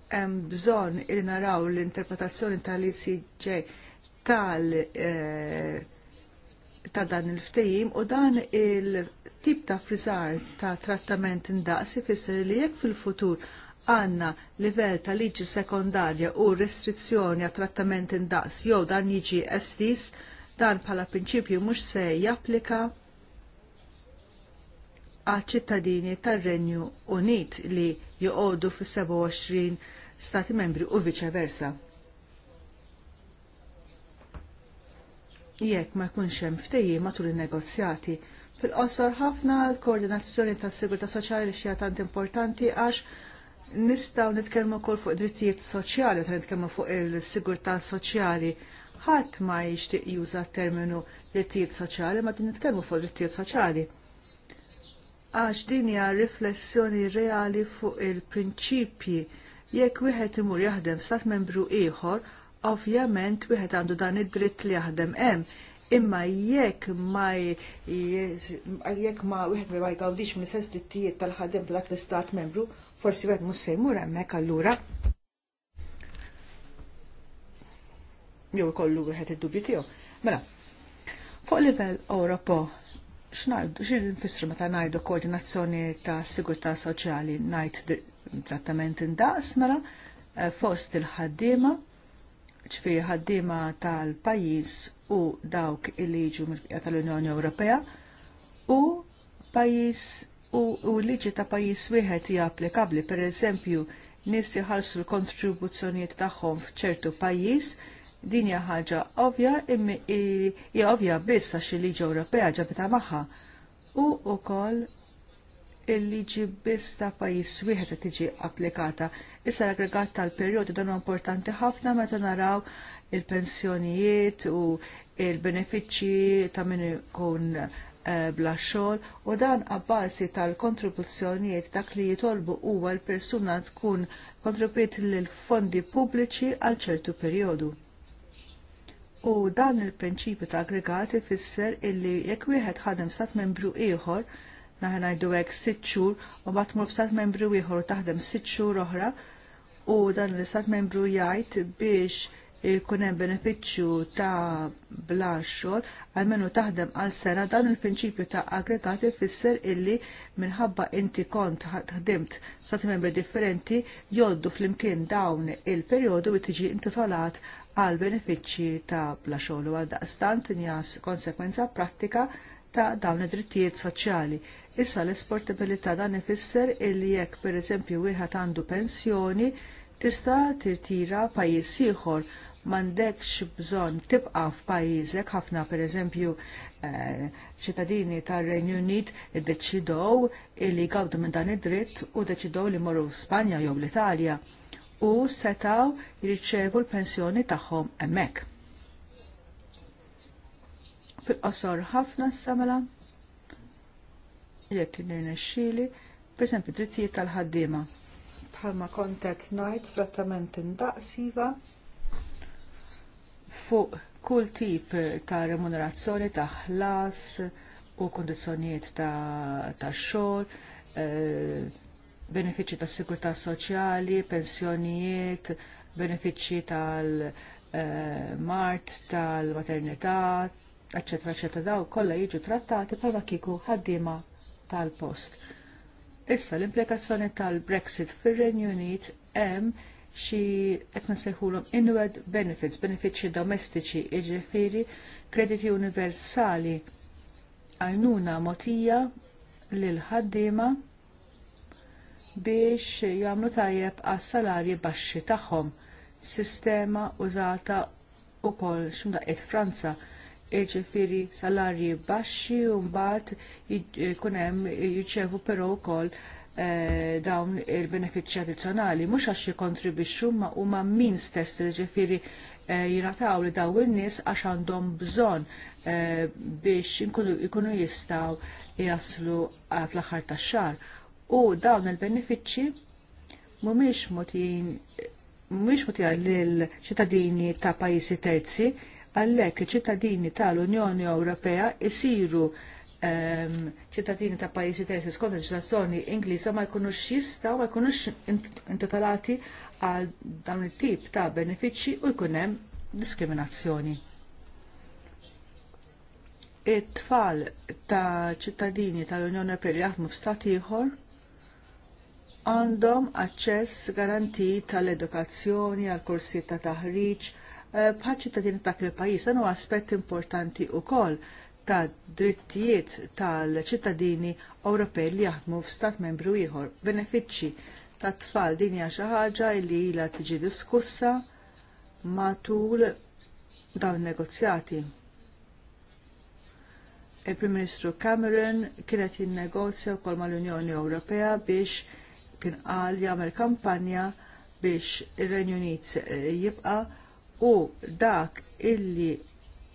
hemm bżonn li naraw l-interpretazzjoni tal-ICJ tal eh, ta' dan il-ftehim u dan il-tip ta' friżar ta' trattament indaqs ifisser li jekk fil-futur għandna livell ta' liġi sekondarja u restrizzjoni għat trattament indaqs jew dan jiġi estis, dan bħala prinċipju mhux se japplika għal ċittadini tar-Renju Unit li joqogħdu fis-27 stati membri u versa. Jekk ma jkunx hemm ftehim matul in-negozjati, fil-qosor ħafna l-koordinazzjoni tas-sigurtà soċjali li xija tant importanti għax nistgħu nitkellmu wkoll fuq drittijiet soċjali u nitkellmu fuq il-sigurtà soċjali. Ħadd ma jixtieq juża terminu drittijiet soċjali ma din nitkellmu fuq drittijiet soċjali għax din hija riflessjoni reali fuq il-prinċipji Jekk wieħed imur jaħdem stat membru ieħor, ovvjament wieħed għandu dan id-dritt li jaħdem hemm, imma jekk ma jekk ma wieħed ma jgawdix mill-istess drittijiet tal-ħadem ta' dak l-istat membru, forsi wieħed mhux se jmur hemmhekk allura. Jew ikollu wieħed id-dubju tiegħu. Mela, fuq livell Ewropo x'nfissru meta ngħidu koordinazzjoni ta' sigurtà soċjali ngħid trattament indaqs mela eh, fost il-ħaddiema ċfiri ħaddiema tal-pajis u dawk il-liġu tal-Unjoni Ewropea u pajis u, u liġi ta' pajis wieħed hija applikabbli pereżempju nies jħallsu l-kontribuzzjonijiet tagħhom f'ċertu pajjiż din hija ħaġa ovvja imma hija ovvja biss għax il-liġi Ewropea ġabita magħha u wkoll il-liġi biss ta' pajjiż wieħed tiġi applikata. Issa l-aggregat tal perjodu dan importanti ħafna meta naraw il-pensjonijiet u il-benefiċċji ta' min ikun eh, bla xogħol u dan abbażi tal-kontribuzzjonijiet dak li jitolbu huwa l-persuna tkun kontribwiet lil fondi pubbliċi għal ċertu perjodu. U dan il-prinċipju ta' aggregat ifisser illi jekk wieħed ħadem stat membru ieħor naħna ngħidu hekk sitt xhur u mbagħad tmur f'sat membru ieħor taħdem sitt xhur oħra u dan l sat membru jgħid biex ikun hemm benefiċċju ta' bla xogħol għalmenu taħdem għal sena dan il-prinċipju ta' aggregati fisser illi minħabba inti kont ħdimt stati membri differenti joddu flimkien dawn il-perjodu u tiġi intitolat għal benefiċċji ta' bla xogħol u għal daqstant njas konsekwenza prattika ta' dawn id-drittijiet soċjali Issa l-esportabilità dan ifisser illi jekk pereżempju wieħed għandu pensjoni tista' tirtira pajjiż ieħor m'għandekx bżonn tibqa' f'pajjiżek ħafna pereżempju eh, ċittadini tar-Renju Unit iddeċidow li gawdu minn dan id-dritt u deċidow li morru f'Spanja jew l-Italja u setaw jirċevu l-pensjoni tagħhom hemmhekk. Fil-qosor ħafna samela jekk per pereżempju drittijiet tal-ħaddiema. Bħalma kontet ngħid trattament indaqsiva fuq kull tip ta' remunerazzjoni, ta' ħlas u kondizzjonijiet ta', xogħol, eh, benefiċċji tas sigurtà soċjali, pensjonijiet, benefiċċji tal-mart, eh, tal-maternità, eccetera, eccetera, daw kollha jiġu trattati bħalma kieku ħaddiema tal-post. Issa l-implikazzjoni tal-Brexit fir-Renju Unit hemm xi qed nsejħulhom inward benefits, benefiċċji domestiċi, jiġifieri krediti universali għajnuna mogħtija lil ħaddiema biex jagħmlu tajjeb għas salarji baxxi tagħhom. Sistema użata wkoll x'imdaqqiet Franza jiġifieri salarji baxxi u mbagħad jkun eh, hemm eh, jiċċevu però wkoll eh, dawn il-benefiċċji addizzjonali mhux għax jikkontribwixxu ma huma min stess ġifieri jingħataw li dawn in-nies għax għandhom bżonn biex ikunu jistgħu jaslu fl-aħħar tax-xahar. U dawn il-benefiċċji mhumiex mutin mhumiex mutin lill ċittadini ta' pajjiżi terzi Għallek ċittadini tal-Unjoni Ewropea isiru ehm, ċittadini ta' pajjiżi terzi skont leġislazzjoni Ingliża ma jkunux jistgħu ma jkunux intitolati għal dawn it-tip ta' benefiċċji u jkun hemm diskriminazzjoni. It-tfal ta' ċittadini tal-Unjoni Ewropea li jaħdmu f'stat ieħor għandhom aċċess garantit tal-edukazzjoni, għal kursijiet ta' taħriġ, Eh, bħal ċittadini ta' il pajis dan huwa aspett importanti wkoll ta' drittijiet tal-ċittadini Ewropej li jaħdmu f'stat membru ieħor. Benefiċċji ta' tfal din hija xi ħaġa li ilha tiġi diskussa matul dawn negozjati. Il-Prim Ministru Cameron kienet jinnegozja wkoll mal-Unjoni Ewropea biex kien qal jagħmel kampanja biex ir-Renju Unit jibqa' u dak illi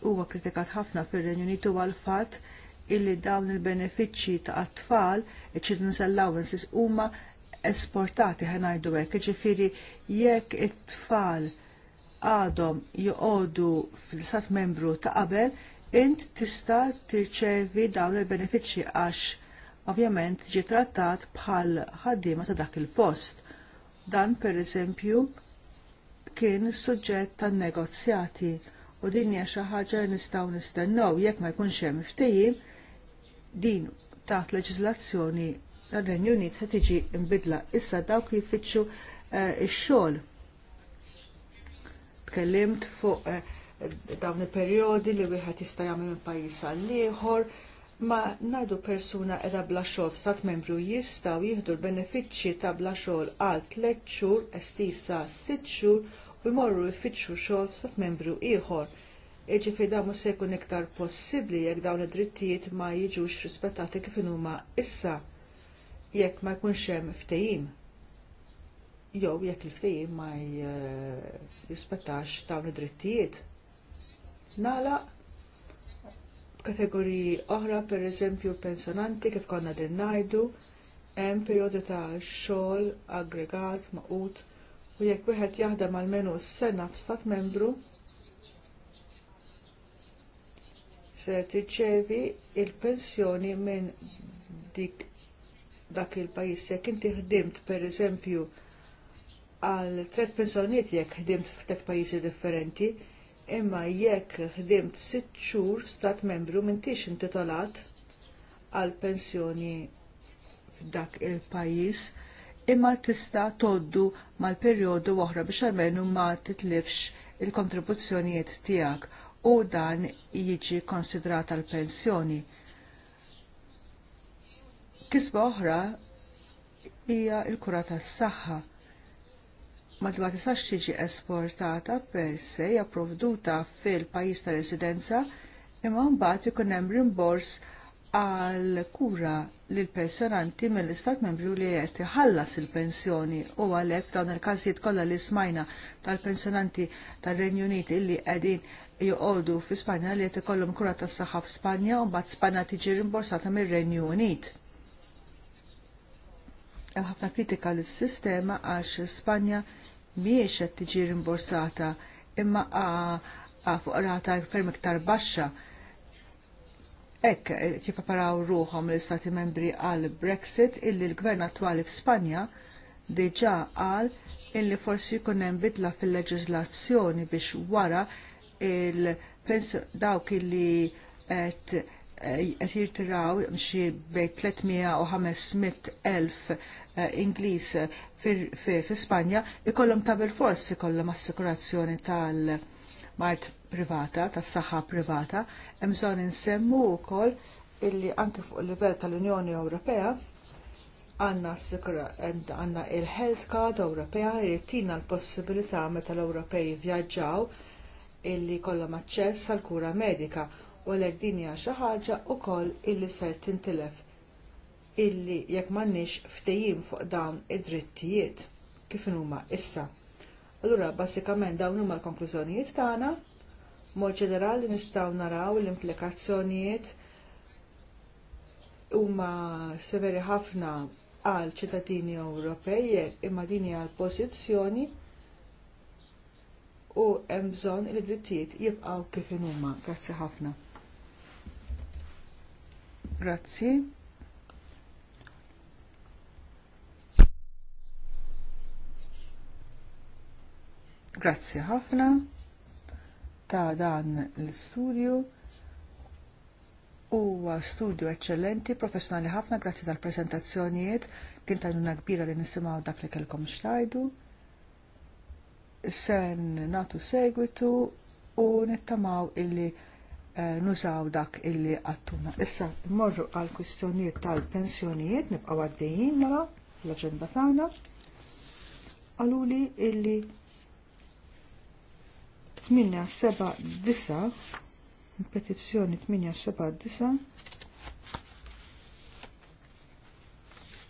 huwa kritikat ħafna fir-Renju Unitu għal fatt illi dawn il-benefiċċji ta' tfal il-children's allowances, huma esportati ħanajdu hekk, ġifiri jekk it-tfal għadhom joqogħdu fil-sat membru ta' qabel, int tista' tirċevi dawn il-benefiċċji għax ovvjament ġi trattat bħal ħaddiema ta' dak il-post. Dan pereżempju kien suġġett tan negozjati u din hija xi ħaġa li nistgħu nistennew jekk ma jkunx hemm ftehim din taħt leġiżlazzjoni tar-Renju Unit se tiġi mbidla issa dawk li jfittxu eh, ix-xogħol. Tkellimt fuq eh, dawn il-perjodi li wieħed jista' jagħmel minn pajjiż għal ieħor ma ngħidu persuna qiegħda bla xogħol stat membru jistgħu jieħdu l-benefiċċji ta' bla xogħol għal tliet xhur estisa sitt xhur u jmorru jfittxu xogħol stat membru ieħor. Iġifieri dan mhux se jkun iktar possibbli jekk dawn id-drittijiet ma jiġux rispettati kif huma issa jekk ma jkunx hemm ftehim. Jew jekk il-ftehim ma jispettax eh, dawn id-drittijiet. Nagħlaq kategoriji oħra, pereżempju pensjonanti kif konna din ngħidu, hemm perjodu ta' xogħol aggregat maqut u jekk wieħed jaħdem għal menu s-sena f'stat membru se tirċevi l pensjoni minn dik dak il-pajjiż jekk inti ħdimt pereżempju għal tret pensjonijiet jekk ħdimt f'tet pajjiżi differenti, imma jekk ħdimt sitt xhur stat membru m'intix intitolat għal pensjoni f'dak il-pajjiż imma tista toddu mal-perjodu oħra biex almenu ma titlifx il-kontribuzzjonijiet tiegħek u dan jiġi konsidrat għal pensjoni. Kisba oħra hija l-kura tas-saħħa. Mad ma tistax tiġi esportata per se hija provduta fil-pajjiż ta' residenza imma mbagħad ikun hemm rimbors għal kura lill pensjonanti mill-istat membru li qed iħallas il-pensjoni u għalhekk dawn il-każijiet kollha li smajna tal-pensjonanti tar-Renju Unit illi qegħdin joqogħdu fi Spanja li qed ikollhom kura tas-saħħa f'Spanja u mbagħad Spanja tiġi rimborsata mir-Renju Unit. Hemm ħafna kritika lis-sistema għax Spanja mhijiex qed tiġi rimborsata imma fuq rata ferm iktar baxxa Ekk, eh, tipaparaw ruħom l-Istati membri għal Brexit illi l-gvern attwali f'Spanja diġà qal illi forsi jkun hemm bidla fil-leġiżlazzjoni biex wara il dawk illi eh, qed jirtiraw xi bejn 300 elf eh, Ingliż fi Spanja ikollhom ta' forsi fors ikollhom assikurazzjoni tal-Mart privata, tas saħħa privata, hemm bżonn insemmu wkoll illi anke fuq il-livell tal-Unjoni Ewropea għandna għandna il-Health Card Ewropea li tina l-possibilità meta l-Ewropej vjaġġaw illi jkollhom aċċess għall kura medika u għalhekk din hija xi ħaġa wkoll illi se tintilef illi jekk m'għandniex ftehim fuq dawn id-drittijiet kif huma issa. Allura bażikament dawn huma l-konklużjonijiet tagħna Mod ġenerali nistgħu naraw l-implikazzjonijiet huma severi ħafna għal ċittadini Ewropej imma din hija pożizzjoni u hemm bżonn li drittijiet jibqgħu kif huma. Grazzi ħafna. Grazzi. Grazzi ħafna ta' dan l-studju huwa studju eċċellenti, professjonali ħafna, grazzi tal-prezentazzjonijiet, kien nuna kbira li nisimgħu dak li kelkom xtajdu. Sen natu segwitu u nittamaw illi eh, nużaw dak illi għattuna. Issa, morru għal kwistjonijiet tal-pensjonijiet, nibqaw għaddejjien mela l-agenda tagħna. Għaluli illi 879 petizzjoni 879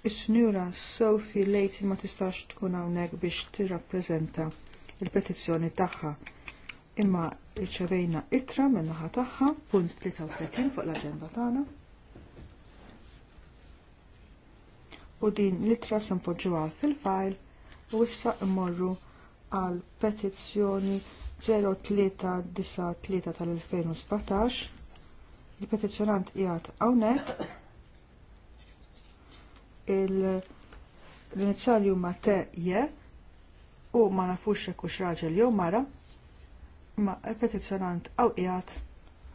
Is-snura Sophie Leighton ma tistax tkun hawnhekk biex tirrappreżenta il-petizzjoni tagħha. Imma riċevejna ittra min-naħa tagħha, punt 33 fuq l-aġenda tagħna. U din l-ittra se npoġġuha fil-file u issa mmorru għal petizzjoni 0393 tal-2017. Il-petizjonant jgħat hawnhekk l-inizjali huma TJ u ma nafux hekk hux raġel jew mara, ma il-petizzjonant għaw jgħat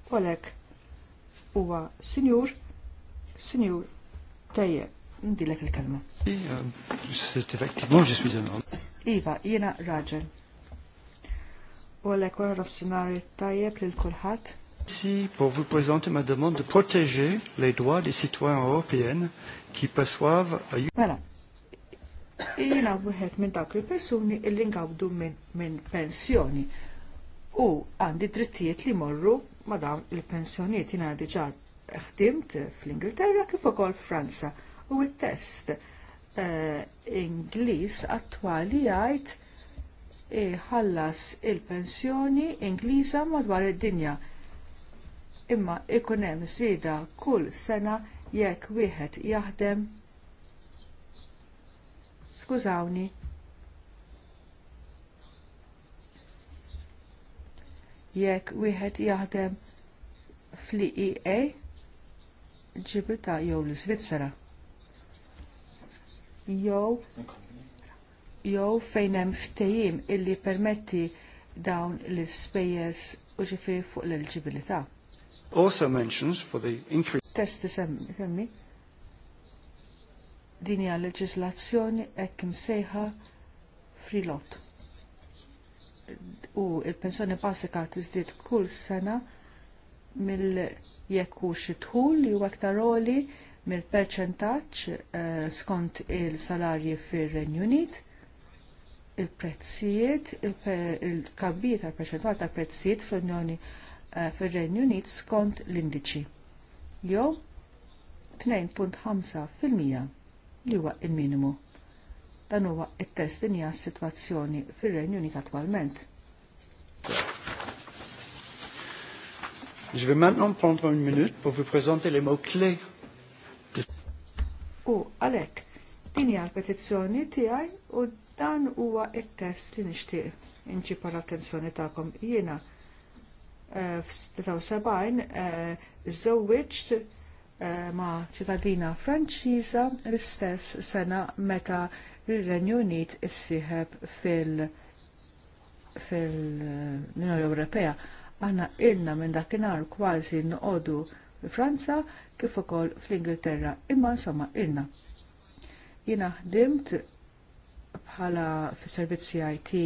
u għalhekk huwa sinjur, sinjur TJ. Ndilek il-kelma. Ehm, iva, jiena raġel u għalek wara rafsinari tajjeb lil kulħadd. Si, pour vous présenter ma demande de protéger les droits des citoyens européens qui perçoivent... Voilà. Mela, jina wieħed minn dawk il-persuni illi ngawdu minn pensjoni u għandi drittijiet li morru ma dawn il-pensjoniet jina diġa ħdimt fl-Ingilterra kif ukoll Franza u it-test eh, Ingliż attwali jgħid iħallas il-pensjoni Ingliża madwar id-dinja. Imma ikun hemm żieda kull sena jekk wieħed jaħdem. Skużawni. Jekk wieħed jaħdem fl-EA Ġibrita jew l-Svizzera jew jew fejn hemm ftehim illi permetti dawn l-ispejjeż u ġifieri fuq l-eligibilità. Also mentions for the increase Test semmi din hija leġiżlazzjoni hekk imsejħa free lot. U l pensjoni basika tiżdied kull sena mill jekk hu xi tħul li huwa aktar mill-perċentaġġ eh, skont il-salarji fir-Renju Unit il-prezzijiet, il-kabbijiet tal-perċentwal tal-prezzijiet fil-Unjoni eh, fil-Renju Unit skont l-indiċi. Jo 2.5% li huwa il-minimu. Dan huwa it-test din hija s-sitwazzjoni fir-Renju Unit attwalment. Je vais maintenant prendre une minute pour vous présenter les mots-clés. U Alec, din hija l-petizzjoni tiegħi u Dan huwa it-test li nixtieq inċipa l-attenzjoni tagħkom jiena eh, f-76 eh, żewwiġt eh, ma' ċittadina Franċiża l-istess sena meta r-Renju Unit issieħeb fil- fil-Unjoni Ewropea. Aħna ilna minn dakinhar kważi noqogħdu Franza kif ukoll fl-Ingilterra, imma insomma ilna. Jiena ħdimt bħala fis-servizzi IT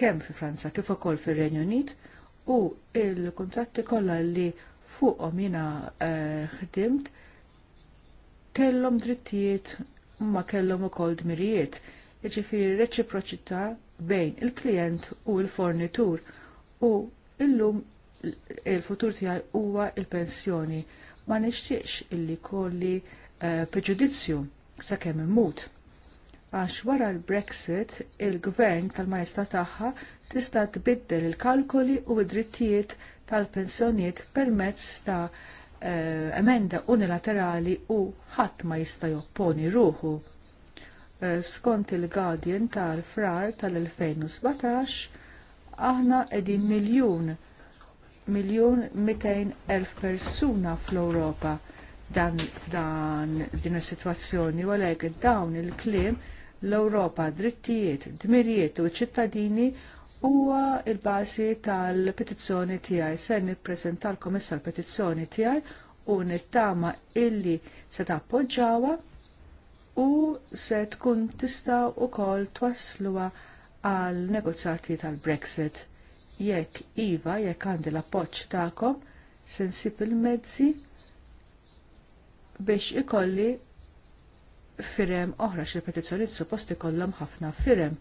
kemm fi Franza kif ukoll fir-Renju Unit u l kuntratti kollha li fuqhom jiena eh, ħdimt kellhom drittijiet ma kellhom ukoll dmirijiet, jiġifieri reċiproċità bejn il-klient u l-fornitur u illum il-futur tiegħi huwa il-pensjoni ma nixtieqx illi kolli eh, preġudizzju sakemm immut għax wara l-Brexit il-gvern tal-majsta tagħha tista' tbiddel il-kalkoli u d-drittijiet tal-pensjonijiet permezz ta' eh, emenda unilaterali u ħadd ma jista' jopponi ruħu. Eh, skont il-Guardian tal-Frar tal-2017, aħna qegħdin miljun miljun 200 elf persuna fl-Ewropa dan, dan din is-sitwazzjoni u għalhekk dawn il-kliem l-Ewropa, drittijiet, dmirijiet u ċittadini huwa il-bażi tal-petizzjoni tiegħi. Se nippreżentalkom issa l-petizzjoni tiegħi u nittama illi se tappoġġawha u se tkun tista' ukoll twassluha għal negozjati tal-Brexit. Jekk iva, jekk għandi l-appoġġ tagħkom, sensib il-mezzi biex ikolli firem oħra xil petizzjonijiet suppost ikollhom ħafna firem.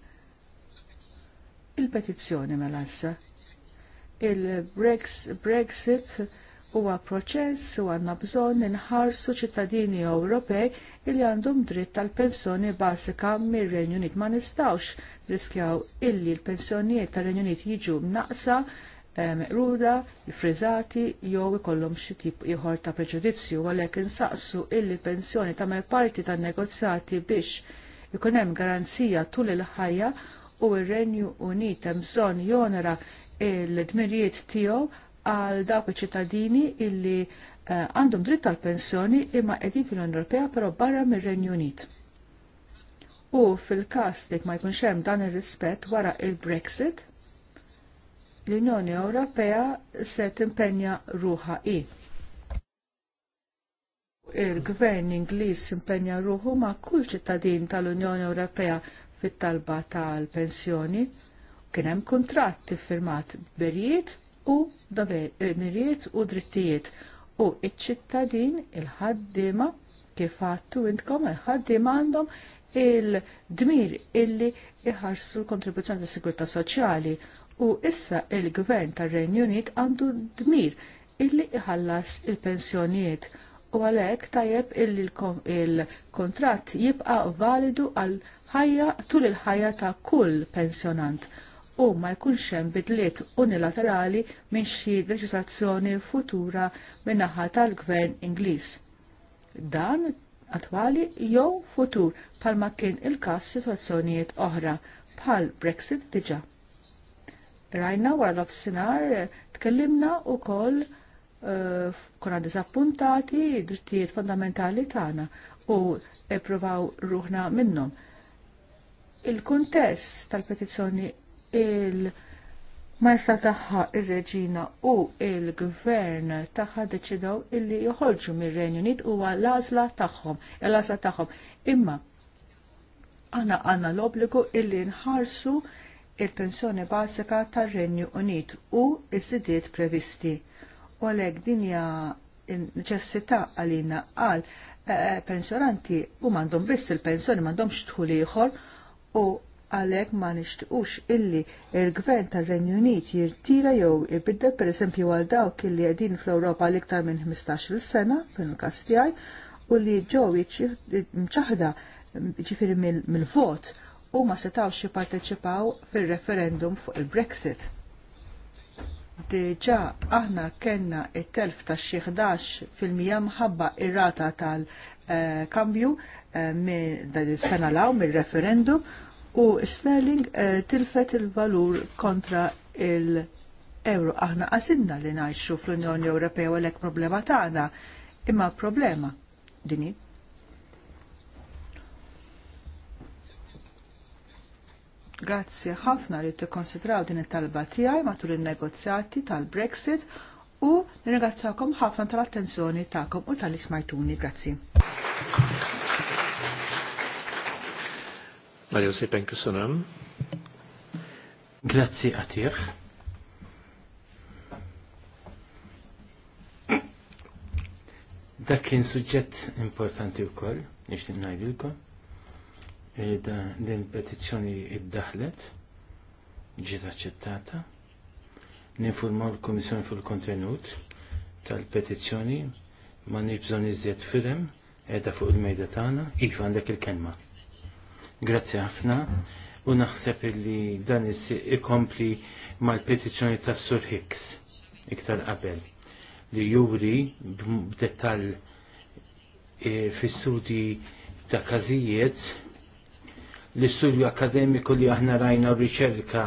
Il-petizzjoni mela assa Il-Brexit huwa proċess u għandna bżonn inħarsu ċittadini Ewropej li għandhom dritt tal-pensjoni bażika mir-Renju Unit. Ma nistgħux riskjaw illi l-pensjonijiet tar-Renju Unit jiġu mnaqsa meqruda, frizzati jew ikollhom xi tip ieħor ta' preġudizzju għalhekk insaqsu illi pensjoni tagħmel parti tan-negozjati biex ikun hemm garanzija tul il-ħajja u r-Renju Unit hemm bżonn jonera l-dmirijiet tiegħu għal dawk iċ-ċittadini illi eh, għandhom dritt tal-pensjoni imma qegħdin fil-Unjoni Ewropea però barra mir-Renju Unit. U fil-każ li ma jkunx hemm dan ir-rispett wara il-Brexit, l-Unjoni Ewropea se timpenja ruħa i. Il-Gvern Ingliż impenja ruħu ma' kull ċittadin tal-Unjoni Ewropea fit-talba tal-pensjoni. Kien hemm kuntratt iffirmat berijiet u mirijiet eh, u drittijiet u iċ-ċittadin il-ħaddiema kif għattu intkom il-ħaddiema għandhom il-dmir illi iħarsu l-kontribuzzjoni tas-sigurtà soċjali u issa il-gvern tar-Renju Unit għandu dmir illi iħallas il-pensjonijiet u għalhekk tajjeb illi l kuntratt jibqa' validu għal ħajja tul il-ħajja ta' kull pensjonant u ma jkunx hemm bidliet unilaterali minn xi leġislazzjoni futura min-naħa tal-Gvern Ingliż. Dan attwali jew futur bħalma kien il-każ f'sitwazzjonijiet oħra bħal Brexit diġà rajna wara l-offsinar, tkellimna u koll uh, eh, kuna dizappuntati drittijiet fondamentali tagħna u ipruvaw ruħna minnhom. il kuntess tal-petizzjoni il-majsla tagħha ir-reġina u il-gvern tagħha deċidew illi joħolġu mir-Renju Unit huwa l-għażla tagħhom, il għażla tagħhom. Imma għana għanna l-obligu illi nħarsu il-pensjoni bażika tar-Renju Unit u s-sidiet previsti. U għalhekk din hija neċessità għalina għal eh, eh, pensjonanti u m'għandhom biss il-pensjoni m'għandhomx dħul ieħor u għalhekk ma nixtiequx illi il-gvern tar-Renju Unit jirtira jew ibidel pereżempju għal dawk illi qegħdin fl-Ewropa l iktar minn 15-il sena fil każ tiegħi u li ġew mċaħda ġifieri mill-vot mil u ma setawx jipparteċipaw fil-referendum fuq il-Brexit. Diġà aħna kellna t telf ta' fil-mija mħabba r rata tal-kambju eh, minn is-sena law mir-referendum u Sterling eh, tilfet il-valur kontra il- euro aħna għasinna li najxu fl-Unjoni Ewropea u għalhekk problema tagħna, imma problema dini Grazzi ħafna li tikkonsidraw din it-talba tiegħi matul in-negozjati tal-Brexit u nirringrazzakom ħafna tal-attenzjoni tagħkom u tal-ismajtuni. Grazzi. Mario Sipen kusunam. Grazzi għatieħ. Dak kien suġġett importanti wkoll, nixtieq ngħidilkom da din petizzjoni id-daħlet ġiet aċċettata. Ninfurmaw l-Komissjoni fil-kontenut tal-petizzjoni ma nibżon iżjed firem edha fuq il-mejda tagħna, iva għandek il-kelma. Grazzi ħafna u naħseb li dan ikompli mal-petizzjoni tas Sur Hicks iktar qabel li juri b'detall e, eh, fi studji ta' każijiet l-istudju akademiku li aħna rajna r-riċerka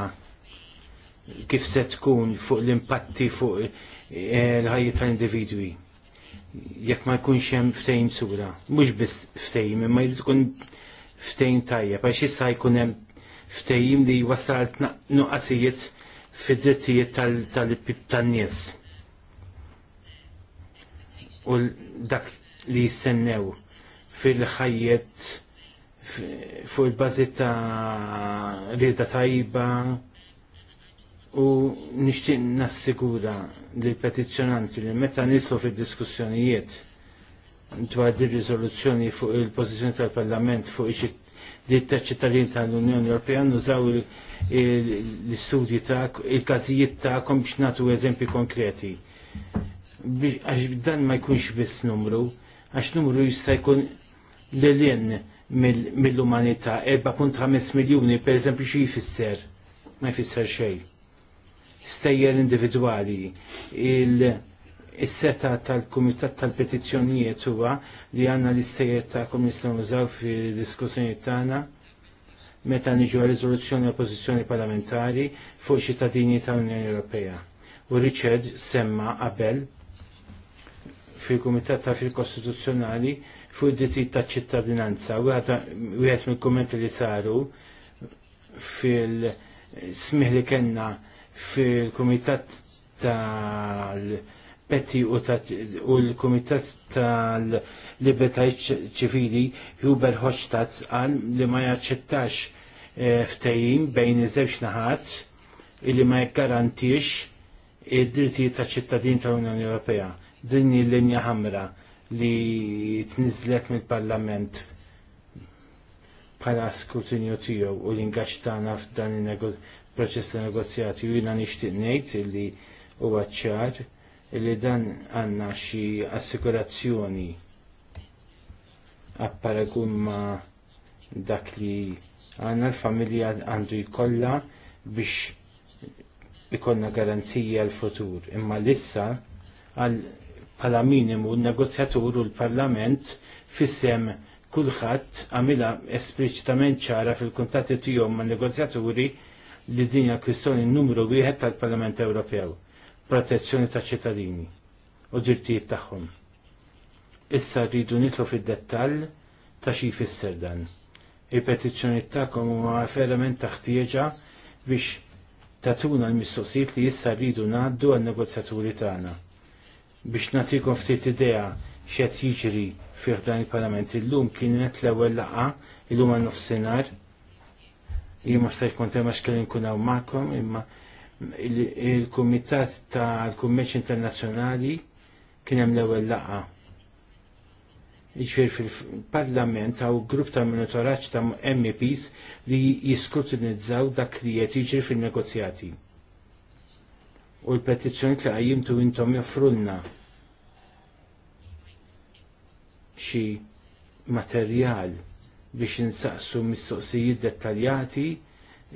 kif se tkun fuq l-impatti fuq eh, l-ħajja tal-individwi. Jekk ma jkunx hemm ftejn sura, mhux biss ftejn, imma jrid tkun ftejn tajjeb għax issa jkun hemm ftejn li wasal nuqqasijiet fid-drittijiet tal-nies. U dak li jistennew fil-ħajjet fuq il bazit ta' rida tajba u nixtieq nassigura li petizjonanti petizzjonanti li meta nitlu fid-diskussjonijiet dwar di riżoluzzjoni fuq il-pożizzjoni tal-Parlament fuq li t-ċittadin tal-Unjoni Ewropea nużaw l-istudji ta' il-każijiet kom biex natu eżempi konkreti. Għax dan ma jkunx biss numru, għax numru jista' jkun l-lin mill-umanità, 4.5 miljoni, per eżempju, xie jfisser, ma jfisser xej. Stejjer individuali, il-seta tal-Kumitat tal-Petizzjonijiet huwa li għanna l-istejjer ta' komissjon użaw fil-diskussjoni tagħna meta niġu għal-rizoluzzjoni oppożizzjoni parlamentari fuq ċittadini tal-Unjoni Ewropea. U Richard semma qabel fil-Kumitat ta' fil-Kostituzzjonali fuq id-dritt taċ ċittadinanza. Wieħed mill kommenti li saru fil-smih li kellna fil-Kumitat tal-Peti u l-Kumitat tal-Libertajiet ċivili Huber Hoċtat qal li ma jaċċettax eh, ftehim bejn iż-żewġ naħat illi ma jgarantix id-drittijiet ta' ċittadin tal-Unjoni Ewropea. Din il-linja ħamra li tniżlet mill-Parlament bħala skrutinju tiegħu u l-ingaġġ f'dan il-proċess ta' negozjati u jiena nixtieq ngħid li huwa ċar li dan għandna xi assikurazzjoni apparagun ma dak li għandna l-familja għandu jkollha biex ikonna garanzija l-futur. Imma l-issa għal bħala minimu n-negozjatur u l-Parlament fissem kulħadd għamilha espliċitament ċara fil-kuntatti tiegħu man negozjaturi li din hija kwistjoni numru wieħed tal-Parlament Ewropew, protezzjoni ta' ċittadini u drittijiet tagħhom. Issa rridu nitlu fid-dettall ta' xi jfisser dan. Il-petizzjoni tagħkom huma verament taħtieġa biex tatuna l-mistoqsijiet li issa rridu ngħaddu għan-negozjaturi tagħna biex natikom ftit idea xed jiġri fih dan il-parlament illum kienet l-ewwel laqgħa illum għal nofsinhar. Jien ma se jkun tema x'kien nkun hawn magħkom imma il-Kumitat tal-Kummerċ Internazzjonali kien hemm l-ewwel laqa', Iġfir fil-parlament għaw grupp ta' monitoraġġ ta' MEPs li jiskrutinizzaw dak li qed jiġri fil-negozjati u l-petizzjoni li tu intom joffrulna xi materjal biex insaqsu mistoqsijiet dettaljati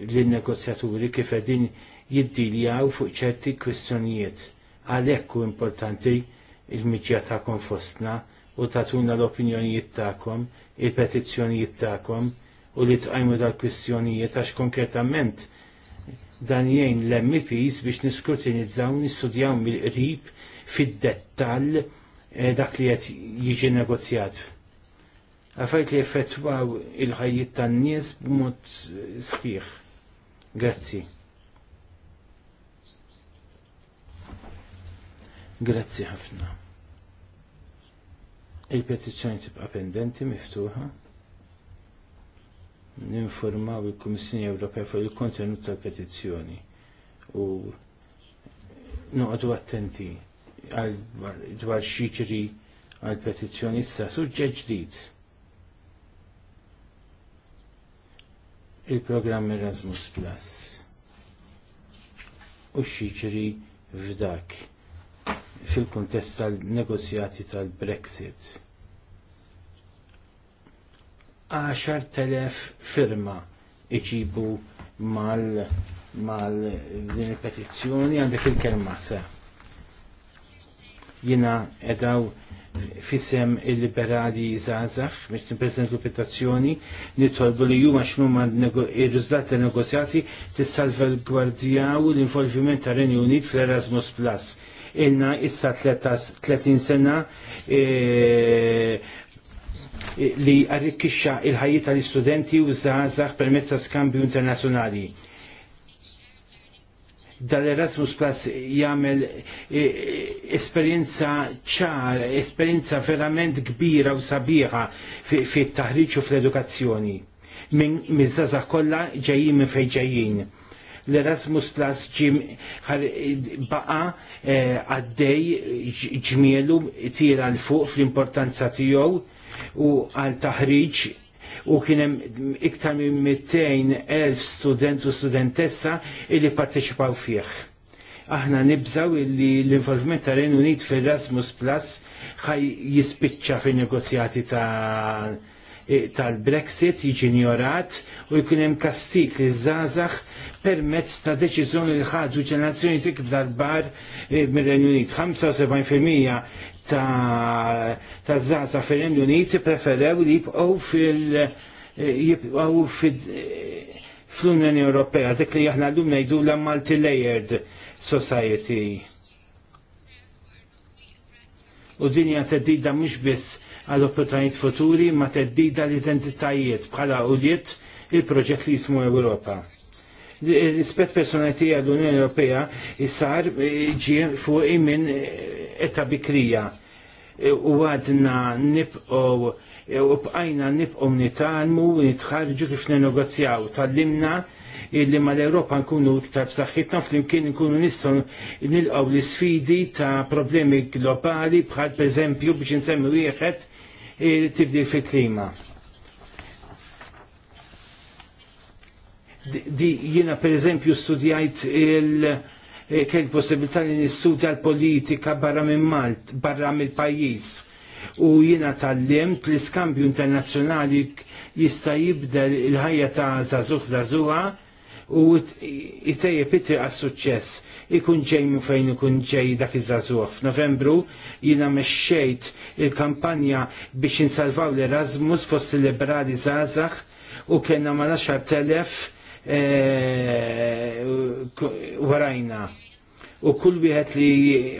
l-negozjaturi kif qegħdin jiddiljaw fuq ċerti kwistjonijiet. Għalhekk hu importanti il-miġja tagħkom fostna u tatuna l-opinjonijiet tagħkom, il-petizzjonijiet tagħkom u li tqajmu dal-kwistjonijiet għax konkretament dan jgħin l-MPs biex niskrutinizzaw, nistudjaw mill-qrib fid-dettall eh, dak li qed jiġi negozjat. Għafajt li effettwaw il-ħajjiet tan-nies b'mod sħiħ. Grazzi. Grazzi ħafna. Il-petizzjoni tibqa' pendenti miftuħa ninformaw il-Kummissjoni Ewropea fuq il-kontenut tal-petizzjoni u noqgħdu attenti dwar xiġri għal petizzjoni issa suġġeġ ġdid. Il-programm Erasmus Plus u xiġri f'dak fil-kontest tal-negozjati tal-Brexit 10.000 firma iġibu mal mal din il-petizzjoni għandek il-kelma se. Jina edaw fisem il-liberali zazax, biex niprezent l-petizzjoni, nitolbu li juma xnu ma il-rizultat ta' negozjati tissalvagwardjaw l-involviment ta' Renju Unit fl-Erasmus Plus. Ilna issa 30 sena e, li arrikkixxa il-ħajja tal-istudenti u żgħażagħ permezz ta' skambju internazzjonali. Dal-Erasmus Plus jagħmel eh, eh, esperjenza ċar, esperjenza verament kbira u sabiħa fit-taħriġ u fl-edukazzjoni. Min miż-żgħażagħ kollha ġejjin minn fejn l-Erasmus Plus ġim baqa eh, għaddej ġmielu tira l-fuq fl-importanza tijow u għal taħriġ u kienem iktar minn 200.000 student u studentessa illi parteċipaw fih. Aħna nibżaw illi l involvment ta' Renju Unit fil rasmus Plus ħaj jispiċċa fin negozjati tal-Brexit ta jiġi u jkun hemm kastik li żgħażagħ permezz ta' deċiżjoni li ħadu ġenerazzjoni tikb darbar eh, mir ren Unit. 75% ta' zaza fil-Renju Uniti preferew li jibqgħu fil- jibqgħu fl-Unjoni Ewropea, dik li l llum najdu la multi-layered society. U dinja teddida mhux biss għal opportunit futuri ma teddida l-identitajiet bħala uliet il-proġett li jismu Ewropa rispett personali l-Unjoni Ewropea sar ġie fuq imin etta bikrija e, u għadna nibqgħu e, u bqajna nibqgħu nitalmu u nitħarġu kif nenegozjaw. Tallimna illi ma l-Europa nkunu iktar b'saħħitna fl-imkien nkunu nistgħu nilqgħu l-isfidi ta' problemi globali bħal pereżempju biex insemmi wieħed tibdil fil-klima. Di jiena pereżempju studjajt il- E kien possibilità li nistudja l-politika barra minn Malt, barra mill pajjiż U jiena tal-lim l-iskambju internazzjonali jista' jibdel il-ħajja ta' zazuħ zazuħa u jitejjeb itri għas-suċċess. Ikun ġej mu fejn ikun ġej dak iż-żagħżugħ. F'Novembru jiena mexxejt il-kampanja biex insalvaw l-Erasmus fost il-liberali żgħażagħ u kellna ma' 10,000 Eh, warajna. U kull wieħed li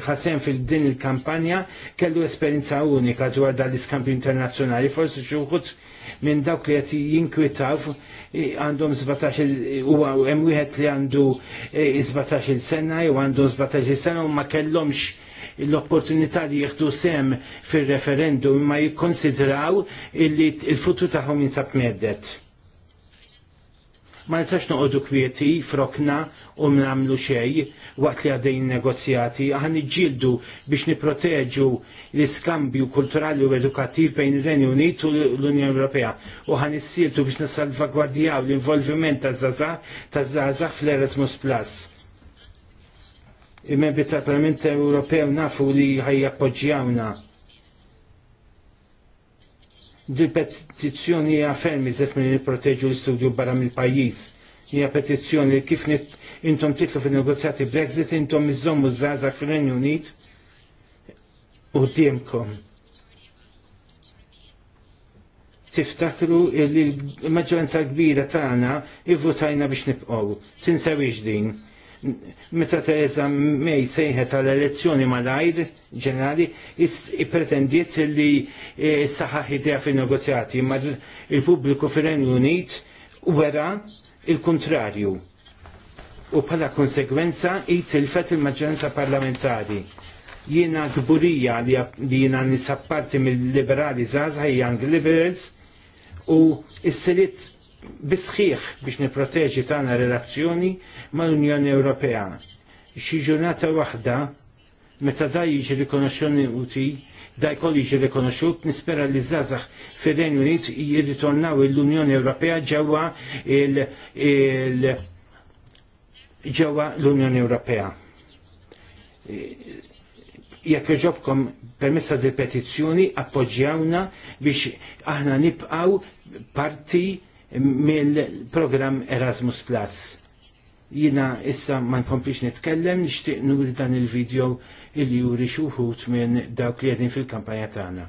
ħasem fil-din il-kampanja kellu esperjenza unika dwar dal-iskampju internazzjonali, forsi xi wħud minn dawk li qed jinkwitaw eh, għandhom 17 u hemm wieħed li għandu 17-il eh, sena jew għandu 17-il sena u ma kellhomx l-opportunità li jieħdu sem fir-referendum ma jikkonsidraw illi il-futur tagħhom jinsab medet ma nistax noqogħdu kwieti frokna u nagħmlu xejn waqt li għaddejn negozjati, aħna niġġieldu biex nipproteġu l-iskambju kulturali u edukattiv bejn ir-Renju Unit u l-Unjoni Ewropea u ħan issieltu biex nissalvagwardjaw l-involviment taż taż-żaza fl-Erasmus Plus il-membri tal-Parlament Ewropew nafu li ħajjappoġġjawna Dil petizzjoni hija ferm iżet minn il-proteġu l-istudju barra mill-pajjiż. Hija petizzjoni li kif intom titlu fin-negozjati Brexit intom iżommu żgħażagħ fil renju Unit u diemkom. Tiftakru li l-maġġoranza kbira tagħna ivvutajna biex nibqgħu. Tinsewix din meta Teresa May sejħet għal elezzjoni mal-ajr ġenerali, pretendiet li eh, saħaħ idea fin negozjati ma il-pubbliku fir-Renju Unit wera il-kontrarju. U bħala konsekwenza jitilfet il-maġġoranza parlamentari. Jiena gburija li jiena nisapparti mill-liberali zazħa, young liberals, u s-silit bisħiħ biex niproteġi tagħna relazzjoni mal-Unjoni Ewropea. Xi ġurnata waħda meta da jiġi uti, da jkoll jiġi rikonoxxut, nispera li zazax fir-Renju Unit jirritornaw l-Unjoni Ewropea ġewwa il ġewwa l-Unjoni Ewropea. Jekk iġobkom permessa di petizzjoni appoġġjawna biex aħna nibqgħu parti mill-program Erasmus Plus. Jina issa ma nkomplix nitkellem, nixtieq nuri dan il-video il juri xuħut minn dawk li għedin fil-kampanja tagħna.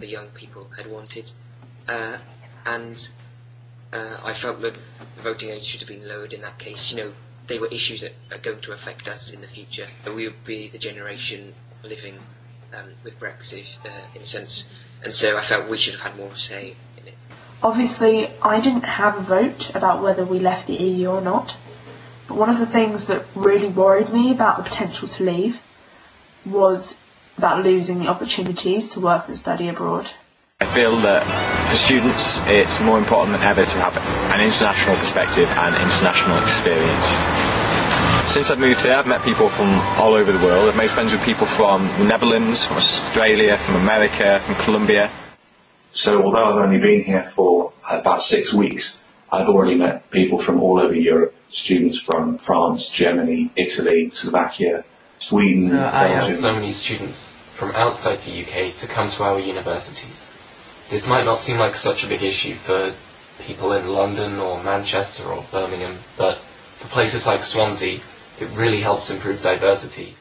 The young people had wanted, uh, and uh, I felt that the voting age should have been lowered in that case. You know, they were issues that are going to affect us in the future. We would be the generation living um, with Brexit, uh, in a sense, And so I felt we should have had more of a say in it. Obviously, I didn't have a vote about whether we left the EU or not. But one of the things that really worried me about the potential to leave was about losing the opportunities to work and study abroad. I feel that for students it's more important than ever to have an international perspective and international experience since I've moved here, I've met people from all over the world. I've made friends with people from the Netherlands, from Australia, from America, from Colombia. So although I've only been here for about six weeks, I've already met people from all over Europe, students from France, Germany, Italy, Slovakia, Sweden, uh, Belgium. I asked so many students from outside the UK to come to our universities. This might not seem like such a big issue for people in London or Manchester or Birmingham, but for places like Swansea, it really helps improve diversity.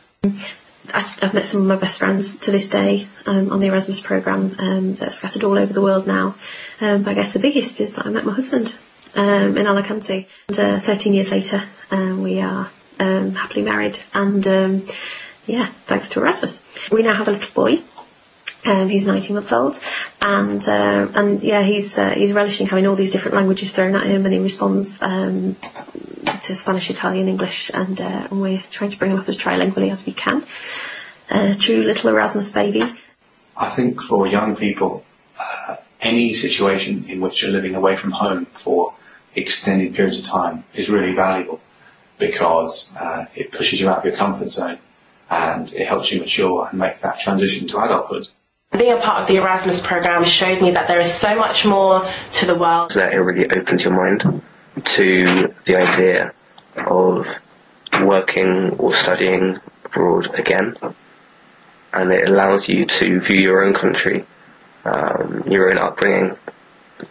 I've met some of my best friends to this day um, on the Erasmus programme um, that are scattered all over the world now. Um, but I guess the biggest is that I met my husband um, in Alicante. And, uh, 13 years later, uh we are um, happily married and um, yeah, thanks to Erasmus. We now have a little boy um, he's 19 months old, and uh, and yeah, he's uh, he's relishing having all these different languages thrown at him, and he responds um, to Spanish, Italian, English, and, uh, and we're trying to bring them up as trilingually as we can. Uh, true little Erasmus baby. I think for young people, uh, any situation in which you're living away from home for extended periods of time is really valuable because uh, it pushes you out of your comfort zone and it helps you mature and make that transition to adulthood. Being a part of the Erasmus program showed me that there is so much more to the world. That it really opens your mind to the idea of working or studying abroad again. And it allows you to view your own country, um, your own upbringing,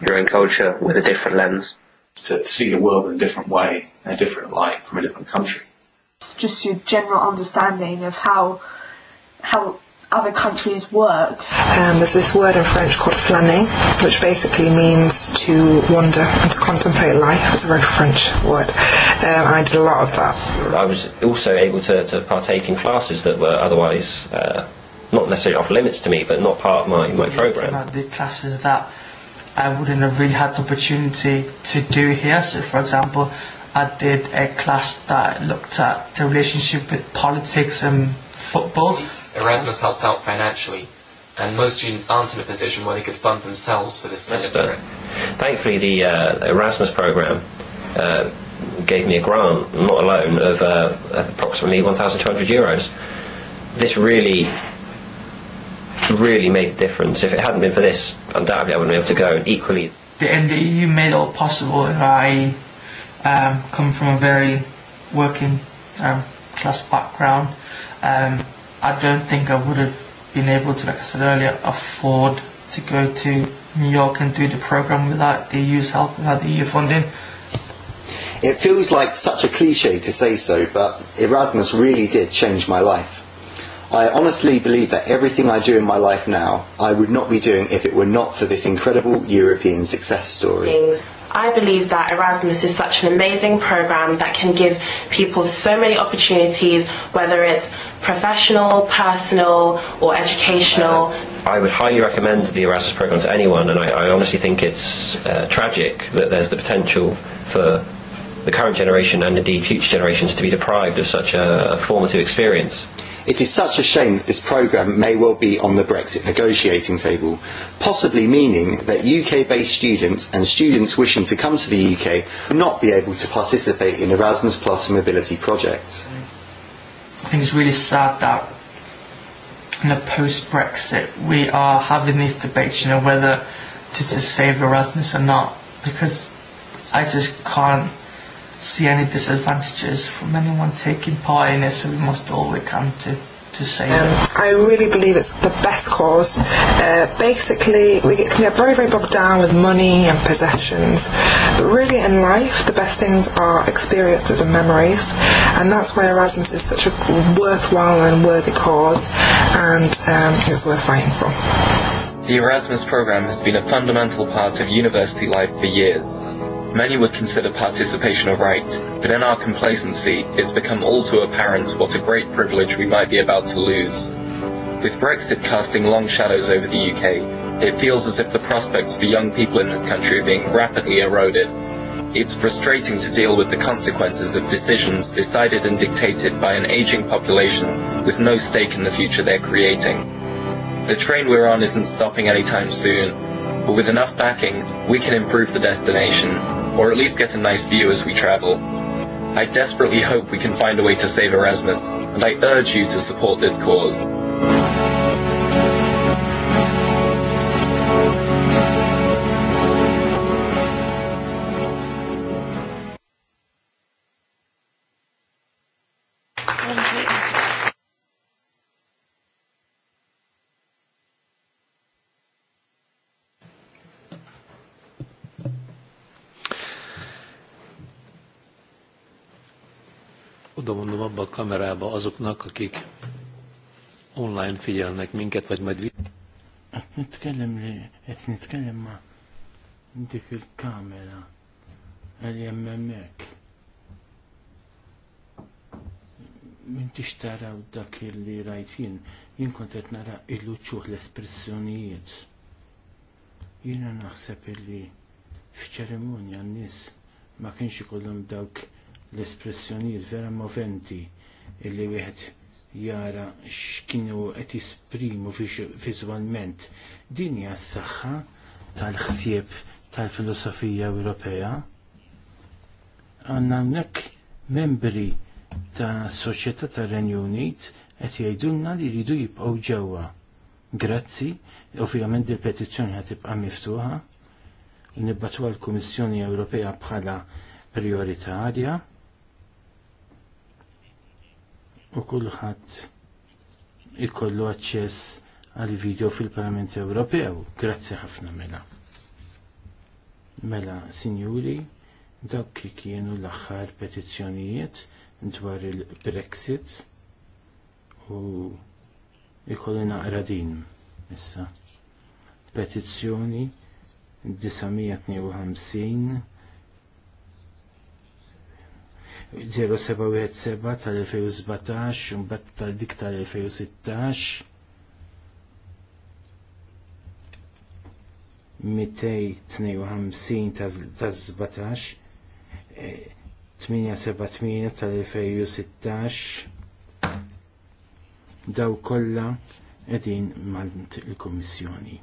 your own culture with a different lens. To, see the world in a different way, in a different light, from a different country. It's just your general understanding of how how other countries work. Um, there's this word in French called flâner, which basically means to wander and to contemplate life. It's a very French word, um, I did a lot of that. I was also able to, to partake in classes that were otherwise uh, not necessarily off limits to me, but not part of my, my yeah, program. I did classes that I wouldn't have really had the opportunity to do here. So, for example, I did a class that looked at the relationship with politics and football Erasmus helps out financially, and most students aren't in a position where they could fund themselves for this trip. Thankfully, the uh, Erasmus program uh, gave me a grant, not a loan, of uh, approximately 1,200 euros. This really, really made a difference. If it hadn't been for this, undoubtedly I wouldn't be able to go. And equally, the, and the EU made it all possible. I um, come from a very working um, class background. Um, I don't think I would have been able to, like I said earlier, afford to go to New York and do the program without the EU's help, without the EU funding. It feels like such a cliche to say so, but Erasmus really did change my life. I honestly believe that everything I do in my life now, I would not be doing if it were not for this incredible European success story. Mm. I believe that Erasmus is such an amazing program that can give people so many opportunities, whether it's professional, personal, or educational. Uh, I would highly recommend the Erasmus program to anyone, and I, I honestly think it's uh, tragic that there's the potential for the current generation and indeed future generations to be deprived of such a, a formative experience. It is such a shame that this programme may well be on the Brexit negotiating table, possibly meaning that UK-based students and students wishing to come to the UK will not be able to participate in Erasmus Plus mobility projects. I think it's really sad that in a post-Brexit we are having these debates, you know, whether to, to save Erasmus or not, because I just can't see any disadvantages from anyone taking part in it, so we must all we can to say um, that. I really believe it's the best cause. Uh, basically, we get, can get very, very bogged down with money and possessions. But really, in life, the best things are experiences and memories, and that's why Erasmus is such a worthwhile and worthy cause, and um, it's worth fighting for. The Erasmus program has been a fundamental part of university life for years Many would consider participation a right, but in our complacency, it's become all too apparent what a great privilege we might be about to lose. With Brexit casting long shadows over the UK, it feels as if the prospects for young people in this country are being rapidly eroded. It's frustrating to deal with the consequences of decisions decided and dictated by an aging population with no stake in the future they're creating. The train we're on isn't stopping anytime soon, but with enough backing, we can improve the destination or at least get a nice view as we travel. I desperately hope we can find a way to save Erasmus, and I urge you to support this cause. oda mondom abba a kamerába azoknak, akik online figyelnek minket, vagy majd... Hát nitkellem li, ezt nitkellem ma dik il-kamera għal-jemmemmek. Min tixtaraw dak li rajtin, jien kontet nara il-luċuħ l-espressjonijiet. Jiena naħseb illi f'ċerimonja n-nis ma kienx ikollhom dawk l-espressjonijiet vera moventi illi wieħed jara x'kienu qed jisprimu viżwalment. Din hija s-saħħa tal-ħsieb tal-filosofija Ewropea. Għandna hawnhekk membri ta' soċjetà tar-Renju Unit qed jgħidulna li jridu jibqgħu ġewwa. Grazzi, ovvjament il-petizzjoni ħad tibqa' miftuħa, nibbatu l kummissjoni Ewropea bħala prioritarja u kulħadd ikollu aċċess għal video fil-Parlament Ewropew. Grazzi ħafna mela. Mela, sinjuri, dawk kienu l-aħħar petizzjonijiet dwar il-Brexit u ikolli naqra din issa. Petizzjoni 952 077 tal-2017 un bat tal-dik tal-2016 252 ta' 17 878 e, tal-2016 daw kolla edin mant il-Komissjoni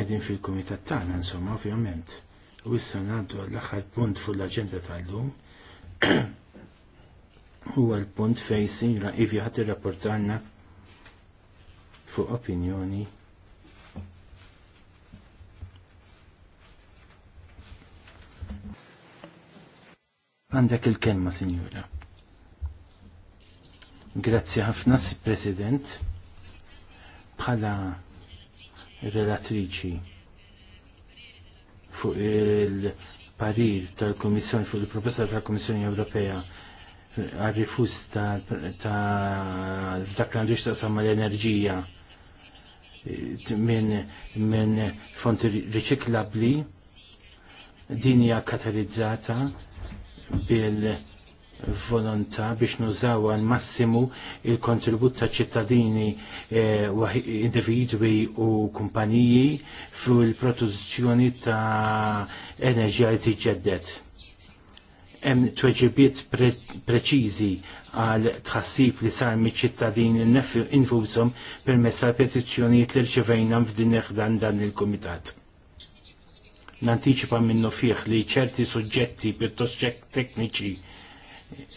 edin fil-Komitat tagħna insomma ovvjament U issa ngħaddu għall-aħħar punt fuq l-aġenda tal-lum. (clears throat) Huwa l-punt fejsin sinjura Ivi ħadd rapportarna fuq opinjoni Għandek il-kelma, Sinjura. Grazzi ħafna, President. Bħala relatriċi fuq il-parir tal-Komissjoni fuq il-proposta tal-Komissjoni Ewropea għal-rifus ta' dak l ta' samma l-enerġija eh, minn fonti riċiklabli din hija katalizzata bil volontà biex nużaw għal massimu il-kontribut ta' ċittadini eh, individwi u kumpaniji fru il-produzzjoni ta' enerġija li tiġġeddet. Hemm tweġibiet preċiżi għal tħassib li sar miċ ċittadini infushom permezz tal-petizzjonijiet li rċevejna f'din eħdan dan il-kumitat nantiċipa minnu fih li ċerti suġġetti pjuttost tekniċi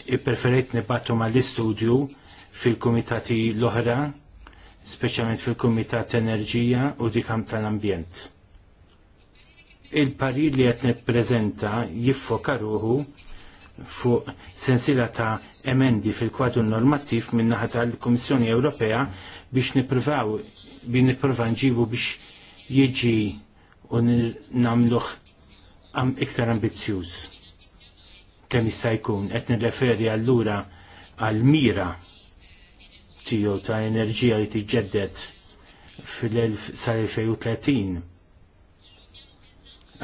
i-preferit nibattu ma l-istudju fil-komitati l-oħra, speċjalment fil-Kumitat Enerġija u dikam tal-Ambjent. Il-parir li qed nippreżenta jiffoka ruħu fuq sensila ta' emendi fil-kwadru normattiv minn naħa tal-Kummissjoni Ewropea biex nippruvaw biex nippruva nġibu biex jiġi u namluħ am iktar ambizzjuż kemm jista' jkun qed nirreferi allura għall mira tiegħu ta' enerġija li tiġġedded fil-2030.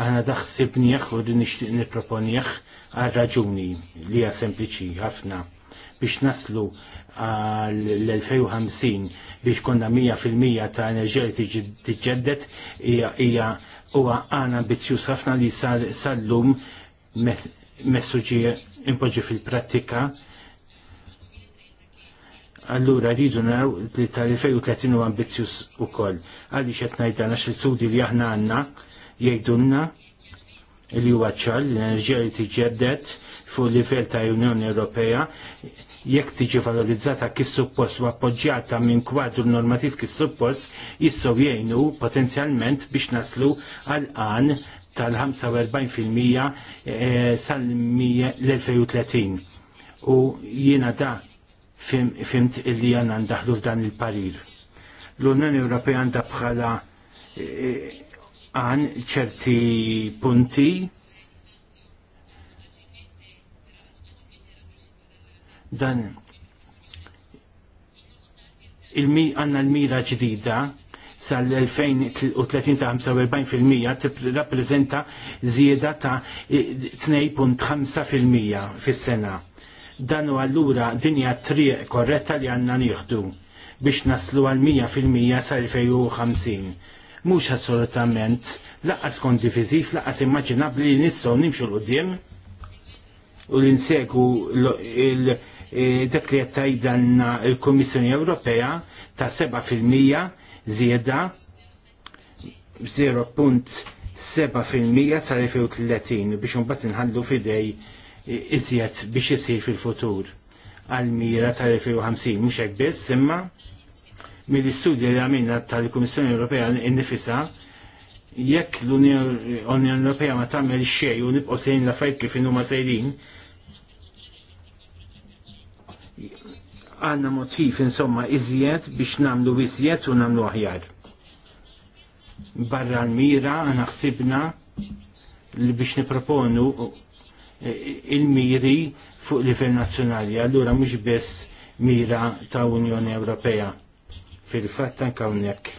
Aħna nieħ u li nixtieq nipproponih għal raġuni li hija sempliċi ħafna biex naslu l-2050 biex konna 100% ta' enerġija li tiġi tiġġedded hija huwa għan ambizzjuż ħafna li sal-lum messuġi impoġi fil-prattika. Allura rridu naraw li tal fej u ambizzjuż ukoll. Għaliex qed ngħidana x'l-istudji li aħna għandna jgħidulna li huwa ċar l-enerġija li tiġġedded fuq livell ta' Unjoni Ewropea jekk tiġi valorizzata kif suppost u appoġġjata minn kwadru normativ kif suppost jistgħu jgħinu potenzjalment biex naslu għal qan tal-45% eh, sal-2030. U jiena da fimt illi għanna ndaħlu f'dan il-parir. L-Unjoni Ewropea għandha bħala eh, għan ċerti punti dan il-mi għanna l-mira ġdida sal 2035 45% tirrappreżenta żieda ta' 2.5% fis-sena. Dan u allura dinja triq korretta li għandna nieħdu biex naslu għal 100% sal 2050. Mhux assolutament laqqas kondifiżiv, laqas immaġinabbli li nistgħu nimxu l-qudiem u li nsegu dak li qed tajdanna l-Kummissjoni Ewropea ta' 7% zieda 0.7% sal-2030 biex unbat nħallu fidej iżjed biex isir fil-futur għal-mira tal-2050, mux hekk biss, imma mill-istudju li għamilna tal-Kummissjoni Ewropea nifisa jekk l-Unjoni Ewropea ma tagħmel xejn u nibqgħu sejn l fajt kif inhuma sejrin, għanna motif insomma iżjed biex namlu iżjed u namlu aħjar. Barra l-mira għana xsibna li biex niproponu il-miri fuq livell nazzjonali, allura mhux biss mira ta' Unjoni Ewropea. Fil-fatt anke hawnhekk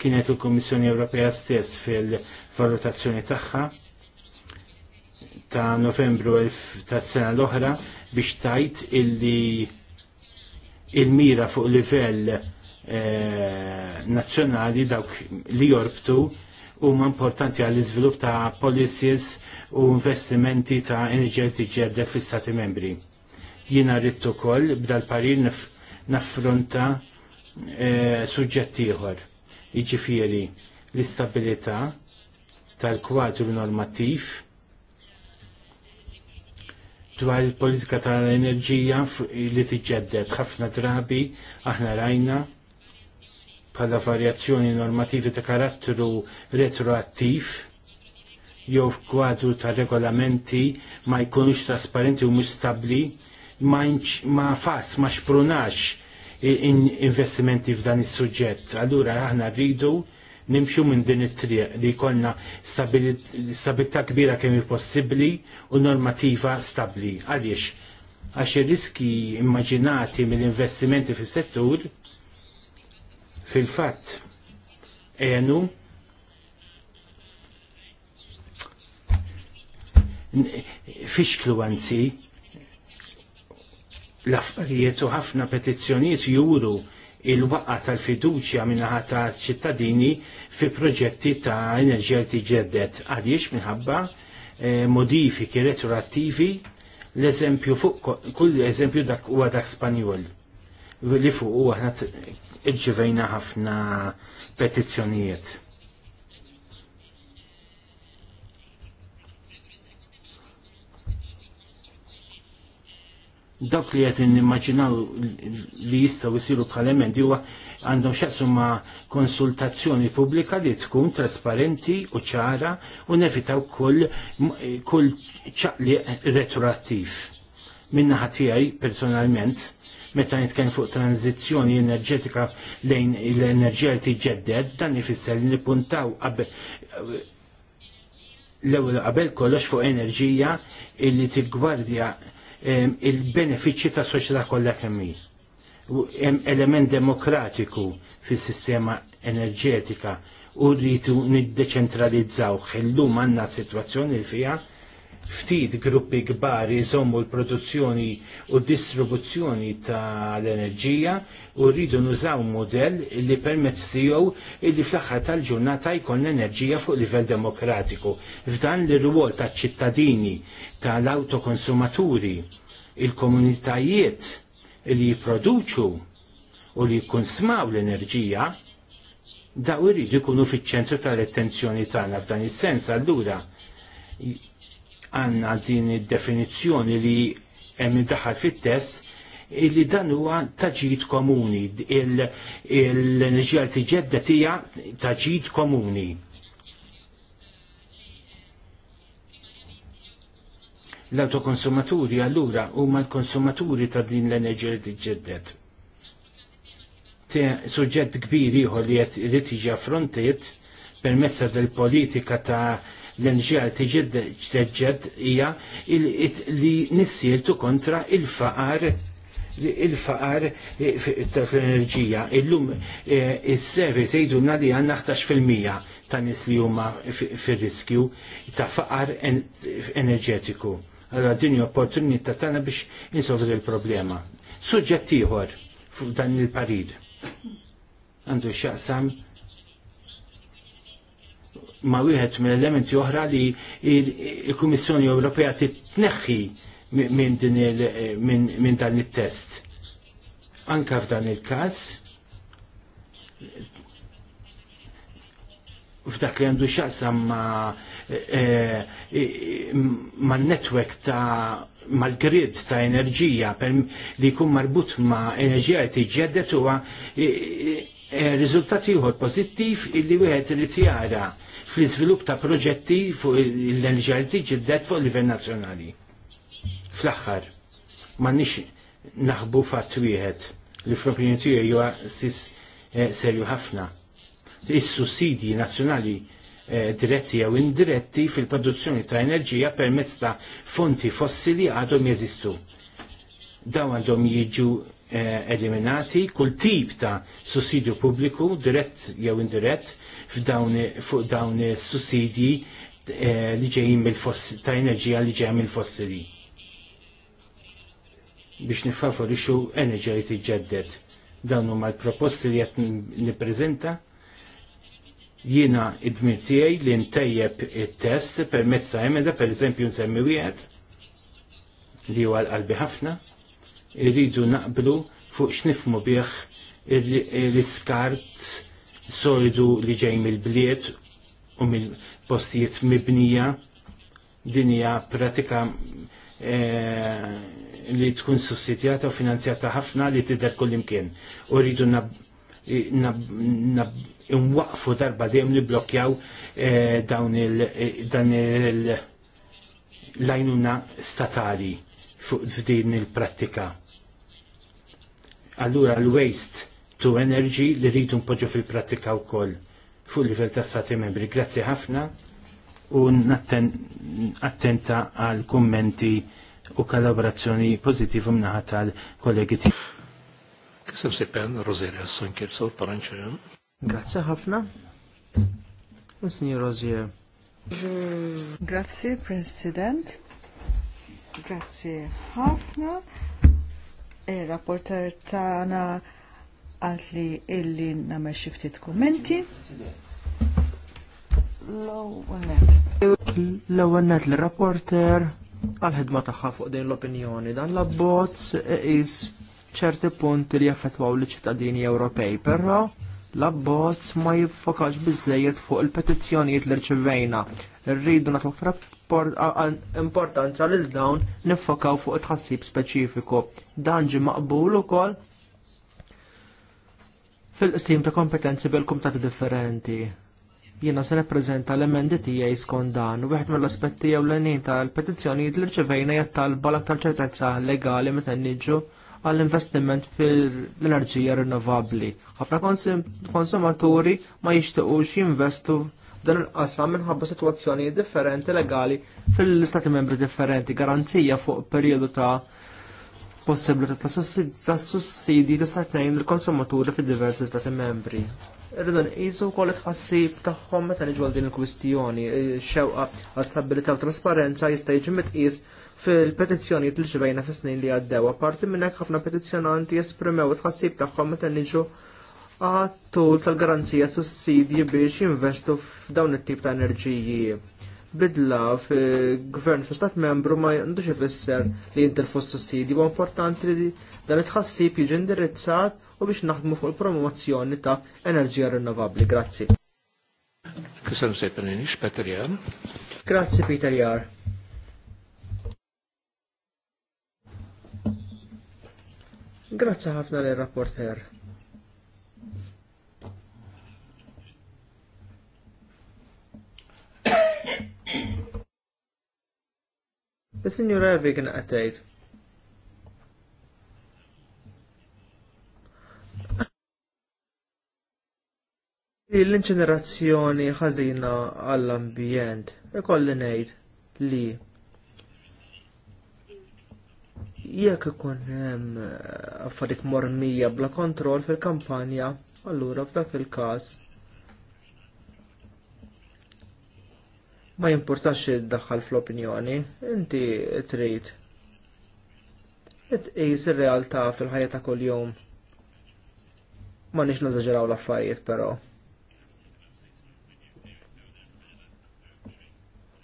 kienet il-Kummissjoni Ewropea stess fil-valutazzjoni tagħha ta' Novembru tas sena l-oħra biex tajt illi il-mira fuq livell eh, nazzjonali dawk li jorbtu huma importanti għall iżvilupp ta' policies u investimenti ta' enerġeti ġedda fl-Stati membri. Jina rittu ukoll b'dal parir naffronta eh, suġġettiħor, ieħor. Jiġifieri l-istabilità tal-kwadru normattiv dwar il-politika tal-enerġija li tiġġedded ħafna drabi aħna rajna bħala varjazzjoni normativi ta' karattru retroattiv jew f'kwadru ta' regolamenti ma jkunux trasparenti u mhux stabbli ma fas ma xprunax investimenti f'dan is-suġġett. Allura aħna rridu nimxu minn din it-triq li jkollna stabilità kbira kemm possibbli u normativa stabbli. Għaliex? Għax ir-riski immaġinati mill-investimenti fis-settur fil-fatt għenu fixklu għanzi l-affarijiet u ħafna petizzjoniet juru il-waqqa tal-fiduċja minnaħa ta' ċittadini fi proġetti ta' enerġija li ġeddet. Għaliex minħabba eh, modifiki retroattivi l-eżempju fuq kull eżempju dak huwa dak Spanjol li fuq huwa ħna ħafna petizzjonijiet Dawk li qed nimmaġinaw li jistgħu jsiru bħala emendi huwa għandhom x'aqsu ma' konsultazzjoni pubblika li tkun trasparenti u ċara u nevitaw kull kull ċaqli retroattiv. Minna tiegħi personalment meta nitkellem fuq tranzizzjoni enerġetika lejn l-enerġija li tiġedded, dan ifisser li nippuntaw l-ewwel qabel kollox fuq enerġija illi tiggwardja il-benefiċċji ta' soċjetà kollha kemm hi. Hemm element demokratiku fis-sistema enerġetika u rritu niddeċentralizzaw. Illum għandna sitwazzjoni li fiha ftit gruppi kbar jżommu l-produzzjoni u distribuzzjoni tal-enerġija u rridu nużaw model li permezz tiegħu li fl-aħħar tal-ġurnata jkun enerġija fuq livell demokratiku. F'dan li rwol taċ-ċittadini, tal-autokonsumaturi, il-komunitajiet li jipproduċu u li jkunsmaw l-enerġija, daw irridu jkunu fiċ-ċentru tal-attenzjoni tagħna f'dan is-sens allura għanna din id-definizzjoni li hemm daħal fit-test illi dan huwa taġid komuni, il-enerġija li tiġedda tija taġid komuni. L-autokonsumaturi allura huma l-konsumaturi ta' din l-enerġija li tiġeddet. Suġġett kbir ieħor li qed irid jiġi affrontiet permezza del-politika ta' l t-ġedġed hija li nissiltu kontra il-faqar il-faqar eh, tal-enerġija. Illum eh, is-service jgħidulna li fil 11% ta' nis li huma fir-riskju ta' faqar enerġetiku. Allora din opportunità tagħna biex insolvu il-problema. Suġġett ieħor f'dan il-parid. Għandu xaqsam ma wieħed minn elementi oħra li il-Kummissjoni Ewropea titneħħi minn din minn dan it-test. Anka f'dan il-każ f'dak li għandu xaqsam ma eh, eh, ma netwerk ta' mal-grid ta' enerġija li jkun marbut ma' enerġija li tiġġedet huwa Eh, riżultat ieħor pożittiv illi wieħed irid jara fl-iżvilupp ta' proġetti fuq l-enerġija ġiddet fuq livell nazzjonali. Fl-aħħar, m'għandniex naħbu fatt wieħed li fl-opinjoni tiegħi huwa sis eh, serju ħafna. Is-sussidji nazzjonali eh, diretti jew indiretti fil-produzzjoni ta' enerġija permezz ta' fonti fossili għadhom jeżistu. Daw għandhom jiġu Eh, eliminati kull tip ta' sussidju pubbliku, dirett jew indirett, fuq dawn is-sussidji eh, li ġejjin ta' enerġija li ġejja mill-fossili. Biex nifavorixxu enerġija li tiġġedded. Dawn huma l-proposti li qed nippreżenta jiena id-dmir tiegħi li ntejjeb it-test permezz ta' emenda, pereżempju nsemmi wieħed li huwa qalbi ħafna irridu naqblu fuq x'nifmu bih l-iskart solidu li ġej mill-bliet u mill-postijiet mibnija dinja pratika eh, li tkun sussidjata u finanzjata ħafna li tidher kullimkien. U rridu nwaqfu darba dejjem li blokjaw eh, dawn il-dan il-lajnuna statali fuq din il-prattika allura l-waste to energy li rridu npoġġu fil u wkoll fuq livell ta' stati membri. Grazzi ħafna u attenta għal kummenti u kollaborazzjoni pozitivu mnaħa tal-kollegi tiegħi. Kisem sepen Rosaria Sonker Sol Paranċajan. Grazzi ħafna. Usni Rosaria. Grazzi President. Grazie ħafna il-rapporter tagħna għalt li illi nagħmel xi ftit kummenti. L-ewwel net l-rapporter għal-ħidma tagħha fuq din l-opinjoni dan l-abbozz is ċerti punti li jaffetwaw li ċittadini Ewropej, però l-abbozz ma jiffokax biżejjed fuq il-petizzjonijiet li rċivejna rridu nagħtu aktar importanza lil dawn niffokaw fuq it-ħassib speċifiku. Dan ġi maqbul ukoll fil-qsim ta' kompetenzi bil ta' differenti. Jiena se nippreżenta l-emendi tiegħi skont dan u wieħed mill-aspetti ewlenin tal-petizzjonijiet li rċevejna jattalba l-aktar ċertezza legali meta niġu għall-investiment fil-enerġija rinnovabbli. Ħafna konsumaturi ma jixtiequx jinvestu dan il-qasam minħabba situazzjoni differenti legali fil-istati membri differenti, garanzija fuq periodu ta' possibilità ta' sussidi tista' tnejn l konsumaturi fil-diversi stati membri. Irridu nqisu wkoll it-ħassib tagħhom meta niġu din il-kwistjoni, xewqa għal stabilità u trasparenza jista' jiġi mitqies fil-petizzjonijiet li ġbejna fis-snin li għaddew. Apparti minn hekk ħafna petizzjonanti jesprimew it-ħassib tagħhom meta niġu għat-tul tal-garanzija sussidji biex jinvestu f'dawn it-tip ta' enerġiji. Bidla f'gvern f'stat membru ma jandux ifisser li jinti fost sussidji, ma importanti li dan it-ħassib jiġi indirizzat u biex naħdmu fuq il-promozzjoni ta' enerġija rinnovabbli. Grazzi. Kisem se inix, Peter Jar. Grazzi, Peter Jar. Grazzi ħafna l-rapporter. Is-Sinjura Evi kien qatejt. L-inċenerazzjoni ħażina għall-ambjent ikolli ngħid li jekk ikun hemm affarik mormija bla kontroll fil-kampanja, allura f'dak il-każ ma jimportax id-daħħal fl-opinjoni, inti trid id qis ir-realtà fil-ħajja ta' kuljum. Ma nix nażaġeraw l-affarijiet però.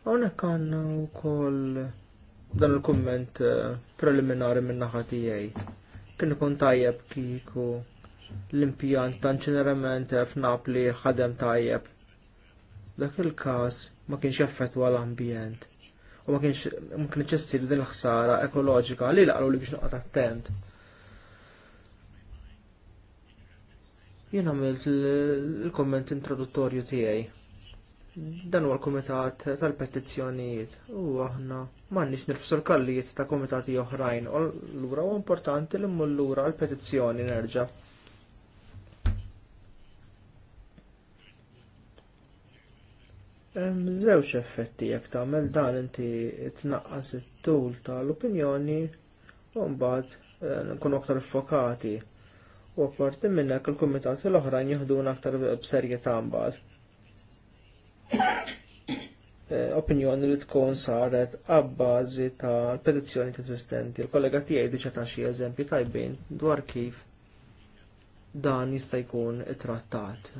Hawnhekk għandna wkoll dan il-komment eh, preliminari minna naħa tiegħi. Kien ikun tajjeb kieku l-impjant tan ċenerament f'Napli ħadem tajjeb dak il-każ ma kienx jaffettwa l-ambjent u ma kienx mkien issir din l-ħsara ekoloġika li laqgħu li biex noqgħod attent. Jien għamilt il-komment introduttorju tiegħi. Dan huwa l-kumitat tal-petizzjonijiet u aħna m'għandniex nirfsu l-kallijiet ta' kumitati oħrajn u lura huwa importanti li mmullura lura l-petizzjoni nerġa' Żewġ effetti jekk tagħmel dan inti tnaqqas it-tul tal-opinjoni u mbagħad eh, nkunu aktar fokati. U apparti minn hekk il-kumitati l-oħrajn jieħdun aktar b'serjetà mbagħad eh, opinjoni li tkun saret għabbażi ta' petizzjoni esistenti. Il-kollega tiegħi diċa ta' xi eżempji tajbin dwar kif dan jista' jkun trattat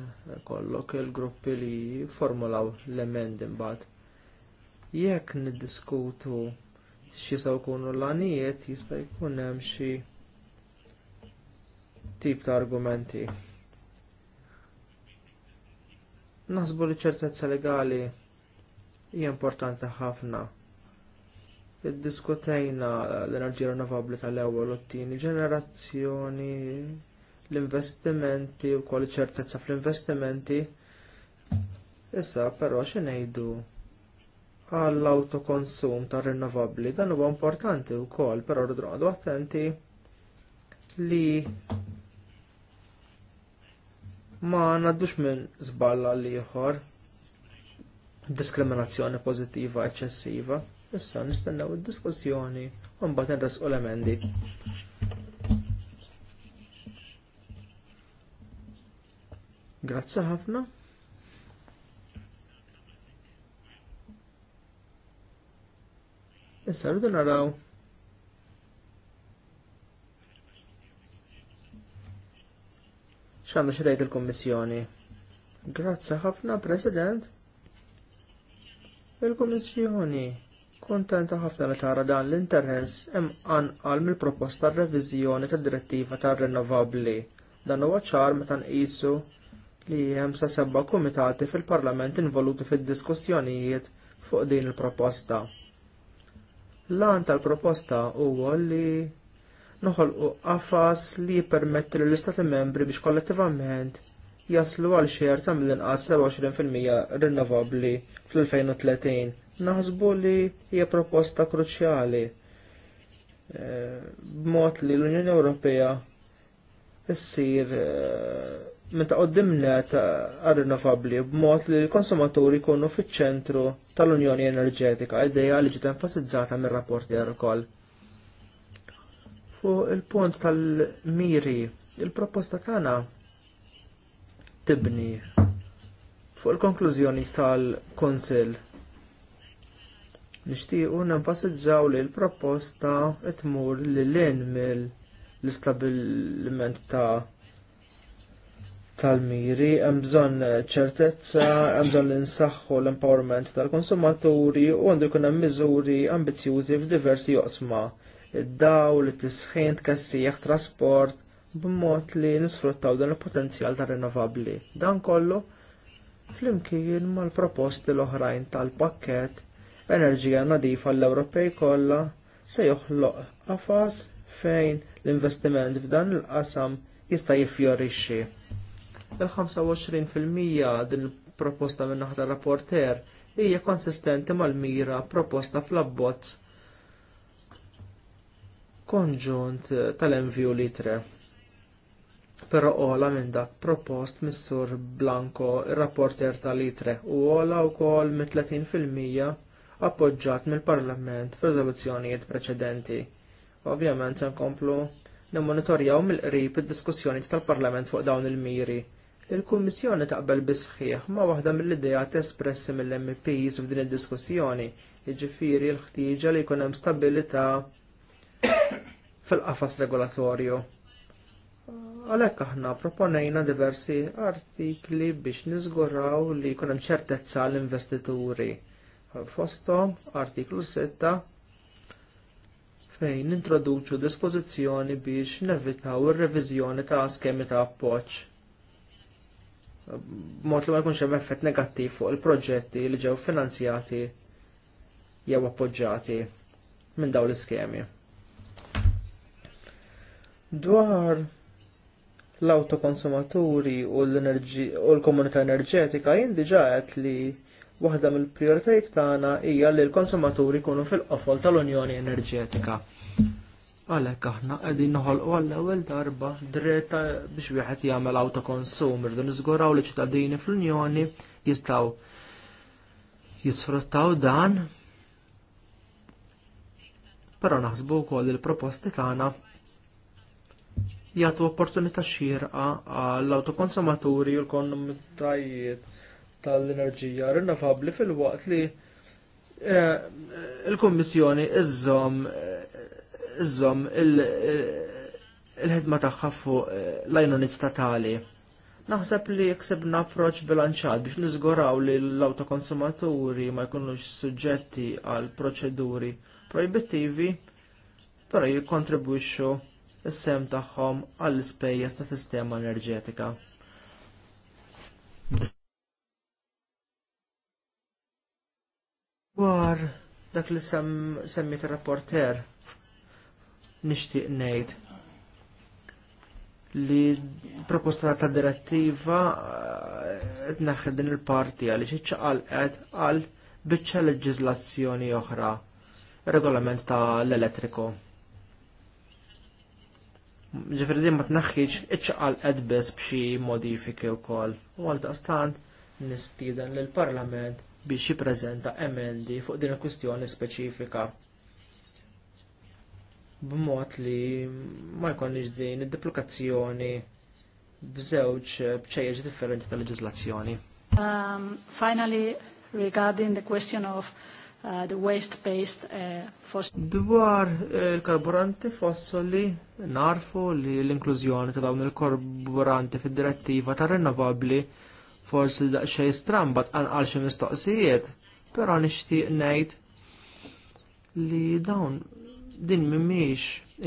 kollok il-gruppi li formulaw l-emendi mbagħad. Jekk niddiskutu xi se jkunu l-għanijiet jista' jkun hemm xi tip ta' argumenti. Naħsbu li ċertezza legali hija importanti ħafna. Iddiskutejna l-enerġija rinnovabbli tal-ewwel u t-tieni ġenerazzjoni l-investimenti u koll ċertezza fl-investimenti. Issa, però nejdu għall-autokonsum ta' rinnovabli dan huwa importanti wkoll, però rridu attenti li ma ngħaddux minn żballa li ieħor diskriminazzjoni pożittiva eċċessiva. Issa nistennew id-diskussjoni u mbagħad l-emendi. Grazzi ħafna. Issa rridu naraw. X'għandu xi tgħid il-Kummissjoni? Grazzi ħafna, President. Il-Kummissjoni kontenta ħafna li tara dan l-interess hemm anqal mill-proposta tar reviżjoni tad-direttiva tar-rinnovabbli. Dan huwa ċar meta nqisu li hemm sa sebba kumitati fil-Parlament involuti fid-diskussjonijiet fuq din il-proposta. L-għan tal-proposta huwa li noħolqu qafas li jippermetti lill istati membri biex kollettivament jaslu għal xejn ta' mill-inqas 27% rinnovabbli fl-2030. Naħsbu li hija proposta kruċjali eh, b'mod li l-Unjoni Ewropea issir eh, meta qoddim le ta' rinnovabli b'mod li l-konsumaturi jkunu fiċ-ċentru tal-Unjoni Enerġetika, ideja li ġiet enfasizzata mir rapporti li ukoll. Fuq il-punt tal-miri, il-proposta tagħna tibni fuq il-konklużjoni tal-Konsil. Nixtiequ nenfasizzaw li l-proposta tmur li l-in mill-istabilment ta' tal-miri, hemm bżonn ċertezza, hemm bżonn li nsaħħu l-empowerment tal-konsumaturi u għandu jkun hemm miżuri ambizjużi f'diversi joqsma id-dawl, li tisħin tkassijak, trasport, b'mod li nisfruttaw dan il-potenzjal ta' rinnovabbli. Dan kollu flimkien mal-proposti l-oħrajn tal-pakket enerġija nadifa l-Ewropej kollha se joħloq qafas fejn l-investiment f'dan il-qasam jista' jiffjorixxi. Il-25% din il-proposta minn naħta rapporter hija konsistenti mal-mira proposta fl-abbozz konġunt tal-envju litre. Però ola minn dak propost mis-Sur Blanco, ir-rapporter tal-litre, u ola kol minn 30% appoġġat mill-Parlament f'riżoluzzjonijiet preċedenti. Ovvjament se nkomplu nimmonitorjaw mill-qrib id-diskussjoni tal-Parlament fuq dawn il-miri Il-Kummissjoni taqbel sħiħ ma' waħda mill-idejat espressi mill-MPs f'din id-diskussjoni, jiġifieri l-ħtieġa li jkun hemm stabilità fil-qafas regolatorju. Għalhekk aħna proponejna diversi artikli biex niżguraw li jkun hemm ċertezza l-investituri. Fosthom artiklu 6 fejn introduċu dispożizzjoni biex nevitaw ir-reviżjoni ta' skemi ta' appoġġ mod li ma jkunx hemm effett negattiv fuq il-proġetti li ġew finanzjati jew appoġġjati minn dawn l-iskemi. Dwar l-autokonsumaturi u l-komunità enerġetika jien diġà qed li waħda mill-prijoritajiet tagħna hija li l-konsumaturi jkunu fil-qofol tal-Unjoni Enerġetika. Għalhekk aħna qegħdin noħolqu għall-ewwel darba dreta biex wieħed jagħmel autokonsum irdu niżguraw li ċittadini fl-Unjoni jistgħu jisfruttaw dan. Però naħsbu wkoll il-proposti tagħna jagħtu opportunità xirqa għall-autokonsumaturi u l-konnomitajiet tal-enerġija rinnovabbli fil-waqt li eh, il-Kommissjoni iżżomm eh, Iżom il-ħidma tagħha fuq eh, l-għajnuniet statali. Naħseb li ksebna approċ bilanċat biex niżguraw li l-autokonsumaturi ma jkunux suġġetti għal proċeduri projbittivi, però jikkontribwixxu is-sem tagħhom għall ispejjeż ta' sistema enerġetika. Dwar dak li semmi rapporter nixtieq ngħid li proposta ta' direttiva tneħħi eh, din il-parti għaliex għed għal biċċa leġiżlazzjoni oħra, regolament ta' l-elettriku. Ġifieri din ma tneħħiġ għed biss b'xi modifiki wkoll u għal daqstant nistieden lill-Parlament biex jippreżenta emendi fuq din il-kwistjoni speċifika b'mod li ma jkollniex din id-deplukazzjoni b'żewġ b'ċejjeġ differenti tal-leġiżlazzjoni. Um, finally, regarding the question of uh, the waste-based uh, fossil. Dwar uh, il-karburanti fossili, narfu li l-inklużjoni ta' dawn il-karburanti fid-direttiva ta' rinnovabli forsi daqxej stramba tqanqal xi mistoqsijiet, però nixtieq ngħid li dawn din mimiex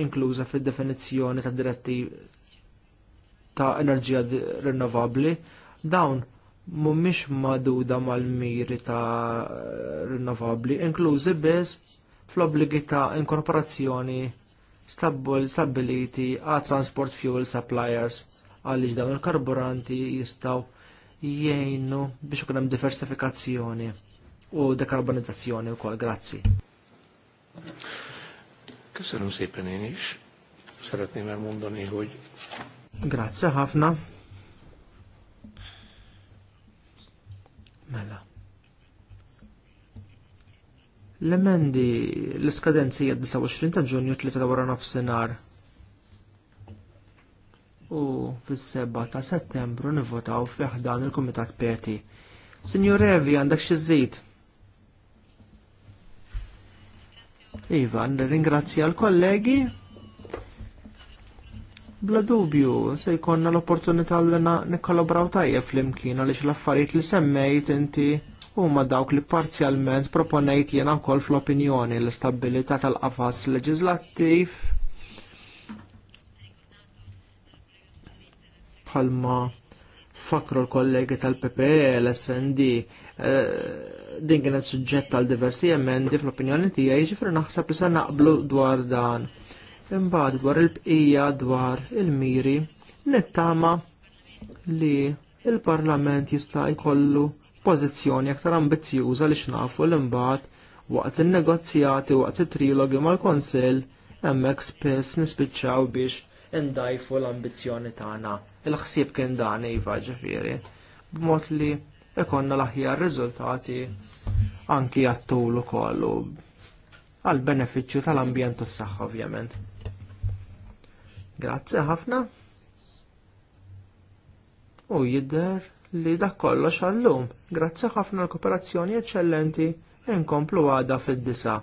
inkluża fil definizzjoni ta' diretti ta' enerġija rinnovabbli, dawn mhumiex maduda mal-miri ta' rinnovabbli, inklużi biss fl-obbligi ta' inkorporazzjoni stabiliti a transport fuel suppliers għaliex dawn il-karburanti jistgħu jgħinu biex ikun hemm diversifikazzjoni u dekarbonizzazzjoni wkoll. Grazzi. Köszönöm szépen én is. Szeretném elmondani, hogy... Grazie, Hafna. Mela. L-emendi l skadenzi jad 29 ta' ġunju tlieta ta' wara nofsinhar. U fis-7 ta' settembru nivvotaw fi ħdan il-Kumitat Peti. Signor Evi, għandek xi żid? Iva, ringrazzja l-kollegi. Bla dubju, se jkonna l-opportunità li nikkolabraw tajjeb fl-imkien għaliex l-affarijiet li semmejt inti huma dawk li parzjalment proponejt jiena wkoll fl-opinjoni l-istabilità tal-qafas leġislattiv bħalma fakru l-kollegi tal-PPE, l-SND, eh, din kienet suġġett għal diversi emendi fl-opinjoni tiegħi jiġifieri naħseb li se naqblu dwar dan. Imbagħad dwar il-bqija dwar il-miri nittama li il-Parlament jista' jkollu pożizzjoni aktar ambizzjuża li xnafu l imbagħad waqt il negozzjati waqt it-trilogi mal konsil hemmhekk spiss nispiċċaw biex indajfu l-ambizzjoni tagħna. Il-ħsieb kien dan iva ġifieri. B'mod li konna l-aħjar riżultati anki għattul ukoll għal benefiċċju tal-ambjent u s-saħħa ovvjament. Grazzi ħafna. U jidher li dak kollox għallum. Grazzi ħafna l-kooperazzjoni eccellenti inkomplu għada fid-disa.